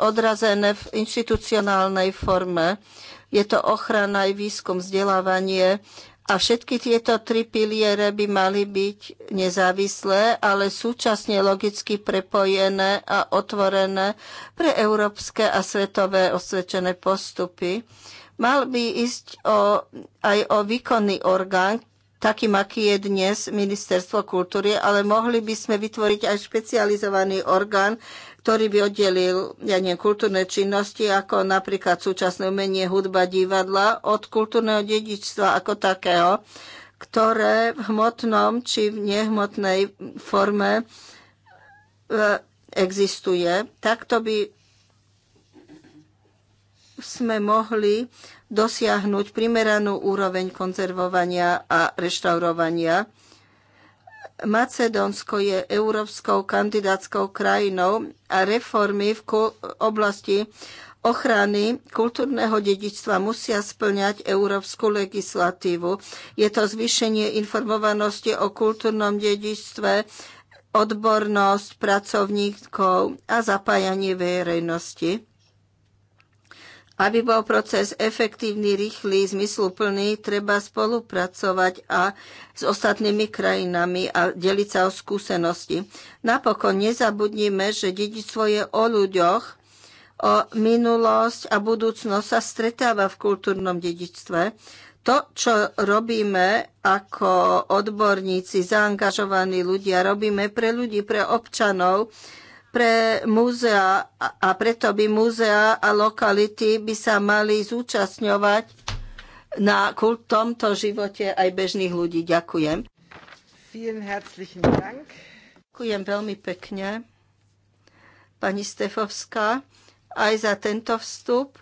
odrazené v inštitucionálnej forme. Je to ochrana aj výskum, vzdelávanie a všetky tieto tri piliere by mali byť nezávislé, ale súčasne logicky prepojené a otvorené pre európske a svetové osvedčené postupy. Mal by ísť o, aj o výkonný orgán, takým, aký je dnes Ministerstvo kultúry, ale mohli by sme vytvoriť aj špecializovaný orgán, ktorý by oddelil ja neviem, kultúrne činnosti, ako napríklad súčasné umenie, hudba, divadla, od kultúrneho dedičstva ako takého, ktoré v hmotnom či v nehmotnej forme e, existuje. Takto by sme mohli dosiahnuť primeranú úroveň konzervovania a reštaurovania Macedónsko je európskou kandidátskou krajinou a reformy v oblasti ochrany kultúrneho dedičstva musia splňať európsku legislatívu. Je to zvýšenie informovanosti o kultúrnom dedičstve, odbornosť pracovníkov a zapájanie verejnosti. Aby bol proces efektívny, rýchly, zmysluplný, treba spolupracovať a s ostatnými krajinami a deliť sa o skúsenosti. Napokon nezabudnime, že dedičstvo je o ľuďoch, o minulosť a budúcnosť sa stretáva v kultúrnom dedičstve. To, čo robíme ako odborníci, zaangažovaní ľudia, robíme pre ľudí, pre občanov, pre múzea a preto by múzea a lokality by sa mali zúčastňovať na tomto živote aj bežných ľudí. Ďakujem. Ďakujem veľmi pekne, pani Stefovská, aj za tento vstup.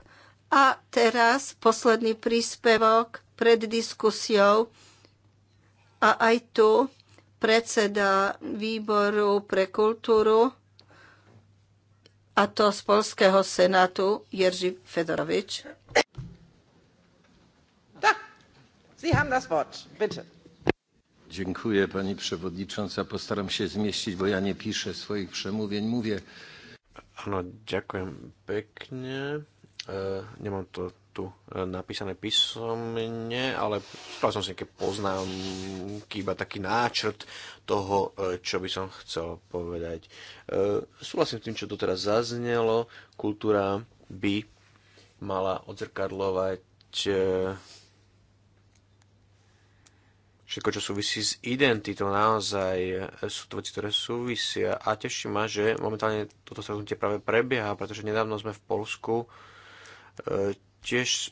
A teraz posledný príspevok pred diskusiou. A aj tu predseda výboru pre kultúru a to z Polského senátu Jerzy Fedorovič. Sie haben das Wort, bitte. Dziękuję pani przewodnicząca. Postaram się zmieścić, bo ja nie piszę swoich przemówień. Mówię. Ano, dziękuję pięknie. E, nie mam to tu e, napísané písomne, ale spravil som si nejaké poznámky, iba taký náčrt toho, e, čo by som chcel povedať. E, súhlasím s tým, čo doteraz zaznelo. Kultúra by mala odzrkadlovať všetko, čo súvisí s identitou. Naozaj sú to veci, ktoré súvisia. A teší ma, že momentálne toto stretnutie práve prebieha, pretože nedávno sme v Polsku tiež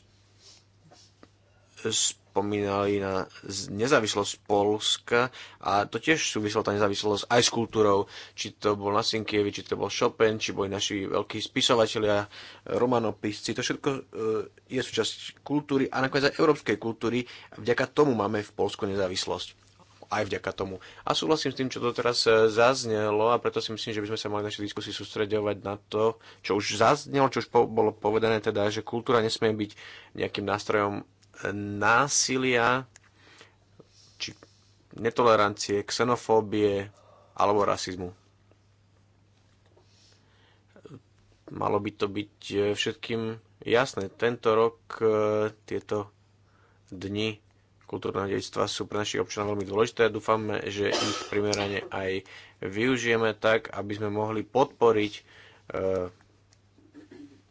spomínali na nezávislosť Polska a to tiež súvisela tá nezávislosť aj s kultúrou. Či to bol Nasinkievi, či to bol Chopin, či boli naši veľkí spisovatelia, romanopisci. To všetko e, je súčasť kultúry a nakoniec aj európskej kultúry. a Vďaka tomu máme v Polsku nezávislosť aj vďaka tomu. A súhlasím s tým, čo to teraz e, zaznelo a preto si myslím, že by sme sa mali v našej diskusii sústredovať na to, čo už zaznelo, čo už po- bolo povedané, teda, že kultúra nesmie byť nejakým nástrojom e, násilia, či netolerancie, xenofóbie alebo rasizmu. Malo by to byť e, všetkým jasné. Tento rok tieto dni kultúrneho dedictva sú pre našich občanov veľmi dôležité a dúfame, že ich primerane aj využijeme tak, aby sme mohli podporiť e,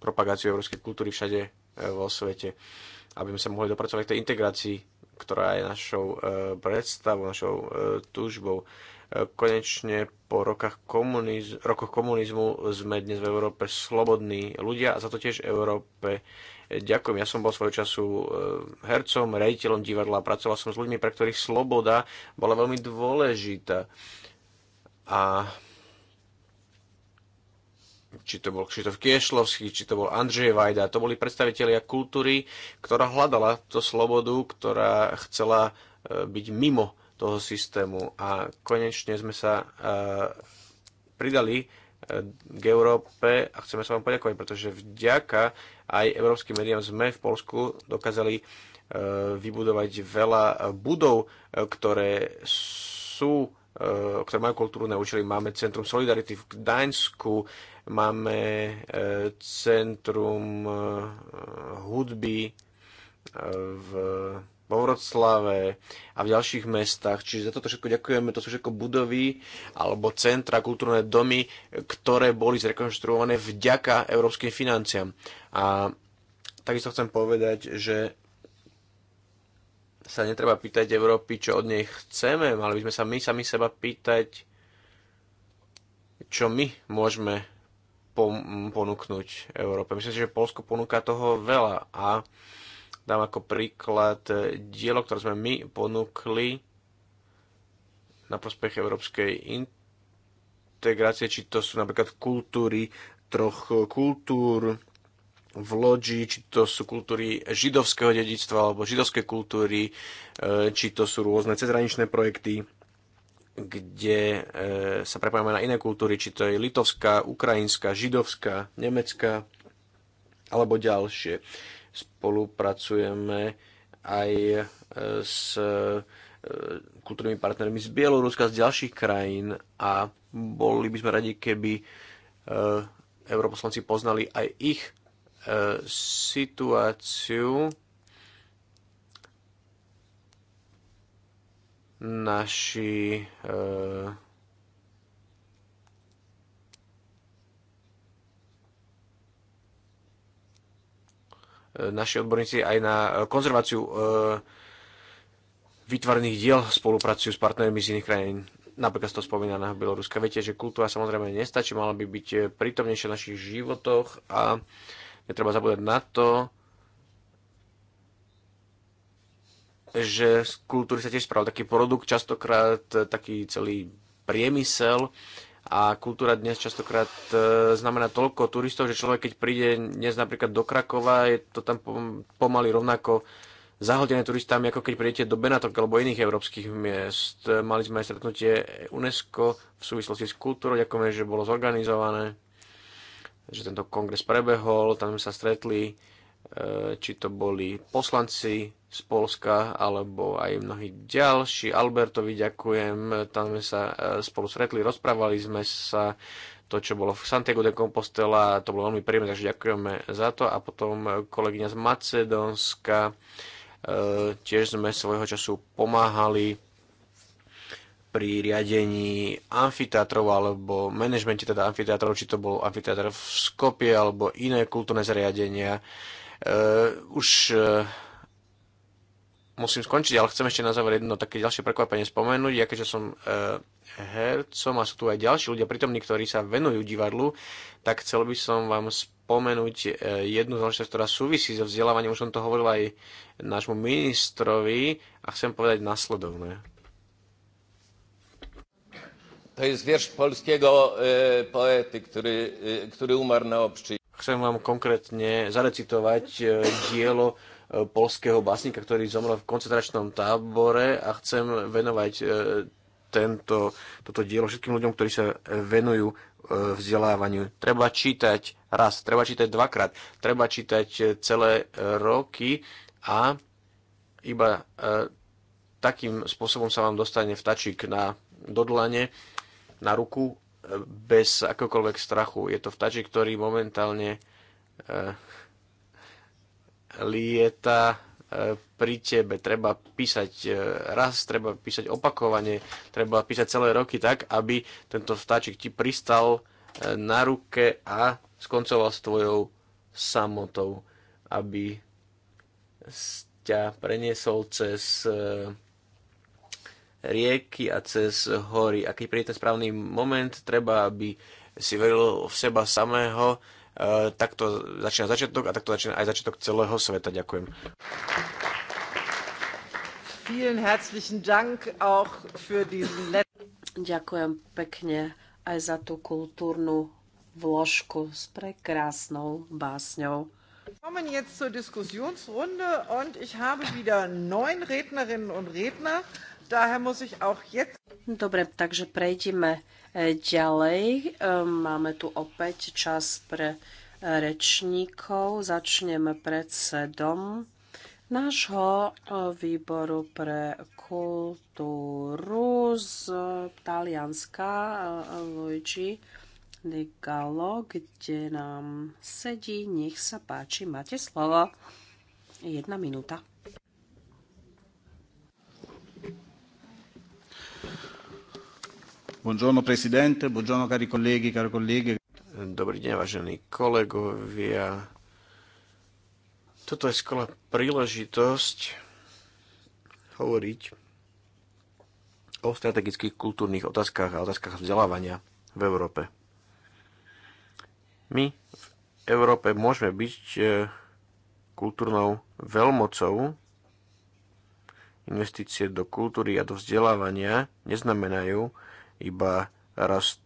propagáciu európskej kultúry všade e, vo svete, aby sme sa mohli dopracovať k tej integrácii, ktorá je našou e, predstavou, našou túžbou. konečne po rokoch, komuniz- rokoch komunizmu sme dnes v Európe slobodní ľudia a za to tiež Európe Ďakujem, ja som bol svojho času e, hercom, rejiteľom divadla, pracoval som s ľuďmi, pre ktorých sloboda bola veľmi dôležitá. A či to bol Kšitov Kiešlovský, či to bol Andrzej Vajda, to boli predstavitelia kultúry, ktorá hľadala tú slobodu, ktorá chcela e, byť mimo toho systému. A konečne sme sa e, pridali k Európe a chceme sa vám poďakovať, pretože vďaka aj európskym médiám sme v Polsku dokázali e, vybudovať veľa budov, e, ktoré sú e, ktoré majú kultúrne účely. Máme Centrum Solidarity v Gdaňsku, máme Centrum hudby v vo Vroclave a v ďalších mestách. Čiže za toto všetko ďakujeme. To sú všetko budovy alebo centra, kultúrne domy, ktoré boli zrekonštruované vďaka európskym financiám. A takisto chcem povedať, že sa netreba pýtať Európy, čo od nej chceme, mali by sme sa my sami seba pýtať, čo my môžeme ponúknuť Európe. Myslím si, že Polsko ponúka toho veľa a dám ako príklad e, dielo, ktoré sme my ponúkli na prospech európskej integrácie, či to sú napríklad kultúry troch kultúr v loďi, či to sú kultúry židovského dedictva alebo židovskej kultúry, e, či to sú rôzne cezhraničné projekty, kde e, sa prepájame na iné kultúry, či to je litovská, ukrajinská, židovská, nemecká alebo ďalšie. Spolupracujeme aj e, s e, kultúrnymi partnermi z Bieloruska, z ďalších krajín a boli by sme radi, keby e, europoslanci poznali aj ich situáciu. Naši naši odborníci aj na e, konzerváciu e, vytvorených diel spolupracujú s partnermi z iných krajín. Napríklad to spomínaná Bieloruska. Viete, že kultúra samozrejme nestačí, mala by byť e, prítomnejšia v našich životoch a netreba zabúdať na to, že z kultúry sa tiež spravil taký produkt, častokrát taký celý priemysel, a kultúra dnes častokrát e, znamená toľko turistov, že človek keď príde dnes napríklad do Krakova, je to tam pomaly rovnako zahodené turistami, ako keď prídete do Benatok alebo iných európskych miest. E, mali sme aj stretnutie UNESCO v súvislosti s kultúrou, ďakujeme, že bolo zorganizované, že tento kongres prebehol, tam sme sa stretli, e, či to boli poslanci z Polska, alebo aj mnohí ďalší. Albertovi ďakujem, tam sme sa e, spolu stretli, rozprávali sme sa to, čo bolo v Santiago de Compostela, to bolo veľmi príjemné, takže ďakujeme za to. A potom kolegyňa z Macedónska, e, tiež sme svojho času pomáhali pri riadení amfiteátrov alebo manažmente teda amfiteátrov, či to bol amfiteátr v Skopie alebo iné kultúrne zariadenia. E, už musím skončiť, ale chcem ešte na záver jedno také ďalšie prekvapenie spomenúť. Ja keďže som e, hercom a sú tu aj ďalší ľudia pritomní, ktorí sa venujú divadlu, tak chcel by som vám spomenúť e, jednu záležitosť, ktorá súvisí so vzdelávaním. Už som to hovoril aj nášmu ministrovi a chcem povedať nasledovné. To je zvierš polského e, eh, poety, ktorý, e, ktorý umar na obči. Chcem vám konkrétne zarecitovať e, dielo E, polského básnika, ktorý zomrel v koncentračnom tábore a chcem venovať e, tento, toto dielo všetkým ľuďom, ktorí sa venujú e, vzdelávaniu. Treba čítať raz, treba čítať dvakrát, treba čítať celé roky a iba takým spôsobom sa vám dostane vtačík na dodlane, na ruku, bez akokoľvek strachu. Je to vtačík, ktorý momentálne lieta e, pri tebe. Treba písať e, raz, treba písať opakovane, treba písať celé roky tak, aby tento vtáčik ti pristal e, na ruke a skoncoval s tvojou samotou, aby ťa preniesol cez rieky a cez hory. A keď príde ten správny moment, treba, aby si veril v seba samého, Eh, takto začína začiatok a takto začína aj začiatok celého sveta. Ďakujem. Ďakujem pekne aj za tú kultúrnu vložku s prekrásnou básňou. Kommen jetzt zur Diskussionsrunde und ich habe wieder neun Rednerinnen und Redner. Dobre, takže prejdime e, ďalej. E, máme tu opäť čas pre e, rečníkov. Začneme predsedom nášho výboru pre kultúru z Talianska Luigi Di Gallo, kde nám sedí. Nech sa páči, máte slovo. Jedna minúta. Buongiorno presidente, buongiorno cari colleghi, cari Dobrý deň, vážení kolegovia. Toto je skola príležitosť hovoriť o strategických kultúrnych otázkach a otázkach vzdelávania v Európe. My v Európe môžeme byť e, kultúrnou veľmocou. Investície do kultúry a do vzdelávania neznamenajú, iba rast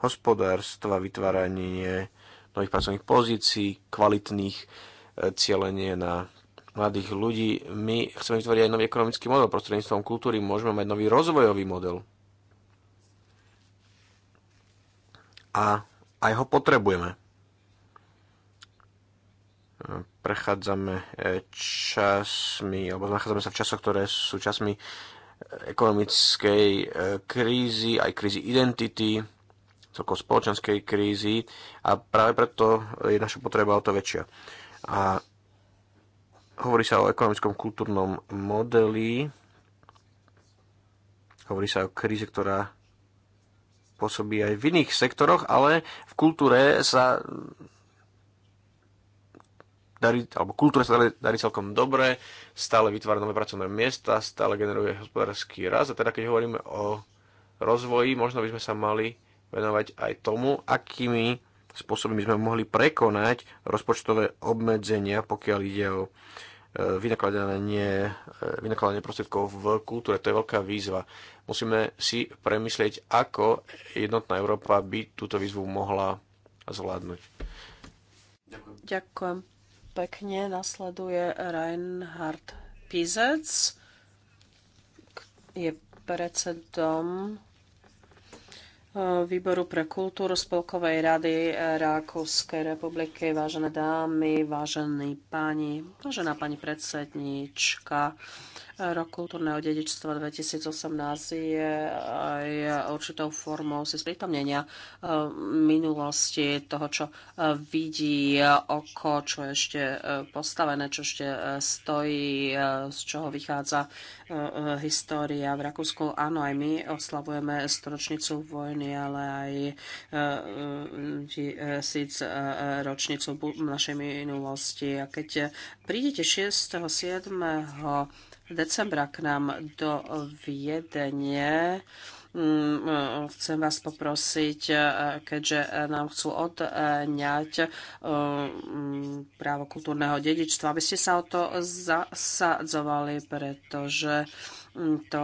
hospodárstva, vytváranie nových pracovných pozícií, kvalitných e, cielenie na mladých ľudí. My chceme vytvoriť aj nový ekonomický model prostredníctvom kultúry, môžeme mať nový rozvojový model. A aj ho potrebujeme. Prechádzame e, časmi, alebo nachádzame sa v časoch, ktoré sú časmi ekonomickej e, krízy, aj krízy identity, celkom spoločenskej krízy a práve preto je naša potreba o to väčšia. A hovorí sa o ekonomickom kultúrnom modeli, hovorí sa o kríze, ktorá pôsobí aj v iných sektoroch, ale v kultúre sa darí, alebo kultúre sa darí, darí celkom dobre, stále vytvára nové pracovné miesta, stále generuje hospodársky rast. A teda keď hovoríme o rozvoji, možno by sme sa mali venovať aj tomu, akými spôsobmi sme mohli prekonať rozpočtové obmedzenia, pokiaľ ide o vynakladanie, vynakladanie e, prostriedkov v kultúre. To je veľká výzva. Musíme si premyslieť, ako jednotná Európa by túto výzvu mohla zvládnuť. Ďakujem. Ďakujem pekne. Nasleduje Reinhard Pizec. Je predsedom e, Výboru pre kultúru Spolkovej rady Rakúskej republiky. Vážené dámy, vážení páni, vážená pani predsedníčka, rok kultúrneho dedičstva 2018 je aj určitou formou si sprítomnenia eh, minulosti toho, čo eh, vidí eh, oko, čo je ešte postavené, čo ešte stojí, z čoho vychádza história v Rakúsku. Áno, aj my oslavujeme storočnicu vojny, ale aj síc ročnicu našej minulosti. A keď prídete 6. 7 decembra k nám do Viedenie mm, mm, chcem vás poprosiť, e, keďže e, nám chcú odňať e, mm, právo kultúrneho dedičstva, aby ste sa o to zasadzovali, pretože to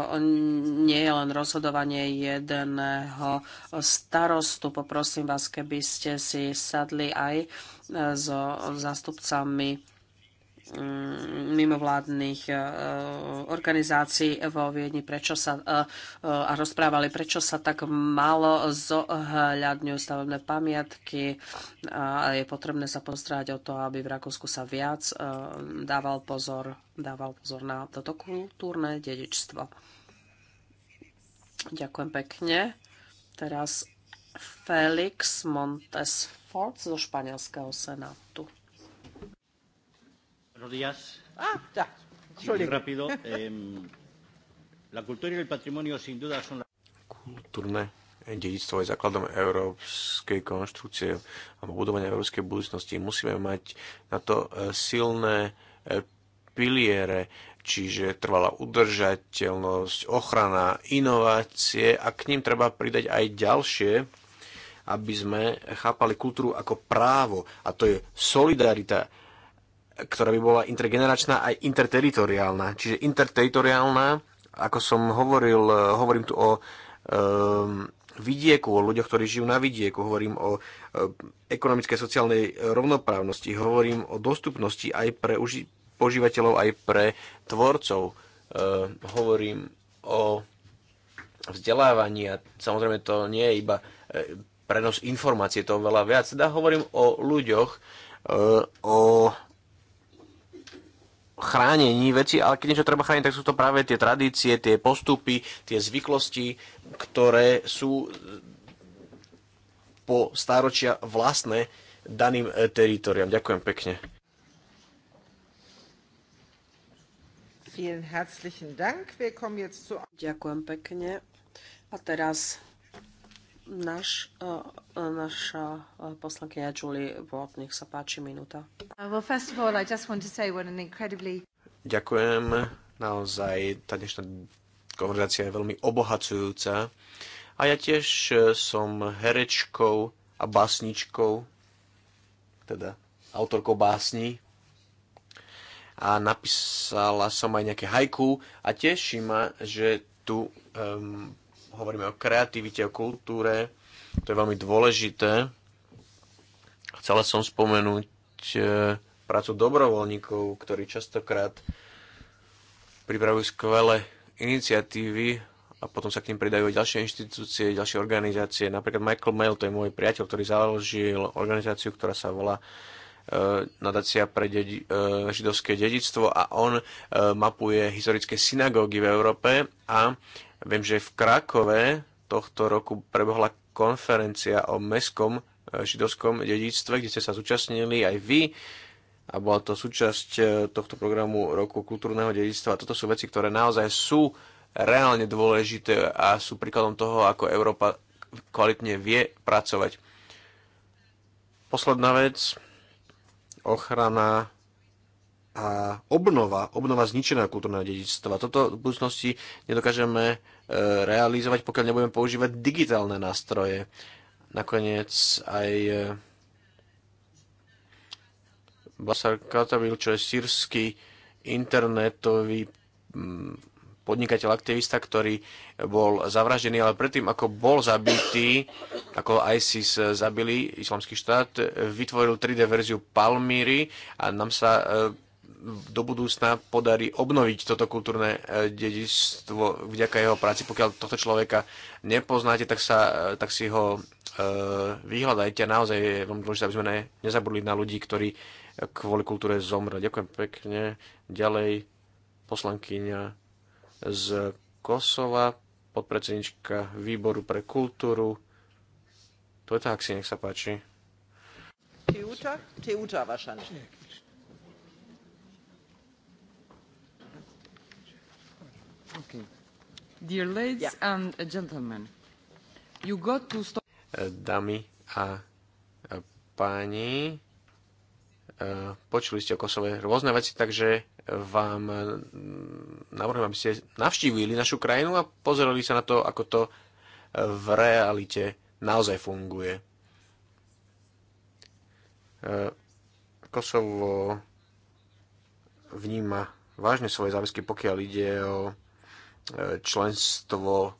nie je len rozhodovanie jedného starostu. Poprosím vás, keby ste si sadli aj so zástupcami Mm, mimovládnych e, e, organizácií vo Viedni, prečo sa e, a rozprávali, prečo sa tak málo zohľadňujú stavebné pamiatky a je potrebné sa postrať o to, aby v Rakúsku sa viac dával pozor, dával pozor na toto kultúrne dedičstvo. Ďakujem pekne. Teraz Felix Montesfort zo španielského senátu. Buenos días. Ah, ya. Muy rápido. Eh, la cultura y el patrimonio sin duda son la... Kultúrne dedictvo je základom európskej konštrukcie a budovania európskej budúcnosti. Musíme mať na to e, silné e, piliere, čiže trvalá udržateľnosť, ochrana, inovácie a k ním treba pridať aj ďalšie, aby sme chápali kultúru ako právo a to je solidarita ktorá by bola intergeneračná aj interteritoriálna. Čiže interteritoriálna, ako som hovoril, e, hovorím tu o um, vidieku, o ľuďoch, ktorí žijú na vidieku, hovorím o e, ekonomickej sociálnej rovnoprávnosti, hovorím o dostupnosti aj pre uži- požívateľov, aj pre tvorcov, um, hovorím o vzdelávaní a samozrejme to nie je iba prenos informácie, to veľa viac. Teda hovorím o ľuďoch, o chránení veci, ale keď niečo treba chrániť, tak sú to práve tie tradície, tie postupy, tie zvyklosti, ktoré sú eh, po stáročia vlastné daným eh, teritoriám. Ďakujem pekne. Ďakujem pekne. A teraz Naš, e, e, naša e, poslankyňa Julie Watt, nech sa páči, minúta. Uh, well, incredibly... Ďakujem. Naozaj tá dnešná konverzácia je veľmi obohacujúca. A ja tiež som herečkou a básničkou, teda autorkou básni. A napísala som aj nejaké hajku a teší ma, že tu um, hovoríme o kreativite, o kultúre, to je veľmi dôležité. Chcela som spomenúť e, prácu dobrovoľníkov, ktorí častokrát pripravujú skvelé iniciatívy a potom sa k ním pridajú ďalšie inštitúcie, ďalšie organizácie. Napríklad Michael Mail, to je môj priateľ, ktorý založil organizáciu, ktorá sa volá e, nadácia pre dedi- e, židovské dedictvo a on mapuje historické synagógy v Európe a Viem, že v Krakove tohto roku prebohla konferencia o mestskom e, židovskom dedictve, kde ste sa zúčastnili aj vy a bola to súčasť e, tohto programu Roku kultúrneho dedictva. Toto sú veci, ktoré naozaj sú reálne dôležité a sú príkladom toho, ako Európa kvalitne vie pracovať. Posledná vec, ochrana a obnova, obnova zničeného kultúrneho dedičstva. Toto v budúcnosti nedokážeme e, realizovať, pokiaľ nebudeme používať digitálne nástroje. Nakoniec aj e, Basar Katavil, čo je sírsky internetový mm, podnikateľ, aktivista, ktorý bol zavraždený, ale predtým, ako bol zabitý, ako ISIS zabili, islamský štát, vytvoril 3D verziu Palmíry a nám sa e, do budúcna podarí obnoviť toto kultúrne e, dedičstvo vďaka jeho práci. Pokiaľ tohto človeka nepoznáte, tak, sa, e, tak si ho e, vyhľadajte. Naozaj je veľmi dôležité, aby sme ne, nezabudli na ľudí, ktorí kvôli kultúre zomreli. Ďakujem pekne. Ďalej poslankyňa z Kosova, podpredsednička výboru pre kultúru. To je tak si, nech sa páči. Teuta? vaša. wahrscheinlich. E, dámy a e, páni, e, počuli ste o Kosove rôzne veci, takže vám navrhujem, aby ste navštívili našu krajinu a pozerali sa na to, ako to v realite naozaj funguje. Kosovo vníma vážne svoje záväzky, pokiaľ ide o členstvo e,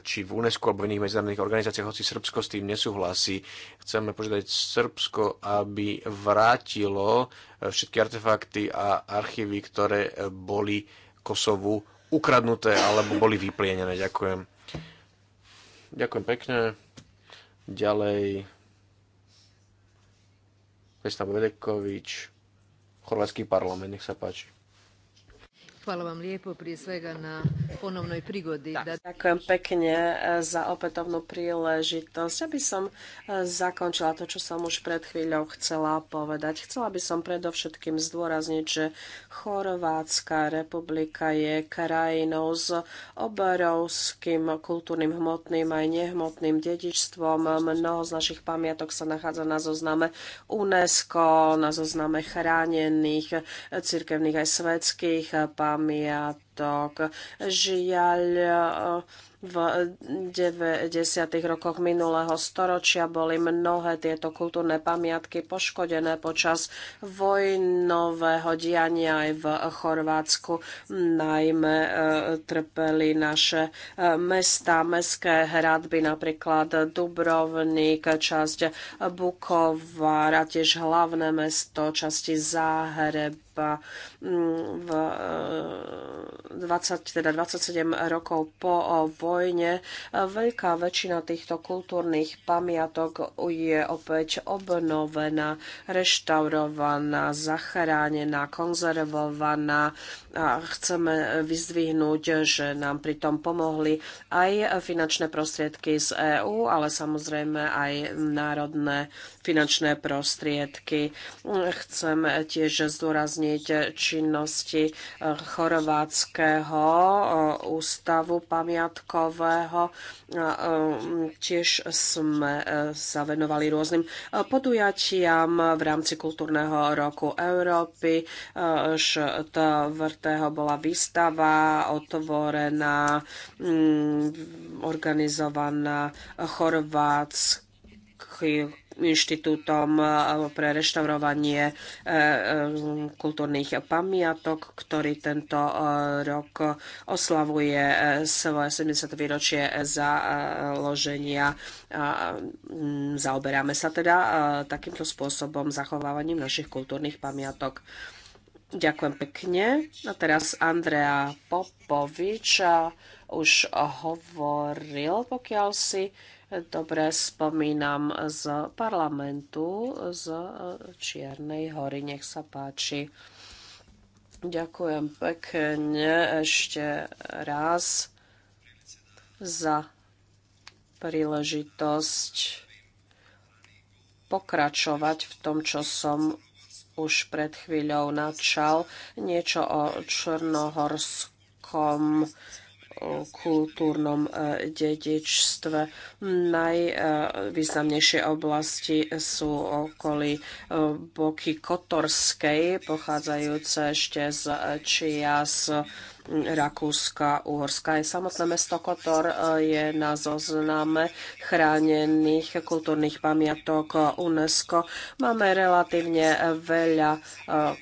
či v UNESCO alebo v iných medzinárodných organizáciách, hoci Srbsko s tým nesúhlasí. Chceme požiadať Srbsko, aby vrátilo e, všetky artefakty a archívy, ktoré e, boli Kosovu ukradnuté alebo boli vyplienené. Ďakujem. Ďakujem pekne. Ďalej. Vesna Vedekovič, Chorvátsky parlament, nech sa páči. Hvala vám lijepo prije svega na ponovnoj prigodi. Da... Ďakujem pekne e, za opätovnú príležitosť. Ja by som e, zakončila to, čo som už pred chvíľou chcela povedať. Chcela by som predovšetkým zdôrazniť, že Chorvátska republika je krajinou s obrovským kultúrnym hmotným aj nehmotným dedičstvom. Mnoho z našich pamiatok sa nachádza na zozname UNESCO, na zozname chránených e, cirkevných aj svetských pamiatok pamiatok. Žiaľ, v 90. rokoch minulého storočia boli mnohé tieto kultúrne pamiatky poškodené počas vojnového diania aj v Chorvátsku. Najmä e, trpeli naše e, mesta, mestské hradby, napríklad Dubrovník, časť Bukovára, tiež hlavné mesto, časti Záhreb Mm, v 20, e, teda 27 rokov po vojne. Veľká väčšina týchto kultúrnych pamiatok je opäť obnovená, reštaurovaná, zachránená, konzervovaná a chceme vyzdvihnúť, že nám pritom pomohli aj finančné prostriedky z EÚ, ale samozrejme aj národné finančné prostriedky. Chcem tiež zdôrazniť činnosti Chorvátskeho ústavu pamiatkového. Tiež sme sa venovali rôznym podujatiam v rámci kultúrneho roku Európy. Štvrt bola výstava otvorená, mm, organizovaná chorvátskym inštitútom e, pre reštaurovanie e, e, kultúrnych pamiatok, ktorý tento rok oslavuje svoje 70. výročie založenia. Mm, zaoberáme sa teda takýmto spôsobom zachovávaním našich kultúrnych pamiatok. Ďakujem pekne. A teraz Andrea Popovič už hovoril, pokiaľ si dobre spomínam, z parlamentu z e, Čiernej hory. Nech sa páči. Ďakujem pekne ešte raz za príležitosť pokračovať v tom, čo som už pred chvíľou načal niečo o črnohorskom kultúrnom dedičstve. Najvýznamnejšie oblasti sú okolí Boky Kotorskej, pochádzajúce ešte z čias Rakúska, Uhorska. Aj samotné mesto Kotor e, je na zozname chránených kultúrnych pamiatok UNESCO. Máme relatívne veľa e,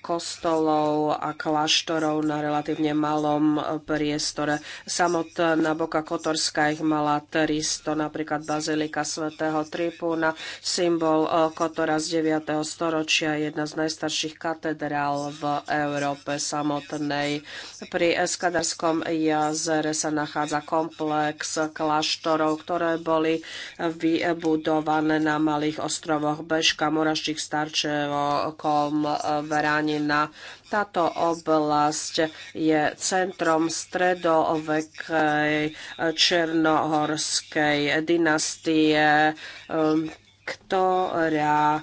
kostolov a kláštorov na relatívne malom e, priestore. Samotná Boka Kotorská ich mala 300, napríklad Bazilika svätého Tripúna, symbol Kotora z 9. storočia, jedna z najstarších katedrál v Európe samotnej. Pri Skladarskom jazere sa nachádza komplex kláštorov, ktoré boli vybudované na malých ostrovoch Bežka, Moraščík, Starčevo, Kom, Veránina. Táto oblasť je centrom stredovekej černohorskej dynastie um, ktorá eh,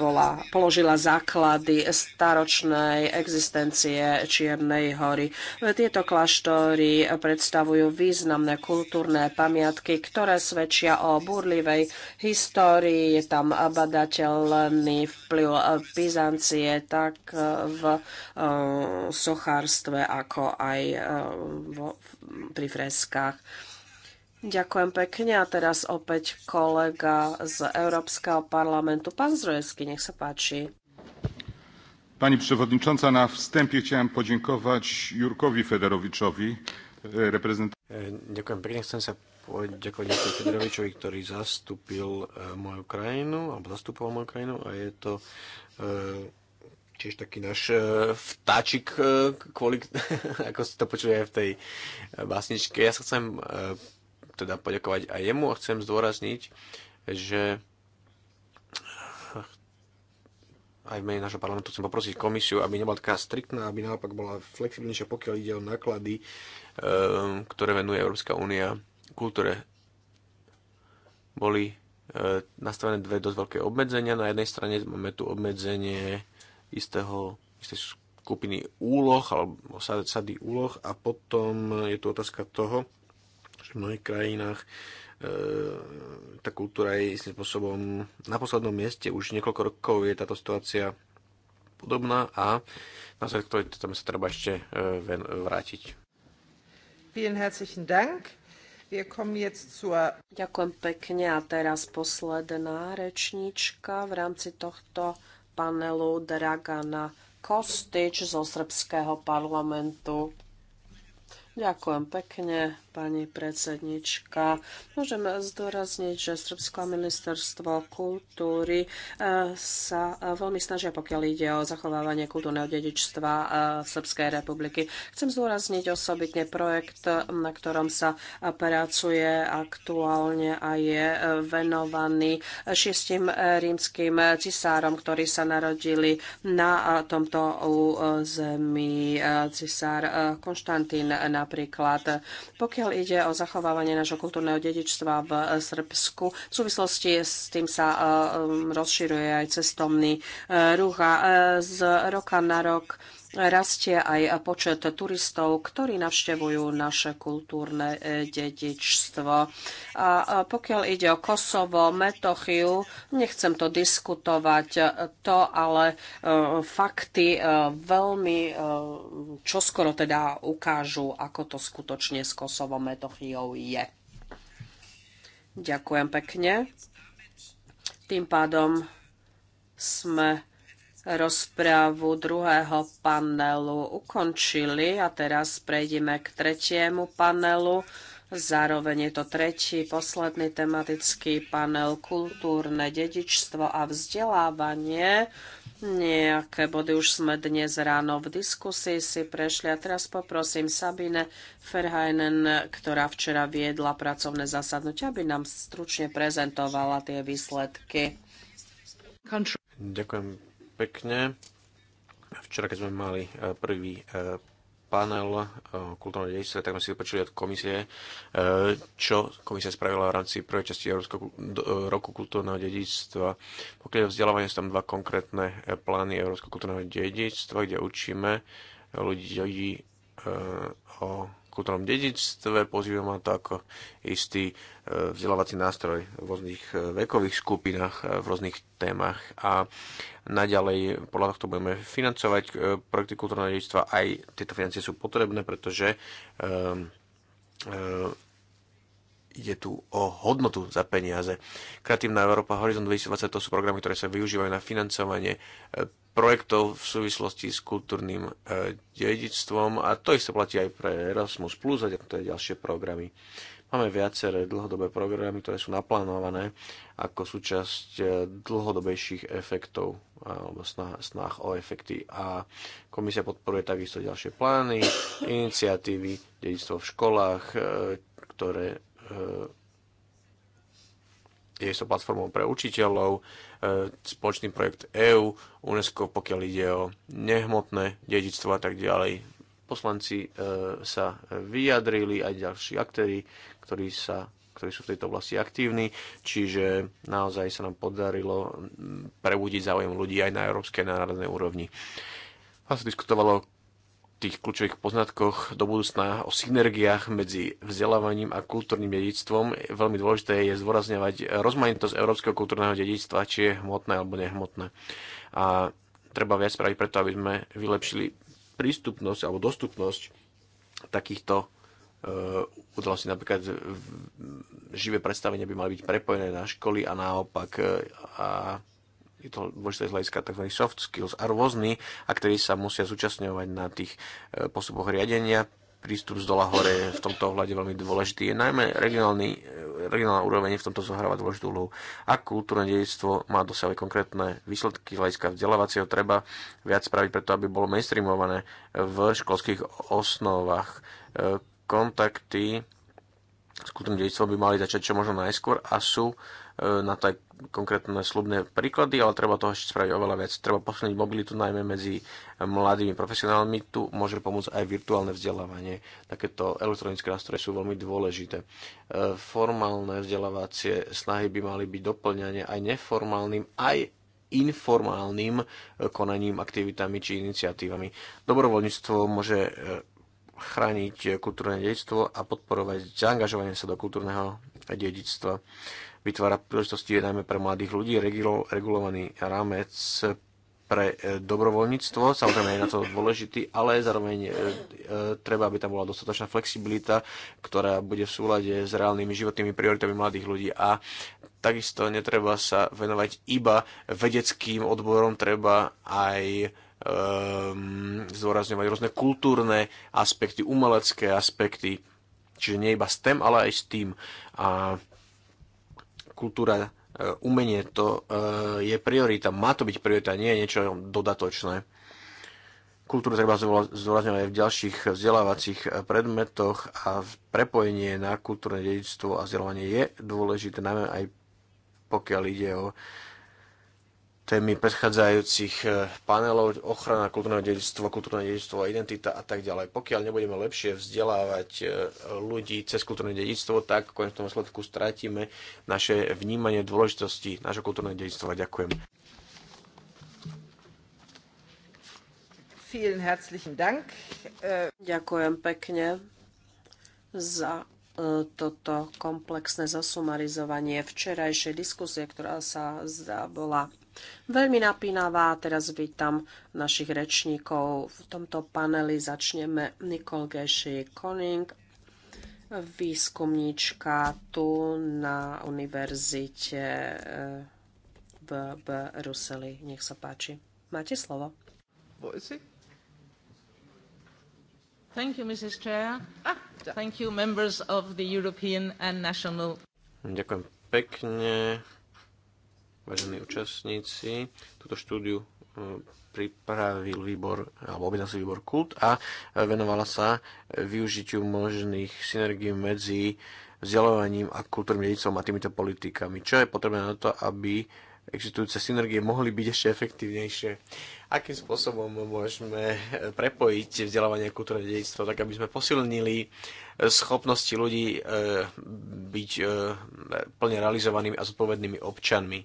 bola, položila základy staročnej existencie Čiernej hory. Tieto kláštory predstavujú významné kultúrne pamiatky, ktoré svedčia o burlivej histórii. Je tam badateľný vplyv Byzancie tak eh, v eh, sochárstve, ako aj pri freskách. Ďakujem pekne a teraz opäť kolega z Európskeho parlamentu, pán Zrojevský, nech sa páči. Pani przewodnicząca, na wstępie chciałem podziękować Jurkowi Federowiczowi, e, reprezentantowi. E, ďakujem pekne, chcem sa poďakovať Jurkovi Federovičovi, ktorý zastúpil e, moju krajinu, alebo zastupoval moju krajinu a je to tiež taký náš vtáčik, kvôli, ako ste to počuli aj v tej básničke. Ja sa chcem teda poďakovať aj jemu a chcem zdôrazniť, že aj v mene nášho parlamentu chcem poprosiť komisiu, aby nebola taká striktná, aby naopak bola flexibilnejšia, pokiaľ ide o náklady, ehm, ktoré venuje Európska únia kultúre. Boli e, nastavené dve dosť veľké obmedzenia. Na jednej strane máme tu obmedzenie istého, istej skupiny úloh alebo sady úloh a potom je tu otázka toho, v mnohých krajinách e, tá kultúra je istým spôsobom na poslednom mieste. Už niekoľko rokov je táto situácia podobná a na ktorej tam sa treba ešte e, vrátiť. Ďakujem pekne a teraz posledná rečníčka v rámci tohto panelu Dragana Kostič zo Srbského parlamentu. Ďakujem pekne pani predsednička. Môžem zdôrazniť, že Srbsko ministerstvo kultúry e, sa e, veľmi snažia, pokiaľ ide o zachovávanie kultúrneho dedičstva e, Srbskej republiky. Chcem zdôrazniť osobitne projekt, na ktorom sa pracuje aktuálne a je venovaný šiestim rímským cisárom, ktorí sa narodili na tomto území. Cisár Konštantín napríklad. Pokiaľ pokiaľ ide o zachovávanie nášho kultúrneho dedičstva v eh, Srbsku, v súvislosti s tým sa eh, rozširuje aj cestovný eh, ruch a z roka na rok rastie aj počet turistov, ktorí navštevujú naše kultúrne e, dedičstvo. A pokiaľ ide o Kosovo, Metochiu, nechcem to diskutovať, e, to ale e, fakty veľmi čoskoro teda ukážu, ako to skutočne s Kosovo Metochiou je. Ďakujem pekne. Tým pádom sme rozprávu druhého panelu ukončili a teraz prejdeme k tretiemu panelu. Zároveň je to tretí, posledný tematický panel kultúrne dedičstvo a vzdelávanie. Nejaké body už sme dnes ráno v diskusii si prešli a teraz poprosím Sabine Ferhajnen, ktorá včera viedla pracovné zasadnutie, aby nám stručne prezentovala tie výsledky. Ďakujem pekne. Včera, keď sme mali e, prvý e, panel e, kultúrnej dejstve, tak sme si vypočuli od komisie, čo komisia spravila v rámci prvej časti Európskeho roku kultúrneho dedictva. Pokiaľ vzdelávanie sú tam dva konkrétne plány Európskeho kultúrneho dedictva, kde učíme ľudí o kultúrnom dedičstve, pozýva ma to ako istý e, vzdelávací nástroj v rôznych e, vekových skupinách, e, v rôznych témach a naďalej podľa tohto budeme financovať projekty kultúrneho dedičstva. Aj tieto financie sú potrebné, pretože um, um, ide tu o hodnotu za peniaze. Kreatívna Európa Horizon 2020 to sú programy, ktoré sa využívajú na financovanie projektov v súvislosti s kultúrnym e, dedičstvom a to isté platí aj pre Erasmus Plus a to je ďalšie programy. Máme viaceré dlhodobé programy, ktoré sú naplánované ako súčasť e, dlhodobejších efektov alebo snah, snah o efekty. A komisia podporuje takisto ďalšie plány, iniciatívy, dedičstvo v školách, e, ktoré je to platformou pre učiteľov, e, spoločný projekt EU, UNESCO, pokiaľ ide o nehmotné dedičstvo a tak ďalej. Poslanci e, sa vyjadrili, aj ďalší aktéry, ktorí, sa, ktorí sú v tejto oblasti aktívni, čiže naozaj sa nám podarilo prebudiť záujem ľudí aj na európskej národnej úrovni. A vlastne sa diskutovalo tých kľúčových poznatkoch do budúcna o synergiách medzi vzdelávaním a kultúrnym dedictvom. Veľmi dôležité je zdôrazňovať rozmanitosť európskeho kultúrneho dedičstva, či je hmotné alebo nehmotné. A treba viac spraviť preto, aby sme vylepšili prístupnosť alebo dostupnosť takýchto e, udalosti. Napríklad živé predstavenia by mali byť prepojené na školy a naopak. E, a dôležité z hľadiska tzv. soft skills a rôzny, a ktorí sa musia zúčastňovať na tých e, postupoch riadenia. Prístup z dola hore v tomto ohľade veľmi dôležitý je najmä regionálny, e, regionálna úroveň v tomto zohráva dôležitú úlohu. A kultúrne dedictvo má dosiaľ konkrétne výsledky z hľadiska vzdelávacieho treba viac spraviť preto, aby bolo mainstreamované v školských osnovách. E, kontakty s kultúrnym dedictvom by mali začať čo možno najskôr a sú E, na tak konkrétne slubné príklady, ale treba toho ešte spraviť oveľa viac. Treba posunúť mobilitu najmä medzi mladými profesionálmi. Tu môže pomôcť aj virtuálne vzdelávanie. Takéto elektronické nástroje sú veľmi dôležité. E, formálne vzdelávacie snahy by mali byť doplňané aj neformálnym, aj informálnym e, konaním, aktivitami či iniciatívami. Dobrovoľníctvo môže chrániť kultúrne dedictvo a podporovať zaangažovanie sa do kultúrneho dedictva vytvára príležitosti najmä pre mladých ľudí, regulovaný rámec pre e, dobrovoľníctvo, samozrejme je na to dôležitý, ale zároveň e, e, treba, aby tam bola dostatočná flexibilita, ktorá bude v súlade s reálnymi životnými prioritami mladých ľudí a takisto netreba sa venovať iba vedeckým odborom, treba aj um, zdôrazňovať rôzne kultúrne aspekty, umelecké aspekty, čiže nie iba STEM, ale aj tým. A kultúra, e, umenie, to e, je priorita. Má to byť priorita, nie je niečo dodatočné. Kultúru treba zdôrazňovať aj v ďalších vzdelávacích e, predmetoch a prepojenie na kultúrne dedičstvo a vzdelávanie je dôležité, najmä aj pokiaľ ide o témy predchádzajúcich e, panelov, ochrana kultúrneho dedičstva, kultúrne dedičstvo, identita a tak ďalej. Pokiaľ nebudeme lepšie vzdelávať e, ľudí cez kultúrne dedičstvo, tak v konečnom sledku stratíme naše vnímanie dôležitosti našho kultúrneho dedičstva. Ďakujem. Äh, Ďakujem pekne za e, toto komplexné zasumarizovanie včerajšej diskusie, ktorá sa zdá bola Veľmi napínavá. Teraz vítam našich rečníkov. V tomto paneli začneme Nicole Gashi Koning, výskumníčka tu na univerzite eh, v Bruseli. Nech sa páči. Máte slovo. Thank you, Mrs. Chair. Ah, thank you, members of the European and National. Ďakujem pekne vážení účastníci. Túto štúdiu e, pripravil výbor, alebo objednal si výbor Kult a e, venovala sa využitiu možných synergií medzi vzdelávaním a kultúrnym dedicom a týmito politikami. Čo je potrebné na to, aby existujúce synergie mohli byť ešte efektívnejšie. Akým spôsobom môžeme e, prepojiť vzdelávanie a kultúrne dedictvo, tak aby sme posilnili schopnosti ľudí byť plne realizovanými a zodpovednými občanmi.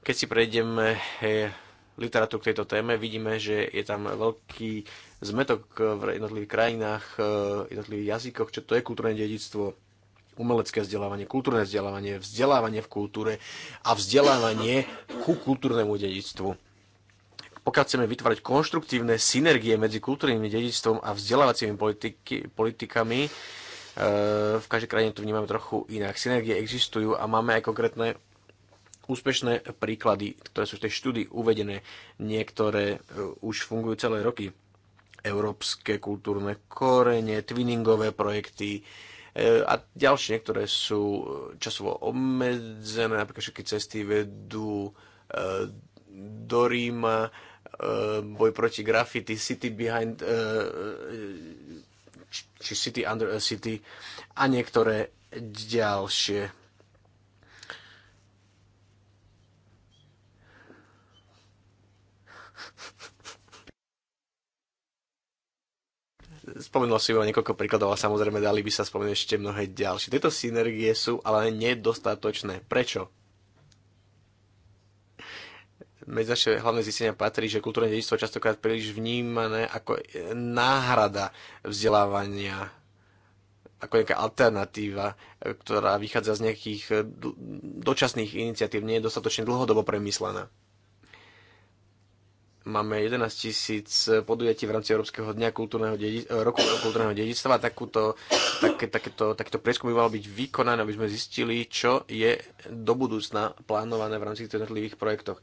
Keď si prejdeme eh, literatúru k tejto téme, vidíme, že je tam veľký zmetok v jednotlivých krajinách, eh, jednotlivých jazykoch, čo to je kultúrne dedictvo, umelecké vzdelávanie, kultúrne vzdelávanie, vzdelávanie v kultúre a vzdelávanie ku kultúrnemu dedictvu. Pokiaľ chceme vytvárať konštruktívne synergie medzi kultúrnym dedictvom a vzdelávacími politiky, politikami, eh, v každej krajine to vnímame trochu inak. Synergie existujú a máme aj konkrétne úspešné príklady, ktoré sú v tej štúdii uvedené. Niektoré e, už fungujú celé roky. Európske kultúrne korene, twinningové projekty e, a ďalšie, ktoré sú e, časovo obmedzené, napríklad všetky cesty vedú do Ríma, boj proti graffiti, city behind či City Under a City a niektoré ďalšie. Spomenul si iba niekoľko príkladov, ale samozrejme dali by sa spomenúť ešte mnohé ďalšie. Tieto synergie sú ale nedostatočné. Prečo? Medzi naše hlavné zistenia patrí, že kultúrne dedičstvo je častokrát príliš vnímané ako náhrada vzdelávania ako nejaká alternatíva, ktorá vychádza z nejakých dočasných iniciatív, nie je dostatočne dlhodobo premyslená. Máme 11 tisíc eh, podujatí v rámci Európskeho dňa kultúrneho dedi- eh, roku kultúrneho dedictva takúto, také, takéto, takéto prieskum by malo byť vykonané, aby sme zistili, čo je do budúcna plánované v rámci jednotlivých projektoch.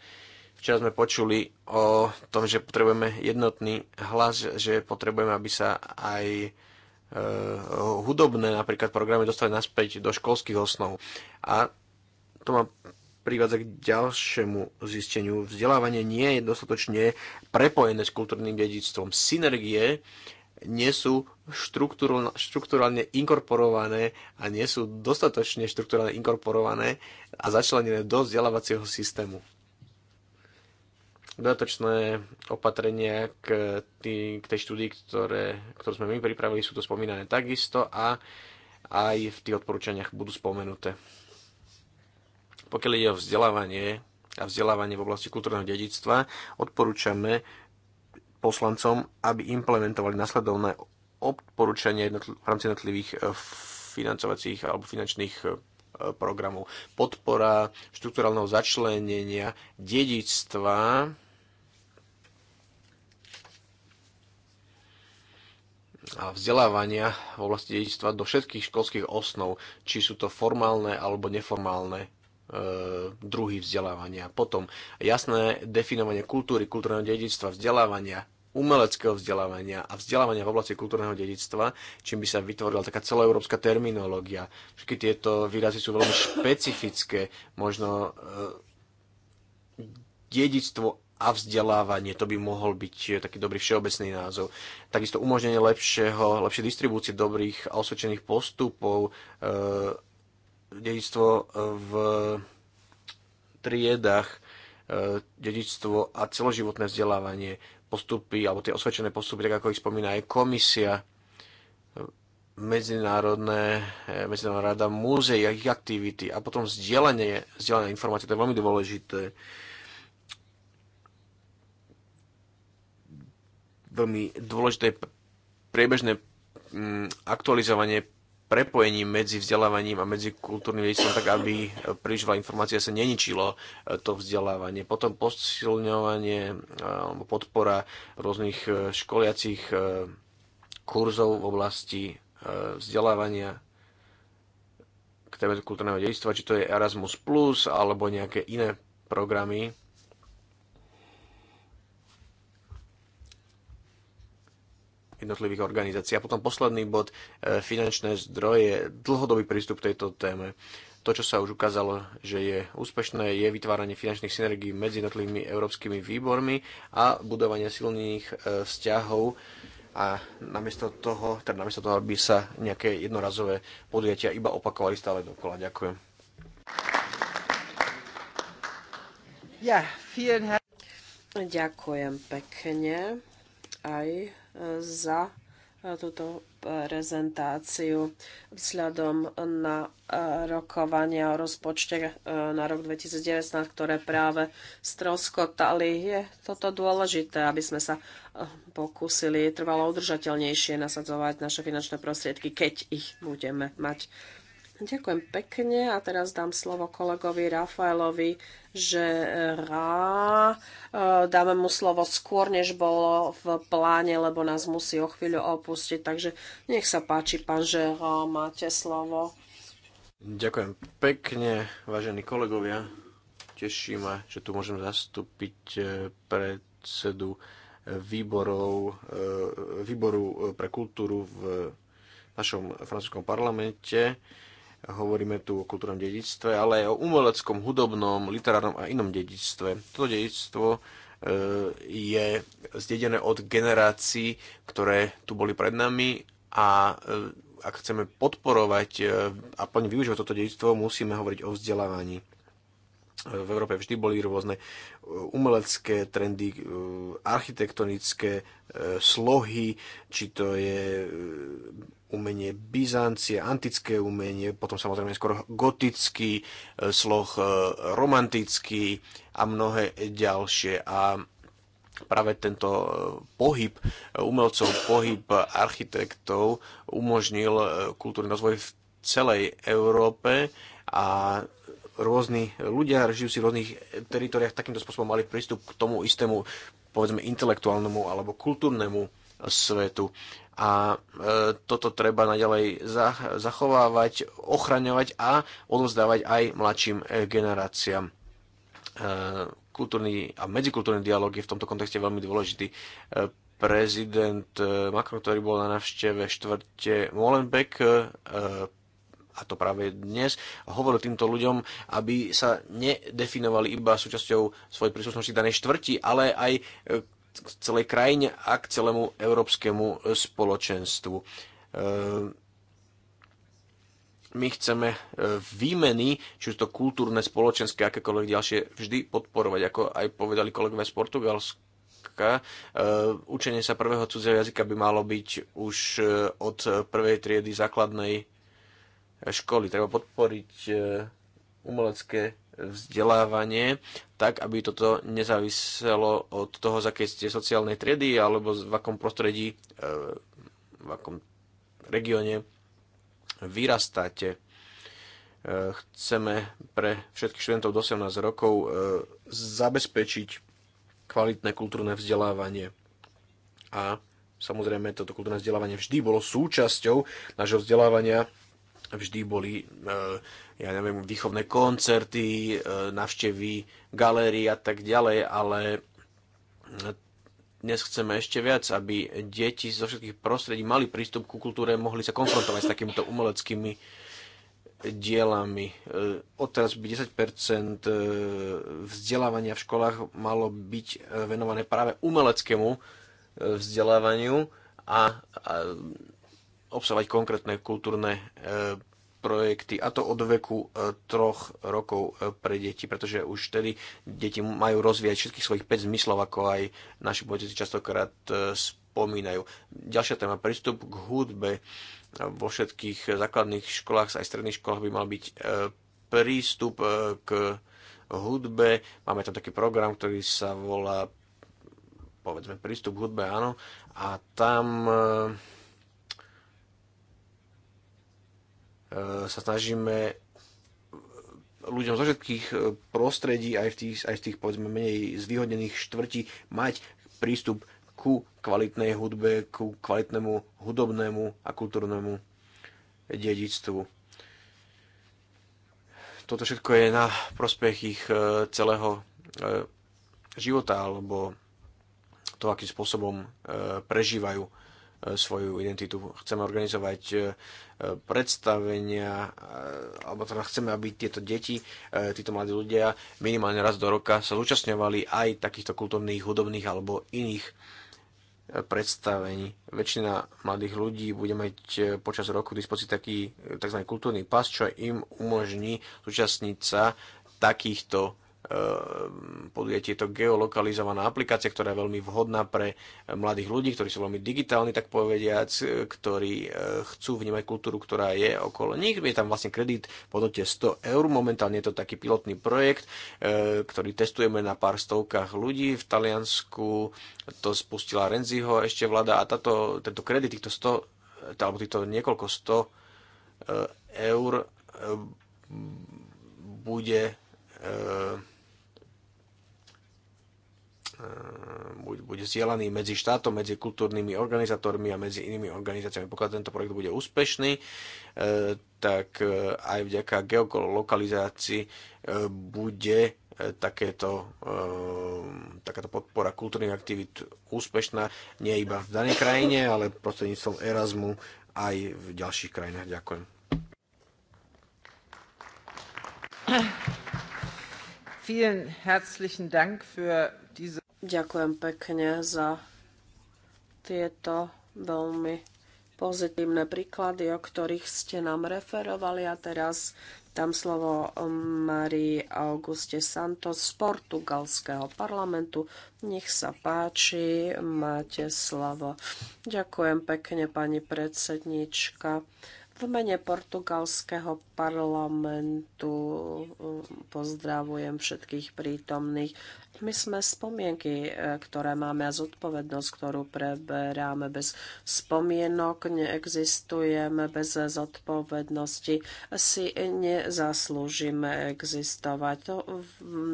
Včera sme počuli o tom, že potrebujeme jednotný hlas, že potrebujeme, aby sa aj eh, hudobné napríklad programy dostali naspäť do školských osnov. A to ma privádza k ďalšiemu zisteniu. Vzdelávanie nie je dostatočne prepojené s kultúrnym dedičstvom. Synergie nie sú štruktúralne inkorporované a nie sú dostatočne štruktúralne inkorporované a začlenené do vzdelávacieho systému. Dodatočné opatrenia k, tý, k tej štúdii, ktoré, ktorú sme my pripravili, sú to spomínané takisto a aj v tých odporúčaniach budú spomenuté. Pokiaľ ide o vzdelávanie a vzdelávanie v oblasti kultúrneho dedictva, odporúčame poslancom, aby implementovali nasledovné odporúčania v rámci jednotlivých e, financovacích alebo finančných e, programov. Podpora štruktúralného začlenenia dedictva a vzdelávania v oblasti dedičstva do všetkých školských osnov, či sú to formálne alebo neformálne E, druhy vzdelávania. Potom jasné definovanie kultúry, kultúrneho dedictva, vzdelávania, umeleckého vzdelávania a vzdelávania v oblasti kultúrneho dedictva, čím by sa vytvorila taká celoeurópska terminológia. Všetky tieto výrazy sú veľmi špecifické, možno e, dedictvo a vzdelávanie, to by mohol byť taký dobrý všeobecný názov. Takisto umožnenie lepšieho, lepšie distribúcie dobrých a osvedčených postupov, e, dedictvo e, v triedach, e, dedictvo a celoživotné vzdelávanie, postupy alebo tie osvedčené postupy, tak ako ich spomína aj komisia, e, medzinárodné, medzinárodná rada múzeí, ich aktivity a potom vzdielanie, vzdielanie informácie, to je veľmi dôležité. Veľmi dôležité priebežné mm, aktualizovanie prepojení medzi vzdelávaním a medzi kultúrnym dedičstvom, tak aby e, príliš veľa informácií sa neničilo e, to vzdelávanie. Potom posilňovanie e, alebo podpora rôznych školiacich kurzov v oblasti vzdelávania k téme kultúrneho dedičstva, či to je Erasmus+, alebo nejaké iné programy, jednotlivých organizácií. A potom posledný bod, e, finančné zdroje, dlhodobý prístup k tejto téme. To, čo sa už ukázalo, že je úspešné, je vytváranie finančných synergií medzi jednotlivými európskymi výbormi a budovanie silných e, vzťahov a namiesto toho, teda namiesto toho, aby sa nejaké jednorazové podujatia iba opakovali stále dokola. Ďakujem. Ja, Ďakujem pekne aj za e, túto prezentáciu vzhľadom na e, rokovania o rozpočte e, na rok 2019, ktoré práve stroskotali. Je toto dôležité, aby sme sa pokúsili trvalo udržateľnejšie nasadzovať naše finančné prostriedky, keď ich budeme mať Ďakujem pekne a teraz dám slovo kolegovi Rafaelovi, že rá, e, dáme mu slovo skôr, než bolo v pláne, lebo nás musí o chvíľu opustiť. Takže nech sa páči, pán Žero, máte slovo. Ďakujem pekne, vážení kolegovia. Teší ma, že tu môžem zastúpiť e, predsedu e, výborov, výboru pre kultúru v našom francúzskom parlamente Hovoríme tu o kultúrnom dedičstve, ale aj o umeleckom, hudobnom, literárnom a inom dedičstve. Toto dedičstvo e, je zdedené od generácií, ktoré tu boli pred nami a e, ak chceme podporovať e, a plne využívať toto dedičstvo, musíme hovoriť o vzdelávaní. V Európe vždy boli rôzne umelecké trendy, architektonické slohy, či to je umenie Byzancie, antické umenie, potom samozrejme skoro gotický e, sloh, e, romantický a mnohé ďalšie. A práve tento e, pohyb umelcov, pohyb architektov umožnil kultúrny rozvoj v celej Európe a rôzni ľudia žijúci v rôznych teritoriách takýmto spôsobom mali prístup k tomu istému, povedzme, intelektuálnemu alebo kultúrnemu svetu a e, toto treba naďalej zachovávať, ochraňovať a odovzdávať aj mladším e, generáciám. E, kultúrny a medzikultúrny dialog je v tomto kontexte veľmi dôležitý. E, prezident e, Macron, ktorý bol na navšteve štvrte Molenbeek, e, a to práve dnes, hovoril týmto ľuďom, aby sa nedefinovali iba súčasťou svojej príslušnosti danej štvrti, ale aj k celej krajine a k celému európskemu e, spoločenstvu. E, my chceme e, výmeny, či už to kultúrne, spoločenské, akékoľvek ďalšie, vždy podporovať, ako aj povedali kolegovia z Portugalska Uh, Učenie sa prvého cudzieho jazyka by malo byť už od prvej triedy základnej školy. Treba podporiť umelecké vzdelávanie, tak aby toto nezáviselo od toho, z akej ste sociálnej triedy alebo v akom prostredí, e, v akom regióne vyrastáte. E, chceme pre všetkých študentov do 18 rokov e, zabezpečiť kvalitné kultúrne vzdelávanie. A samozrejme, toto kultúrne vzdelávanie vždy bolo súčasťou nášho vzdelávania vždy boli, e, ja neviem, výchovné koncerty, e, navštevy galérií a tak ďalej, ale dnes chceme ešte viac, aby deti zo všetkých prostredí mali prístup ku kultúre, mohli sa konfrontovať s takýmito umeleckými dielami. E, odteraz by 10% vzdelávania v školách malo byť venované práve umeleckému vzdelávaniu a, a obsahovať konkrétne kultúrne e, projekty, a to od veku e, troch rokov e, pre deti, pretože už vtedy deti majú rozvíjať všetkých svojich 5 zmyslov, ako aj naši politici častokrát spomínajú. Ďalšia téma, prístup k hudbe vo všetkých základných školách, aj stredných školách by mal byť prístup k hudbe. Máme tam taký program, ktorý sa volá povedzme prístup k hudbe, áno. A tam E, sa snažíme ľuďom zo všetkých e, prostredí, aj v tých, aj v tých povedzme, menej zvýhodnených štvrtí, mať prístup ku kvalitnej hudbe, ku kvalitnému hudobnému a kultúrnemu dedictvu. Toto všetko je na prospech ich e, celého života alebo to, akým spôsobom prežívajú E, svoju identitu. Chceme organizovať e, e, predstavenia, alebo teda chceme, aby tieto deti, títo mladí ľudia minimálne raz do roka sa zúčastňovali aj takýchto kultúrnych, hudobných alebo iných predstavení. Väčšina mladých ľudí bude mať počas roku k dispozícii taký tzv. kultúrny pas, čo im umožní zúčastniť sa takýchto Ehm, podujatí. Je to geolokalizovaná aplikácia, ktorá je veľmi vhodná pre mladých ľudí, ktorí sú veľmi digitálni, tak povediac, e, ktorí e, chcú vnímať kultúru, ktorá je okolo nich. Je tam vlastne kredit v hodnote 100 eur. Momentálne je to taký pilotný projekt, e, ktorý testujeme na pár stovkách ľudí v Taliansku. To spustila Renziho ešte vláda a táto, tento kredit, týchto 100, alebo týchto niekoľko 100 eur bude Ehm, bude, bude zdieľaný medzi štátom, medzi kultúrnymi organizátormi a medzi inými organizáciami. Pokiaľ tento projekt bude úspešný, e, tak e, aj vďaka geolokalizácii e, bude takéto, ehm, takáto podpora kultúrnych aktivít úspešná nie iba v danej krajine, ale prostredníctvom Erasmu aj v ďalších krajinách. Ďakujem. Vielen herzlichen Dank für diese Ďakujem pekne za tieto veľmi pozitívne príklady, o ktorých ste nám referovali a teraz tam slovo um, Marii Auguste Santos z portugalského parlamentu. Nech sa páči, máte slovo. Ďakujem pekne, pani predsednička. V mene portugalského parlamentu um, pozdravujem všetkých prítomných my sme spomienky, e, ktoré máme a zodpovednosť, ktorú preberáme bez spomienok, neexistujeme bez zodpovednosti, si nezaslúžime existovať. To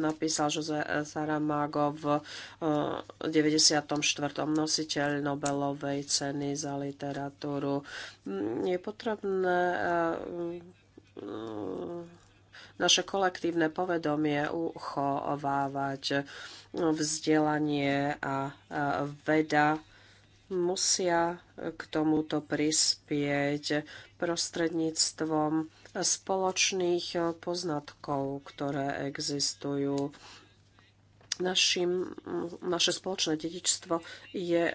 napísal Jose Saramago v 94. E, nositeľ Nobelovej ceny za literatúru. Je potrebné e, naše kolektívne povedomie uchovávať. Vzdelanie a veda musia k tomuto prispieť prostredníctvom spoločných poznatkov, ktoré existujú Našim, naše spoločné dedičstvo je e,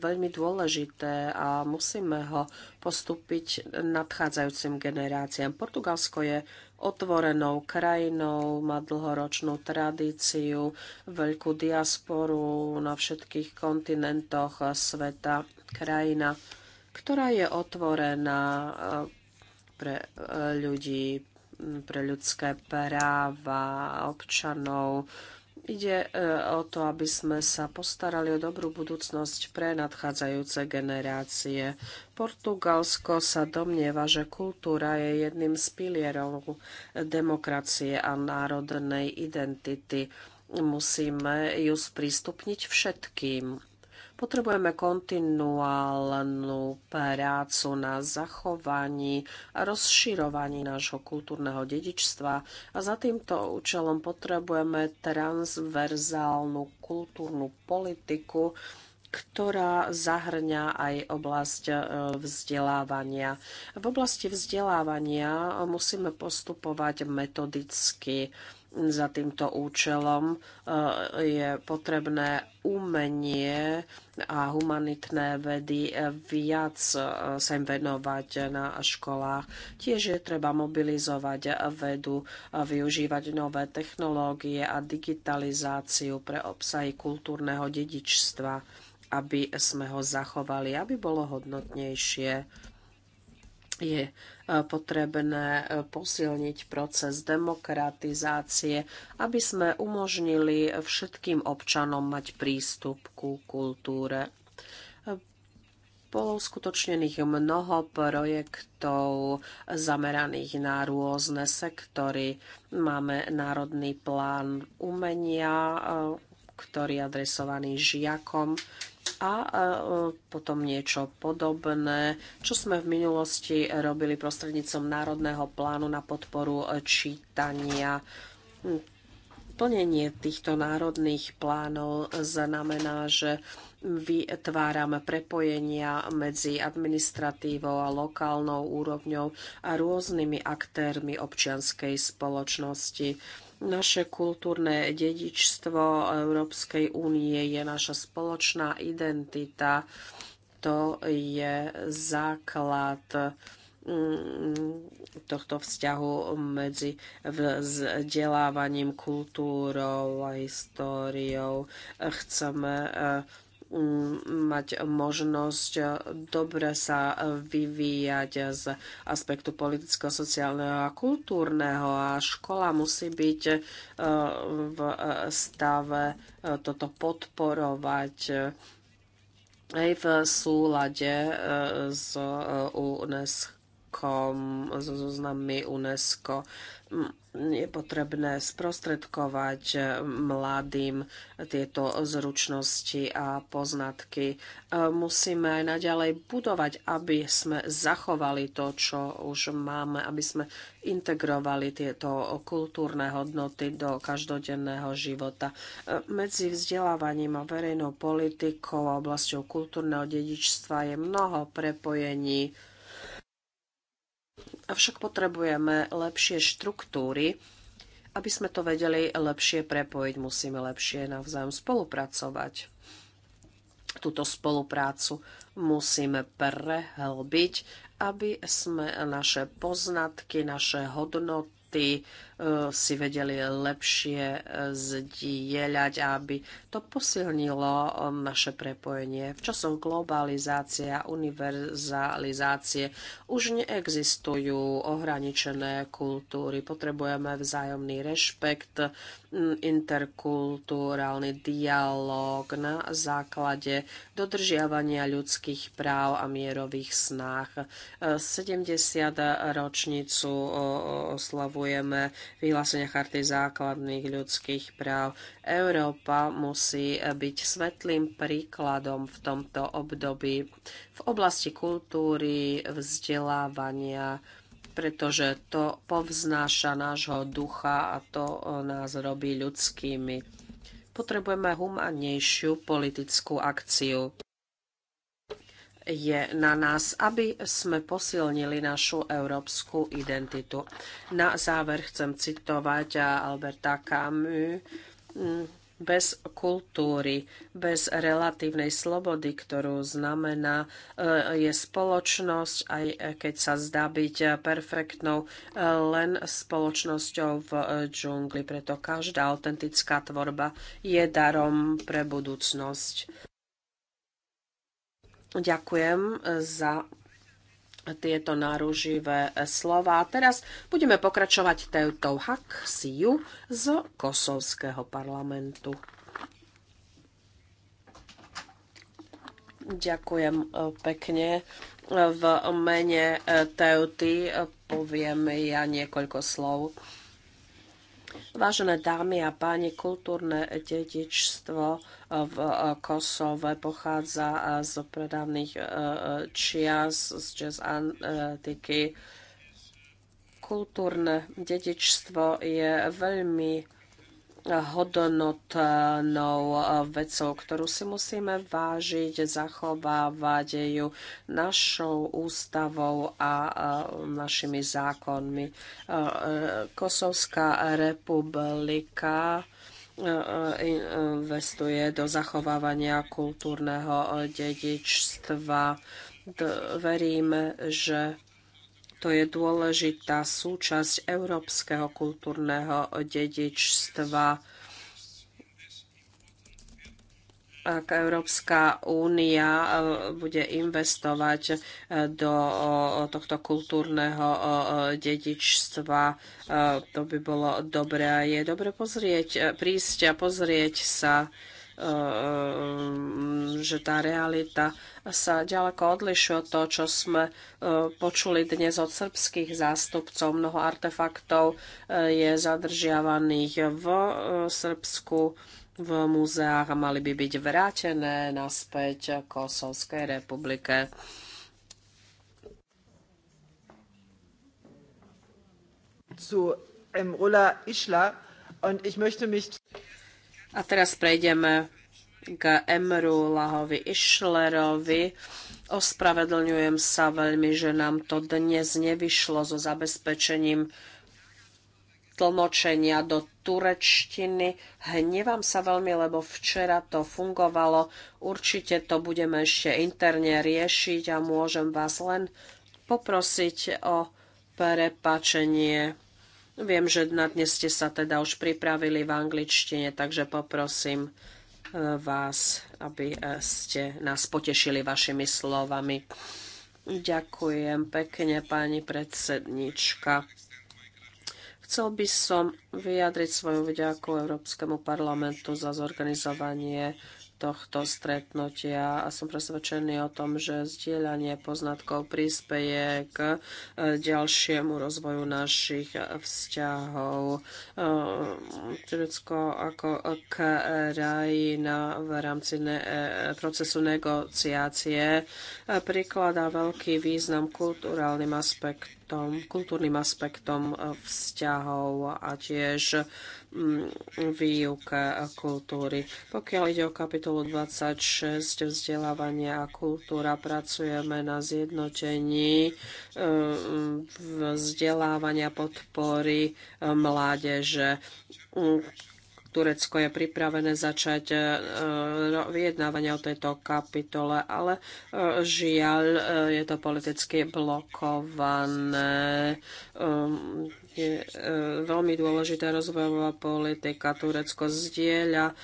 veľmi dôležité a musíme ho postúpiť nadchádzajúcim generáciám. Portugalsko je otvorenou krajinou, má dlhoročnú tradíciu, veľkú diasporu na všetkých kontinentoch sveta, krajina, ktorá je otvorená e, pre e, ľudí, pre ľudské práva občanov, Ide e, o to, aby sme sa postarali o dobrú budúcnosť pre nadchádzajúce generácie. Portugalsko sa domnieva, že kultúra je jedným z pilierov demokracie a národnej identity. Musíme ju sprístupniť všetkým. Potrebujeme kontinuálnu prácu na zachovaní a rozširovaní nášho kultúrneho dedičstva a za týmto účelom potrebujeme transverzálnu kultúrnu politiku, ktorá zahrňa aj oblasť e, vzdelávania. V oblasti vzdelávania musíme postupovať metodicky za týmto účelom eh, je potrebné umenie a humanitné vedy viac eh, sa im venovať na školách. Tiež je treba mobilizovať vedu, využívať nové technológie a digitalizáciu pre obsahy kultúrneho dedičstva, aby sme ho zachovali, aby bolo hodnotnejšie. Je potrebné e, posilniť proces demokratizácie, aby sme umožnili všetkým občanom mať prístup ku kultúre. E, bolo uskutočnených mnoho projektov zameraných na rôzne sektory. Máme Národný plán umenia, e, ktorý je adresovaný žiakom a e, potom niečo podobné, čo sme v minulosti robili prostrednícom Národného plánu na podporu e, čítania. Plnenie týchto národných plánov znamená, že vytvárame prepojenia medzi administratívou a lokálnou úrovňou a rôznymi aktérmi občianskej spoločnosti. Naše kultúrne dedičstvo Európskej únie je naša spoločná identita. To je základ mm, tohto vzťahu medzi vzdelávaním, kultúrou a históriou. Chceme eh, Mm, mať možnosť e, dobre sa vyvíjať z aspektu politického, sociálneho a kultúrneho a škola musí byť e, v stave e, toto podporovať aj v súlade s UNESCO, so zoznamy UNESCO je potrebné sprostredkovať mladým tieto zručnosti a poznatky. Musíme aj naďalej budovať, aby sme zachovali to, čo už máme, aby sme integrovali tieto kultúrne hodnoty do každodenného života. Medzi vzdelávaním a verejnou politikou a oblasťou kultúrneho dedičstva je mnoho prepojení Avšak potrebujeme lepšie štruktúry, aby sme to vedeli lepšie prepojiť, musíme lepšie navzájom spolupracovať. Túto spoluprácu musíme prehlbiť, aby sme naše poznatky, naše hodnoty, hodnoty E, si vedeli lepšie e, zdieľať, aby to posilnilo e, naše prepojenie. V časoch globalizácie a univerzalizácie už neexistujú ohraničené kultúry. Potrebujeme vzájomný rešpekt, interkulturálny dialog na základe dodržiavania ľudských práv a mierových snách. 70 ročnicu oslavujeme vyhlásenia Charty základných ľudských práv. Európa musí byť svetlým príkladom v tomto období v oblasti kultúry, vzdelávania, pretože to povznáša nášho ducha a to nás robí ľudskými. Potrebujeme humannejšiu politickú akciu je na nás, aby sme posilnili našu európsku identitu. Na záver chcem citovať Alberta Camus. Mm, bez kultúry, bez relatívnej slobody, ktorú znamená e, je spoločnosť, aj keď sa zdá byť perfektnou, e, len spoločnosťou v džungli. Preto každá autentická tvorba je darom pre budúcnosť. Ďakujem e, za tieto náruživé e, slova. Teraz budeme pokračovať Teutou Siu z Kosovského parlamentu. Ďakujem e, pekne. V mene Teuty poviem ja niekoľko slov. Vážené dámy a páni, kultúrne dedičstvo v eh, Kosove pochádza eh, z predávnych eh, čias, z čias antiky. Kultúrne dedičstvo je veľmi hodnotnou eh, vecou, ktorú si musíme vážiť, zachovávať ju našou ústavou a eh, našimi zákonmi. Eh, Kosovská republika investuje do zachovávania kultúrneho dedičstva. Verím, že to je dôležitá súčasť európskeho kultúrneho dedičstva. Ak Európska únia eh, bude investovať eh, do eh, tohto kultúrneho dedičstva, to by bolo dobré. A je dobre pozrieť, prísť a pozrieť sa, že tá realita sa ďaleko odlišuje od toho, čo sme e, počuli dnes od srbských zástupcov. Mnoho artefaktov e, je zadržiavaných v e, Srbsku v múzeách a mali by byť vrátené naspäť Kosovskej republike. Zu Emrula Išla und ich möchte mich... A teraz prejdeme k Emru Lahovi Išlerovi. Ospravedlňujem sa veľmi, že nám to dnes nevyšlo so zabezpečením tlmočenia do turečtiny. Hnevám sa veľmi, lebo včera to fungovalo. Určite to budeme ešte interne riešiť a môžem vás len poprosiť o prepačenie. Viem, že na dnes ste sa teda už pripravili v angličtine, takže poprosím vás, aby eh, ste nás potešili vašimi slovami. Ďakujem pekne, pani predsednička. Chcel by som vyjadriť svoju vďaku Európskemu parlamentu za zorganizovanie tohto stretnutia a som presvedčený o tom, že zdieľanie poznatkov prispieje k e, ďalšiemu rozvoju našich vzťahov. E, Turecko ako krajina v rámci ne e, procesu negociácie prikladá veľký význam kulturálnym aspektom aspektom, kultúrnym aspektom e, vzťahov a tiež mm, výuke kultúry. Pokiaľ ide o kapitolu 26 vzdelávania a kultúra, pracujeme na zjednotení e, vzdelávania podpory e, mládeže Turecko je pripravené začať e, vyjednávania o tejto kapitole, ale e, žiaľ e, je to politicky blokované. Ehm, je e, veľmi dôležitá rozvojová politika. Turecko zdieľa e,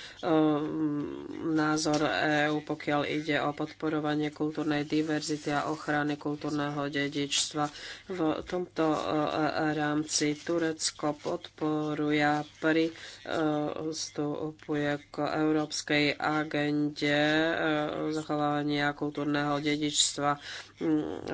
názor EÚ, pokiaľ ide o podporovanie kultúrnej diverzity a ochrany kultúrneho dedičstva. V tomto e, rámci Turecko podporuje pri vstupuje k európskej agende zachovávania kultúrneho dedičstva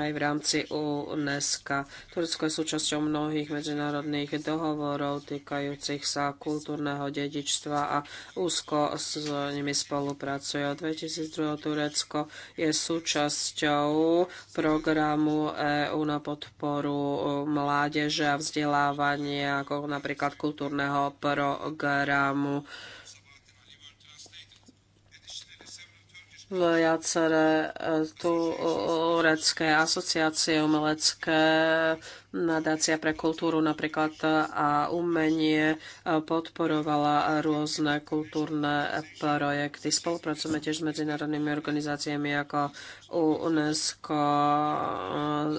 aj v rámci UNESCO. Turecko je súčasťou mnohých medzinárodných medzinárodných dohovorov týkajúcich sa kultúrneho dedičstva a úzko s nimi spolupracuje. Od 2002 Turecko je súčasťou programu EU na podporu mládeže a vzdelávanie, ako napríklad kultúrneho programu. viaceré e, tu e, e, urecké asociácie umelecké nadácia pre kultúru napríklad e, a umenie e, podporovala rôzne kultúrne projekty. Spolupracujeme tiež s medzinárodnými organizáciami ako UNESCO, e,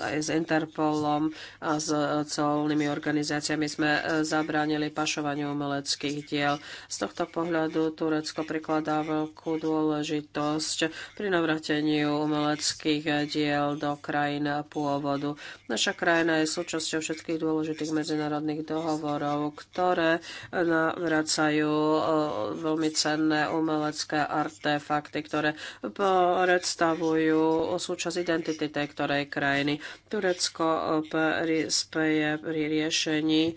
aj s Interpolom a s celnými organizáciami sme zabránili pašovaniu umeleckých diel. Z tohto pohľadu Turecko prikladá veľkú dôležitosť pri navrateniu umeleckých diel do krajín pôvodu. Naša krajina je súčasťou všetkých dôležitých medzinárodných dohovorov, ktoré navracajú e, veľmi cenné umelecké artefakty, ktoré predstavujú súčasť identity tej ktorej krajiny. Turecko e, prispieje pri riešení e,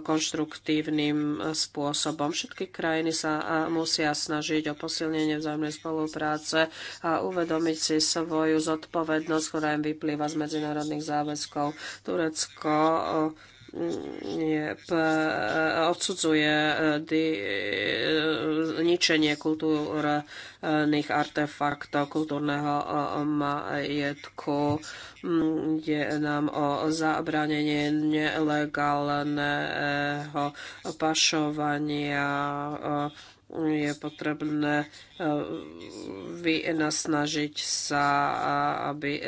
konštruktívnym spôsobom. Všetky krajiny sa musia snažiť o posilnenie vzájomnej spolupráce a uvedomiť si svoju zodpovednosť, ktorá im vyplýva z medzinárodných záväzkov. Turecko Turecko eh, je, eh, odsudzuje eh, di, ničenie kultúrnych artefaktov, kultúrneho majetku. Mm, je nám o zabranenie nelegálneho pašovania je potrebné e, vynasnažiť sa, aby e,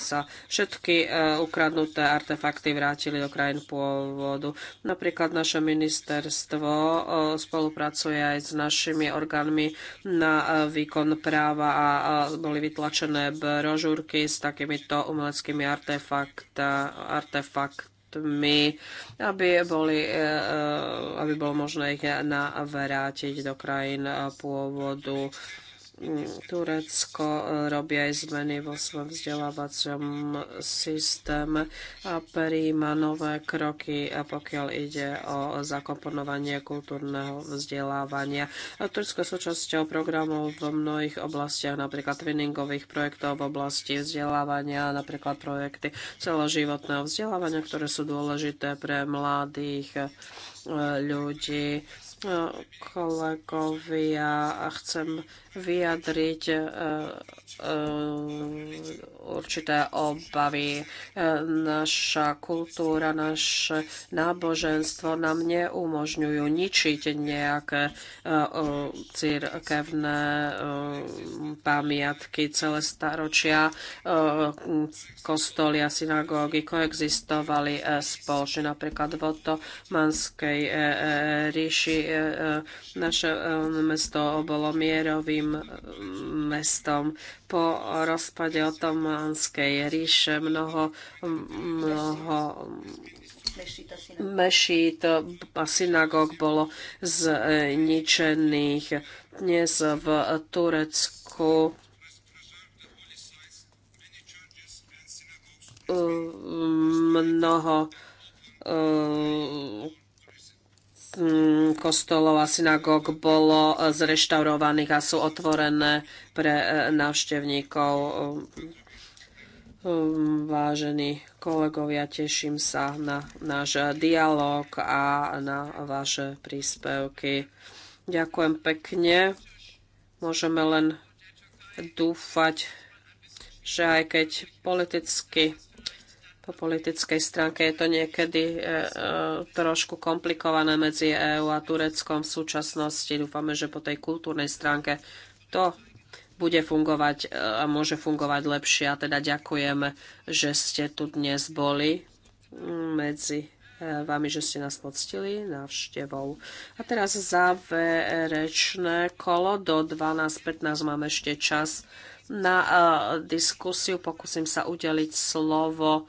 sa všetky e, ukradnuté artefakty vrátili do krajín pôvodu. Napríklad naše ministerstvo spolupracuje aj s našimi orgánmi na výkon práva a boli vytlačené brožúrky s takýmito umeleckými artefakt, artefakt produktmi, aby, boli, e, e, aby bolo možné ich navrátiť do krajín pôvodu. Turecko e, robí aj zmeny vo svojom vzdelávacom systéme a príjma nové kroky, pokiaľ ide o zakomponovanie kultúrneho vzdelávania. Turecko je súčasťou programov v mnohých oblastiach, napríklad twinningových projektov v oblasti vzdelávania, napríklad projekty celoživotného vzdelávania, ktoré sú dôležité pre mladých e, ľudí kolegovia a chcem vyjadriť e, e, určité obavy. E, naša kultúra, naše náboženstvo nám neumožňujú ničiť nejaké církevné pamiatky, celé staročia. Kostoly a synagógy koexistovali spoločne, napríklad v Otomanskej ríši E, naše e, mesto bolo mierovým e, mestom. Po rozpade otománskej ríše mnoho, mnoho mešít a synagóg bolo zničených. Dnes v Turecku mnoho Mm, kostolov a synagóg bolo e, zreštaurovaných a sú otvorené pre e, návštevníkov. E, vážení kolegovia, teším sa na náš dialog a na vaše príspevky. Ďakujem pekne. Môžeme len dúfať, že aj keď politicky po politickej stránke je to niekedy e, e, trošku komplikované medzi EÚ a Tureckom v súčasnosti. Dúfame, že po tej kultúrnej stránke to bude fungovať e, a môže fungovať lepšie. A teda ďakujeme, že ste tu dnes boli mm, medzi vami, že ste nás poctili návštevou. A teraz záverečné kolo. Do 12.15 máme ešte čas na diskusiu. Pokúsim sa udeliť slovo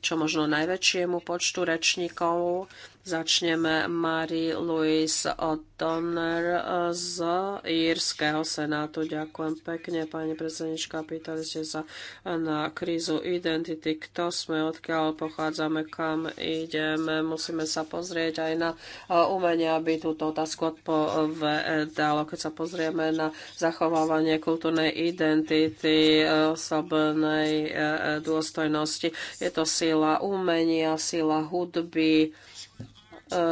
čo možno najväčšiemu počtu rečníkov Začneme Mary Louise O'Donner eh, z Írskeho senátu. Ďakujem pekne, pani predsednička. Pýtali ste sa na krízu identity. Kto sme, odkiaľ pochádzame, kam ideme. Musíme sa pozrieť aj na eh, umenie, aby túto otázku odpovedalo. Keď sa pozrieme na zachovávanie kultúrnej identity, eh, osobnej dôstojnosti, je to sila umenia, sila hudby,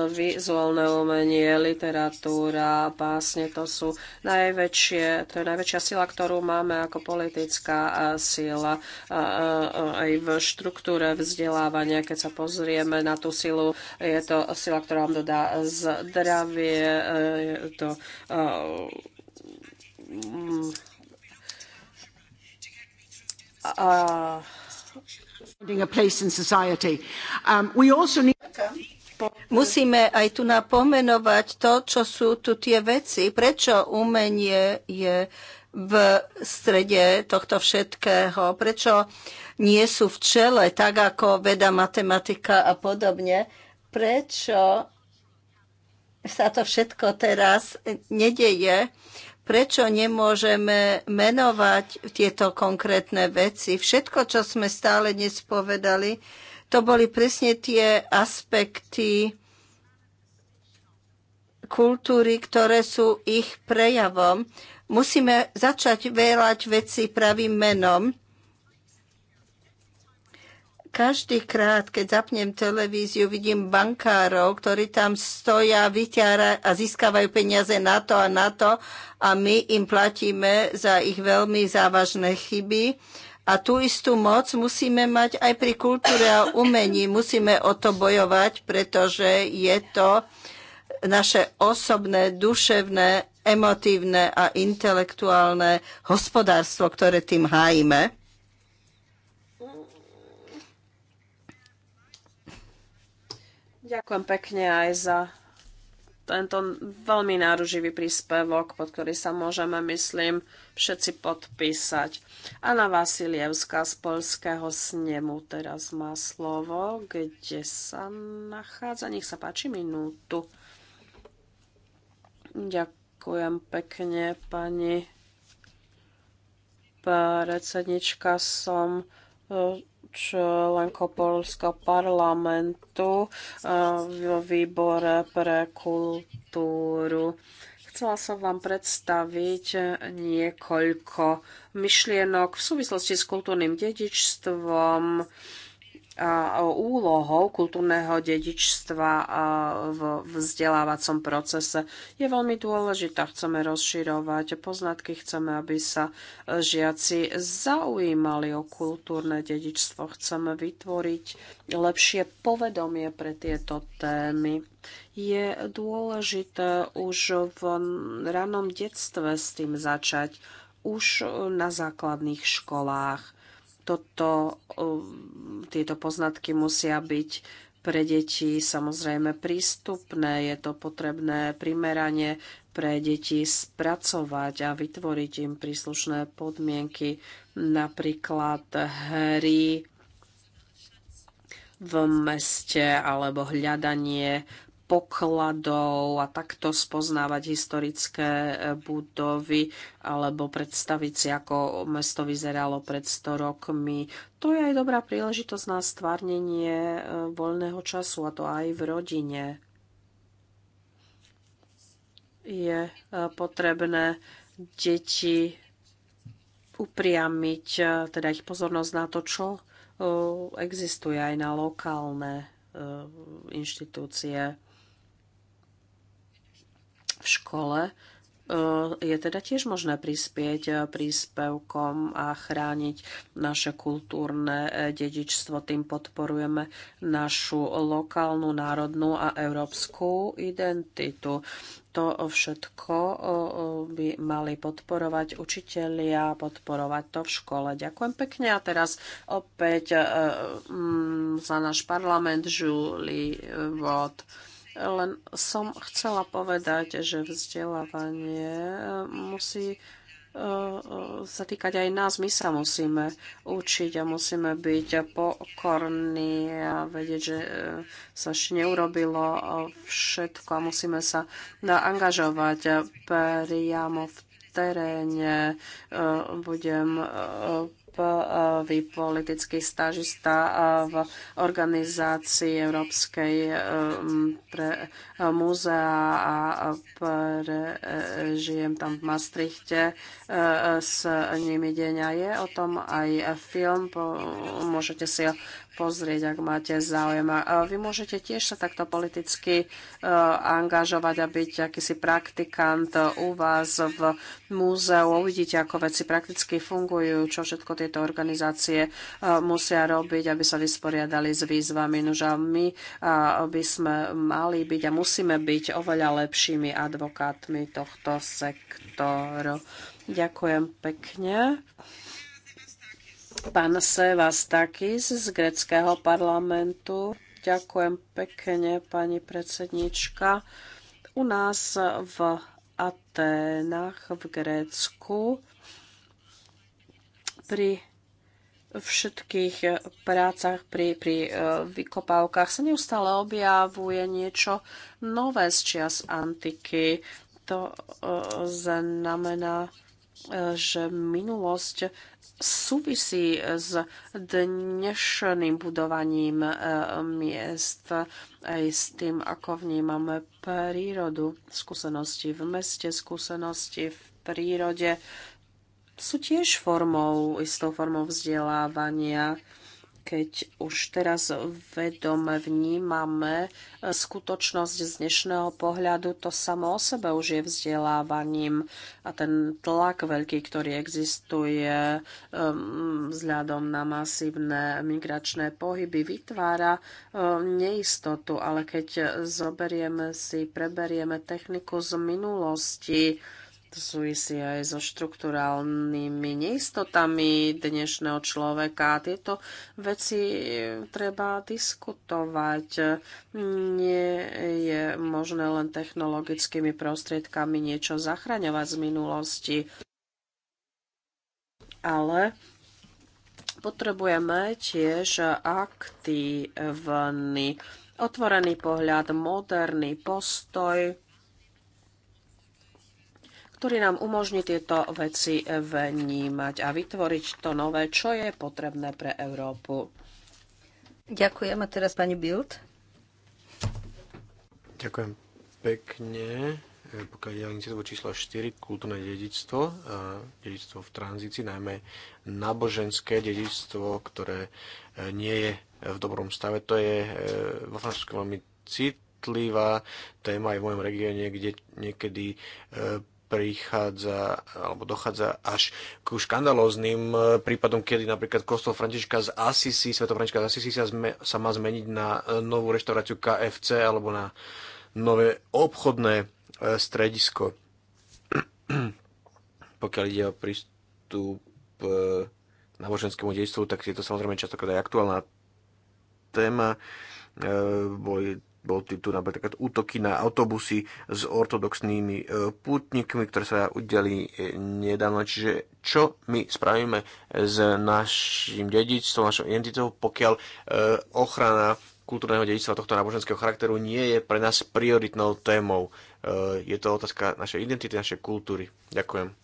vizuálne umenie, literatúra, básne, to sú najväčšie, to je najväčšia sila, ktorú máme ako politická sila aj v štruktúre vzdelávania. Keď sa pozrieme na tú silu, je to sila, ktorá vám dodá zdravie, e, je to a, mm, a, a, a, um, we also need... Okay. Musíme aj tu napomenovať to, čo sú tu tie veci, prečo umenie je v strede tohto všetkého, prečo nie sú v čele, tak ako veda, matematika a podobne, prečo sa to všetko teraz nedeje, prečo nemôžeme menovať tieto konkrétne veci. Všetko, čo sme stále dnes povedali, to boli presne tie aspekty kultúry, ktoré sú ich prejavom. Musíme začať veľať veci pravým menom. Každý krát, keď zapnem televíziu, vidím bankárov, ktorí tam stoja, vyťára a získavajú peniaze na to a na to a my im platíme za ich veľmi závažné chyby a tú istú moc musíme mať aj pri kultúre a umení. Musíme o to bojovať, pretože je to naše osobné, duševné, emotívne a intelektuálne hospodárstvo, ktoré tým hájime. Ďakujem pekne aj za tento veľmi náruživý príspevok, pod ktorý sa môžeme, myslím, všetci podpísať. Anna Vasilievská z Polského snemu teraz má slovo. Kde sa nachádza? Nech sa páči minútu. Ďakujem pekne, pani predsednička. Som e, členko Polského parlamentu e, v výbore pre kultúru. Chcela som vám predstaviť niekoľko myšlienok v súvislosti s kultúrnym dedičstvom, úlohou kultúrneho dedičstva v vzdelávacom procese je veľmi dôležitá. Chceme rozširovať poznatky, chceme, aby sa žiaci zaujímali o kultúrne dedičstvo, chceme vytvoriť lepšie povedomie pre tieto témy. Je dôležité už v ranom detstve s tým začať, už na základných školách toto, um, tieto poznatky musia byť pre deti samozrejme prístupné, je to potrebné primerane pre deti spracovať a vytvoriť im príslušné podmienky, napríklad hry v meste alebo hľadanie pokladov a takto spoznávať historické e, budovy alebo predstaviť si, ako mesto vyzeralo pred 100 rokmi. To je aj dobrá príležitosť na stvárnenie e, voľného času a to aj v rodine. Je e, potrebné deti upriamiť teda ich pozornosť na to, čo existuje aj na lokálne inštitúcie v škole, e, je teda tiež možné prispieť e, príspevkom a chrániť naše kultúrne e, dedičstvo. Tým podporujeme našu lokálnu, národnú a európsku identitu. To všetko by mali podporovať učitelia, podporovať to v škole. Ďakujem pekne a teraz opäť za náš parlament Julie Vod. Len som chcela povedať, že vzdelávanie eh, musí eh, eh, sa týkať aj nás. My sa musíme učiť a musíme byť pokorní a vedieť, že sa ešte neurobilo všetko a musíme sa angažovať priamo v teréne. Budem E, vy politický stážista e, v organizácii Európskej e, pre múzea a pre, žijem tam v Maastrichte s nimi deň a je o tom aj film. Môžete si ho pozrieť, ak máte záujem. A vy môžete tiež sa takto politicky e, angažovať a byť akýsi praktikant u vás v múzeu. Uvidíte, ako veci prakticky fungujú, čo všetko tieto organizácie e, musia robiť, aby sa vysporiadali s výzvami. Nož a my e, by sme mali byť a musíme byť oveľa lepšími advokátmi tohto sektoru. Ďakujem pekne. Pán Sevastakis z greckého parlamentu. Ďakujem pekne, pani predsednička. U nás v Aténach v Grécku pri všetkých prácach, pri, pri e, vykopávkach sa neustále objavuje niečo nové z čias antiky. To e, znamená, e, že minulosť súvisí s dnešným budovaním e, miest aj s tým, ako vnímame prírodu, skúsenosti v meste, skúsenosti v prírode sú tiež formou, istou formou vzdelávania keď už teraz vedome vnímame e, skutočnosť z dnešného pohľadu, to samo o sebe už je vzdelávaním a ten tlak veľký, ktorý existuje vzhľadom na masívne migračné pohyby, vytvára e, neistotu. Ale keď zoberieme si, preberieme techniku z minulosti, to súvisí aj so štruktúrálnymi neistotami dnešného človeka. Tieto veci treba diskutovať. Nie je možné len technologickými prostriedkami niečo zachraňovať z minulosti. Ale potrebujeme tiež aktívny, otvorený pohľad, moderný postoj, ktorý nám umožní tieto veci vnímať a vytvoriť to nové, čo je potrebné pre Európu. Ďakujem. A teraz pani Bild. Ďakujem pekne. E, pokiaľ je iniciatívu číslo 4, kultúrne dedičstvo, dedičstvo v tranzícii, najmä náboženské dedičstvo, ktoré e, nie je v dobrom stave. To je e, vo Francúzsku veľmi citlivá téma aj v mojom regióne, kde niekedy prichádza alebo dochádza až k škandalóznym e, prípadom, kedy napríklad kostol Františka z Asisi, Sveto Františka z Asisi sa, zme, sa má zmeniť na e, novú reštauráciu KFC alebo na nové obchodné e, stredisko. Pokiaľ ide o prístup k náboženskému dejstvu, tak je to samozrejme častokrát aj aktuálna téma. Boli boli tu napríklad útoky na autobusy s ortodoxnými e, pútnikmi, ktoré sa udeli e, nedávno. Čiže čo my spravíme s našim dedičstvom, našou identitou, pokiaľ e, ochrana kultúrneho dedičstva tohto náboženského charakteru nie je pre nás prioritnou témou. Je to otázka našej identity, našej kultúry. Ďakujem.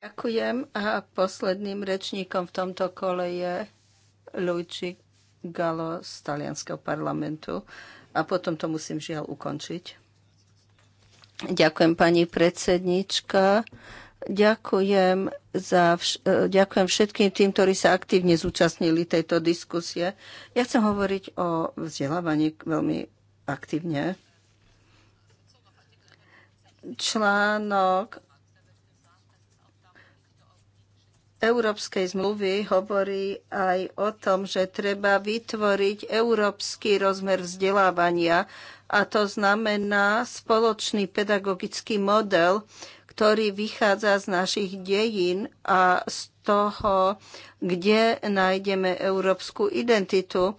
Ďakujem a posledným rečníkom v tomto kole je Luigi Galo z talianského parlamentu. A potom to musím žiaľ ukončiť. Ďakujem pani predsednička. Ďakujem, za vš- e, ďakujem všetkým tým, ktorí sa aktívne zúčastnili tejto diskusie. Ja chcem hovoriť o vzdelávaní veľmi aktívne. Článok Európskej zmluvy hovorí aj o tom, že treba vytvoriť európsky rozmer vzdelávania a to znamená spoločný pedagogický model, ktorý vychádza z našich dejín a z toho, kde nájdeme európsku identitu.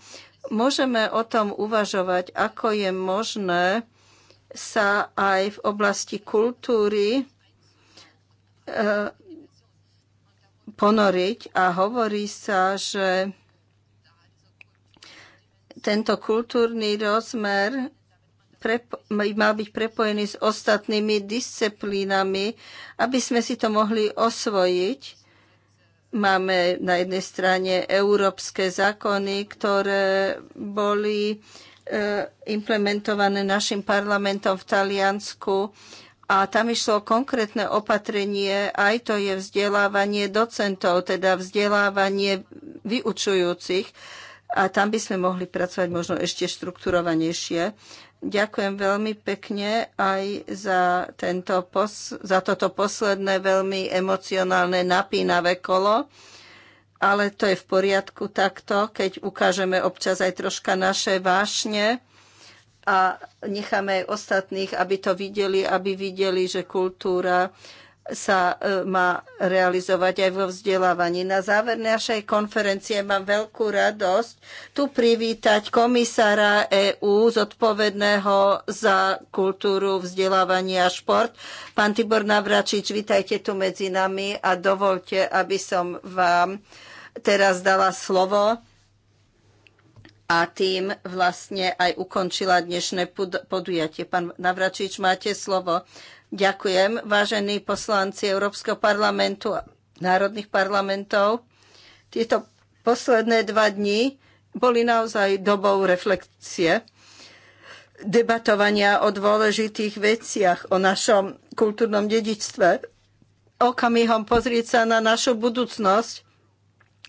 Môžeme o tom uvažovať, ako je možné sa aj v oblasti kultúry e, ponoriť a hovorí sa, že tento kultúrny rozmer mal byť prepojený s ostatnými disciplínami, aby sme si to mohli osvojiť. Máme na jednej strane európske zákony, ktoré boli e, implementované našim parlamentom v Taliansku a tam išlo konkrétne opatrenie, aj to je vzdelávanie docentov, teda vzdelávanie vyučujúcich. A tam by sme mohli pracovať možno ešte štrukturovanejšie. Ďakujem veľmi pekne aj za, tento pos- za toto posledné veľmi emocionálne napínavé kolo. Ale to je v poriadku takto, keď ukážeme občas aj troška naše vášne a necháme aj ostatných, aby to videli, aby videli, že kultúra sa e, má realizovať aj vo vzdelávaní. Na záver našej konferencie mám veľkú radosť tu privítať komisára EÚ zodpovedného za kultúru, vzdelávanie a šport. Pán Tibor Navračič, vitajte tu medzi nami a dovolte, aby som vám teraz dala slovo a tým vlastne aj ukončila dnešné podujatie. Pán Navračič, máte slovo. Ďakujem, vážení poslanci Európskeho parlamentu a národných parlamentov. Tieto posledné dva dni boli naozaj dobou reflexie, debatovania o dôležitých veciach, o našom kultúrnom dedičstve, okamihom pozrieť sa na našu budúcnosť,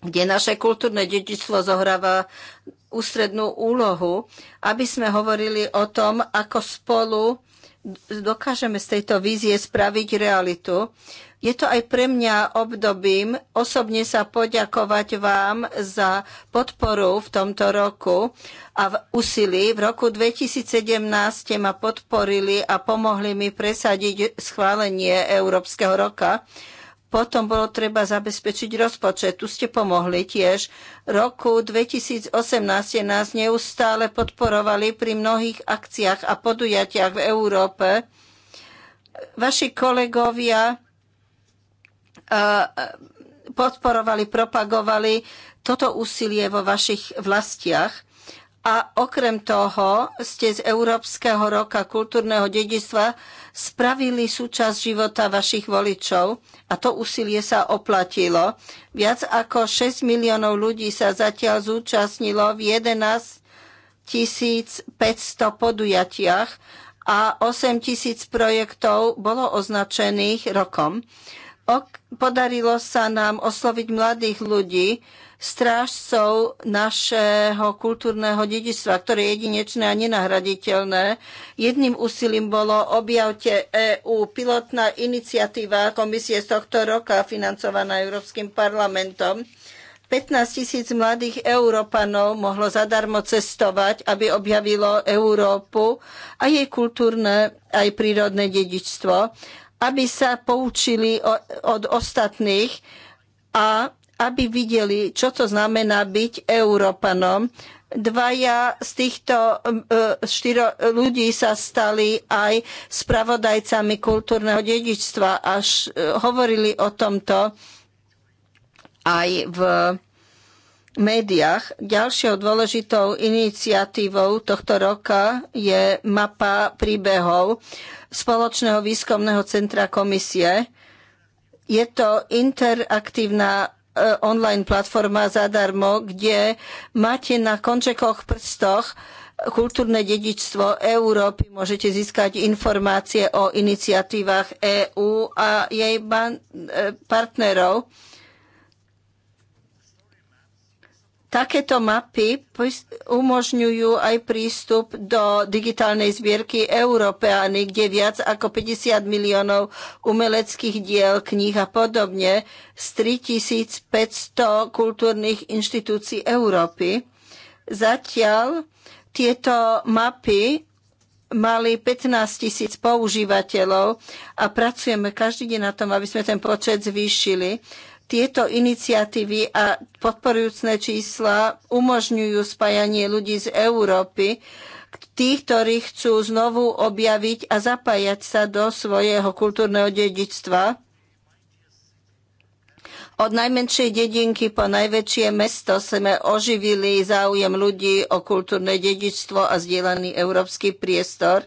kde naše kultúrne dedičstvo zohráva ústrednú úlohu, aby sme hovorili o tom, ako spolu dokážeme z tejto vízie spraviť realitu. Je to aj pre mňa obdobím osobne sa poďakovať vám za podporu v tomto roku a v úsilí. V roku 2017 ste ma podporili a pomohli mi presadiť schválenie Európskeho roka. Potom bolo treba zabezpečiť rozpočet. Tu ste pomohli tiež. Roku 2018 nás neustále podporovali pri mnohých akciách a podujatiach v Európe. Vaši kolegovia e, podporovali, propagovali toto úsilie vo vašich vlastiach a okrem toho ste z Európskeho roka kultúrneho dedistva spravili súčasť života vašich voličov a to úsilie sa oplatilo. Viac ako 6 miliónov ľudí sa zatiaľ zúčastnilo v 11 500 podujatiach a 8 tisíc projektov bolo označených rokom. Podarilo sa nám osloviť mladých ľudí, strážcov našeho kultúrneho dedičstva, ktoré je jedinečné a nenahraditeľné. Jedným úsilím bolo objavte EU pilotná iniciatíva komisie z tohto roka financovaná Európskym parlamentom. 15 tisíc mladých Európanov mohlo zadarmo cestovať, aby objavilo Európu a jej kultúrne aj prírodné dedičstvo, aby sa poučili od ostatných a aby videli, čo to znamená byť Európanom. Dvaja z týchto e, štyro ľudí sa stali aj spravodajcami kultúrneho dedičstva, až e, hovorili o tomto aj v médiách. Ďalšou dôležitou iniciatívou tohto roka je mapa príbehov Spoločného výskumného centra komisie. Je to interaktívna Eh, online platforma zadarmo, kde máte na končekoch prstoch kultúrne dedičstvo Európy. Môžete získať informácie o iniciatívach EÚ a jej eh, partnerov. Takéto mapy umožňujú aj prístup do digitálnej zbierky Európeány, kde viac ako 50 miliónov umeleckých diel, kníh a podobne z 3500 kultúrnych inštitúcií Európy. Zatiaľ tieto mapy mali 15 tisíc používateľov a pracujeme každý deň na tom, aby sme ten počet zvýšili. Tieto iniciatívy a podporujúcne čísla umožňujú spájanie ľudí z Európy, tých, ktorí chcú znovu objaviť a zapájať sa do svojho kultúrneho dedičstva. Od najmenšej dedinky po najväčšie mesto sme oživili záujem ľudí o kultúrne dedičstvo a zdieľaný európsky priestor.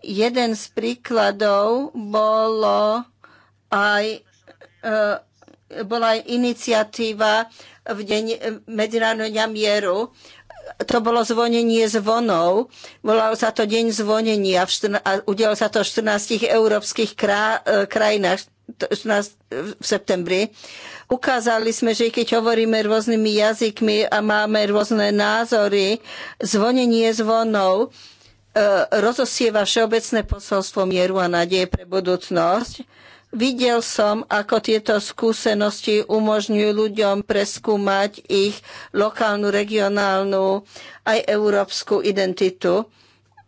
Jeden z príkladov bolo aj e, bola iniciatíva v deň Medzinárodňa mieru. To bolo zvonenie zvonov. Volalo sa to Deň zvonenia a udialo sa to v 14 európskych e, krajinách v septembri. Ukázali sme, že keď hovoríme rôznymi jazykmi a máme rôzne názory, zvonenie zvonov e, rozosieva všeobecné posolstvo mieru a nádeje pre budúcnosť Videl som, ako tieto skúsenosti umožňujú ľuďom preskúmať ich lokálnu, regionálnu aj európsku identitu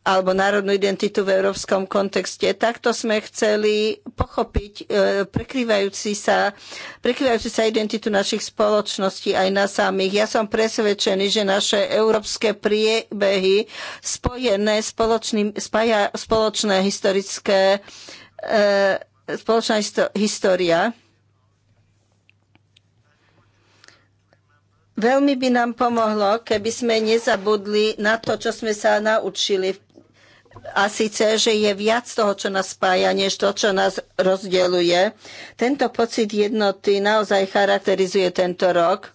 alebo národnú identitu v európskom kontexte. Takto sme chceli pochopiť e, prekrývajúci sa, prekrývajúci sa identitu našich spoločností aj na samých. Ja som presvedčený, že naše európske priebehy spojené spoločný, spája spoločné historické e, spoločná história. Veľmi by nám pomohlo, keby sme nezabudli na to, čo sme sa naučili. A síce, že je viac toho, čo nás spája, než to, čo nás rozdeluje. Tento pocit jednoty naozaj charakterizuje tento rok.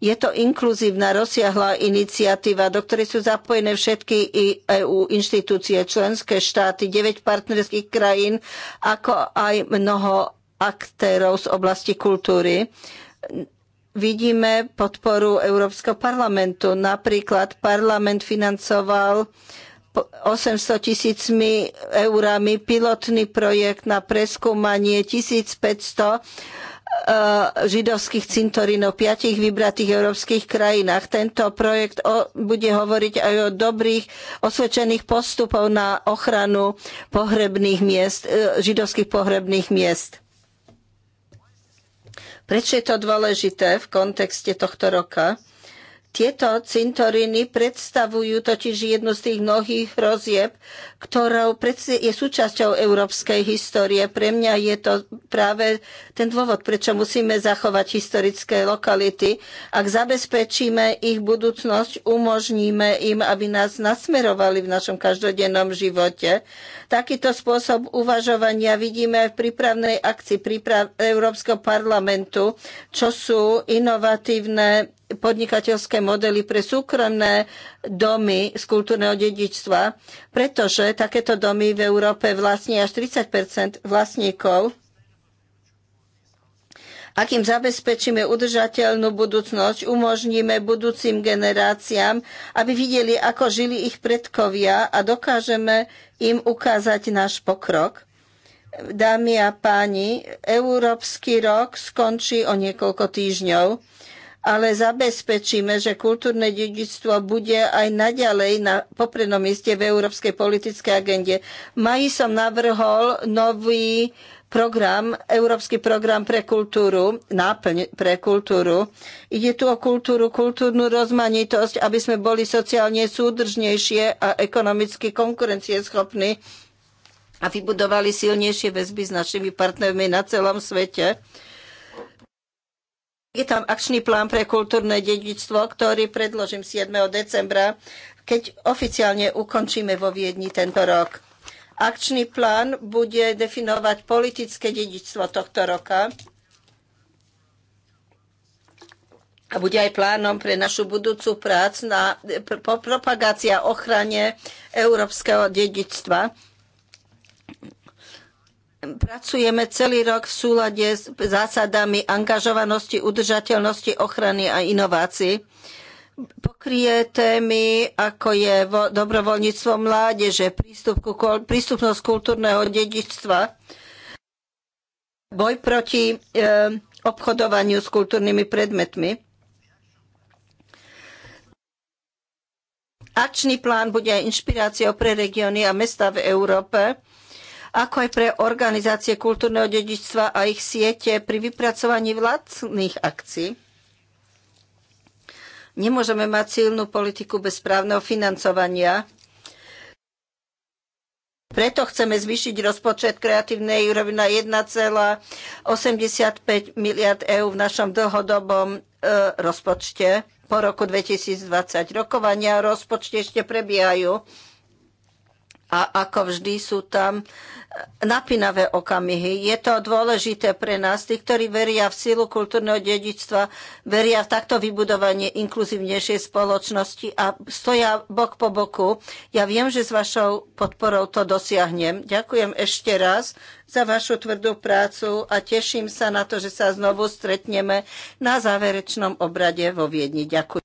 Je to inkluzívna, rozsiahla iniciatíva, do ktorej sú zapojené všetky EU inštitúcie, členské štáty, 9 partnerských krajín, ako aj mnoho aktérov z oblasti kultúry vidíme podporu Európskeho parlamentu. Napríklad parlament financoval 800 tisícmi eurami pilotný projekt na preskúmanie 1500 Eh, židovských cintorínov v piatich vybratých európskych krajinách. Tento projekt o, bude hovoriť aj o dobrých osvedčených postupov na ochranu pohrebných miest, eh, židovských pohrebných miest. Prečo je to dôležité v kontexte tohto roka? Tieto cintoriny predstavujú totiž jednu z tých mnohých rozieb, ktorá je súčasťou európskej histórie. Pre mňa je to práve ten dôvod, prečo musíme zachovať historické lokality. Ak zabezpečíme ich budúcnosť, umožníme im, aby nás nasmerovali v našom každodennom živote. Takýto spôsob uvažovania vidíme aj v prípravnej akcii príprav Európskeho parlamentu, čo sú inovatívne podnikateľské modely pre súkromné domy z kultúrneho dedičstva, pretože takéto domy v Európe vlastní až 30 vlastníkov. Akým zabezpečíme udržateľnú budúcnosť, umožníme budúcim generáciám, aby videli, ako žili ich predkovia a dokážeme im ukázať náš pokrok. Dámy a páni, Európsky rok skončí o niekoľko týždňov ale zabezpečíme, že kultúrne dedičstvo bude aj naďalej na poprednom mieste v európskej politickej agende. V som navrhol nový program, Európsky program pre kultúru, náplň pre kultúru. Ide tu o kultúru, kultúrnu rozmanitosť, aby sme boli sociálne súdržnejšie a ekonomicky konkurencieschopní a vybudovali silnejšie väzby s našimi partnermi na celom svete. Je tam akčný plán pre kultúrne dedičstvo, ktorý predložím 7. decembra, keď oficiálne ukončíme vo Viedni tento rok. Akčný plán bude definovať politické dedičstvo tohto roka a bude aj plánom pre našu budúcu prác na propagácia ochrane európskeho dedičstva. Pracujeme celý rok v súlade s zásadami angažovanosti, udržateľnosti, ochrany a inovácií. Pokrie témy, ako je dobrovoľníctvo mládeže, prístup ku, prístupnosť kultúrneho dedičstva, boj proti e, obchodovaniu s kultúrnymi predmetmi. Akčný plán bude aj inšpiráciou pre regióny a mesta v Európe ako aj pre organizácie kultúrneho dedičstva a ich siete pri vypracovaní vlastných akcií. Nemôžeme mať silnú politiku bez správneho financovania. Preto chceme zvýšiť rozpočet kreatívnej úrovni na 1,85 miliard eur v našom dlhodobom e, rozpočte po roku 2020. Rokovania rozpočte ešte prebiehajú a ako vždy sú tam e, napínavé okamihy. Je to dôležité pre nás, tí, ktorí veria v sílu kultúrneho dedičstva, veria v takto vybudovanie inkluzívnejšej spoločnosti a stoja bok po boku. Ja viem, že s vašou podporou to dosiahnem. Ďakujem ešte raz za vašu tvrdú prácu a teším sa na to, že sa znovu stretneme na záverečnom obrade vo Viedni. Ďakujem.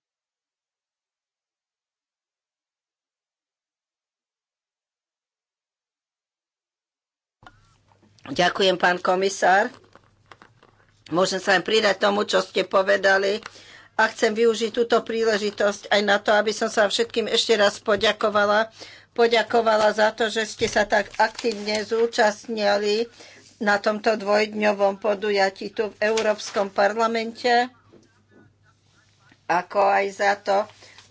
Ďakujem, pán komisár. Môžem sa len pridať tomu, čo ste povedali a chcem využiť túto príležitosť aj na to, aby som sa všetkým ešte raz poďakovala. Poďakovala za to, že ste sa tak aktívne zúčastnili na tomto dvojdňovom podujatí tu v Európskom parlamente, ako aj za to,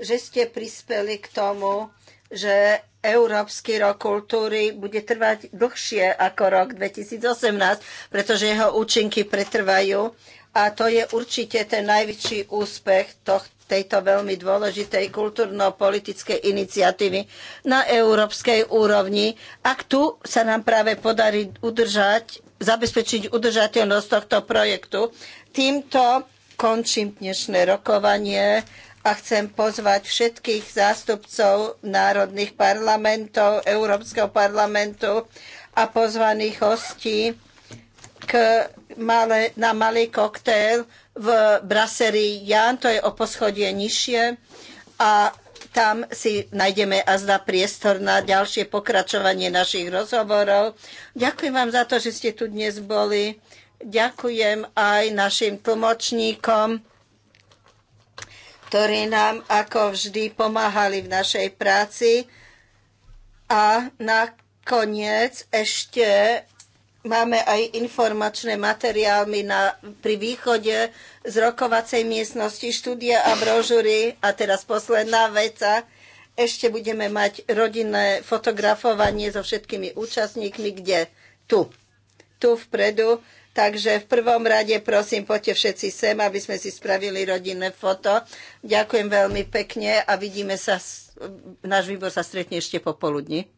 že ste prispeli k tomu, že Európsky rok kultúry bude trvať dlhšie ako rok 2018, pretože jeho účinky pretrvajú a to je určite ten najväčší úspech tohto tejto veľmi dôležitej kultúrno-politickej iniciatívy na európskej úrovni. Ak tu sa nám práve podarí udržať, zabezpečiť udržateľnosť tohto projektu, týmto končím dnešné rokovanie a chcem pozvať všetkých zástupcov národných parlamentov, Európskeho parlamentu a pozvaných hostí k male, na malý koktejl v Brasserie Jan, to je o poschodie nižšie a tam si nájdeme a zda priestor na ďalšie pokračovanie našich rozhovorov. Ďakujem vám za to, že ste tu dnes boli. Ďakujem aj našim tlmočníkom ktorí nám ako vždy pomáhali v našej práci. A nakoniec ešte máme aj informačné materiály na, pri východe z rokovacej miestnosti, štúdia a brožúry. A teraz posledná veca. Ešte budeme mať rodinné fotografovanie so všetkými účastníkmi, kde? Tu. Tu vpredu Takže v prvom rade prosím, poďte všetci sem, aby sme si spravili rodinné foto. Ďakujem veľmi pekne a vidíme sa, náš výbor sa stretne ešte popoludní.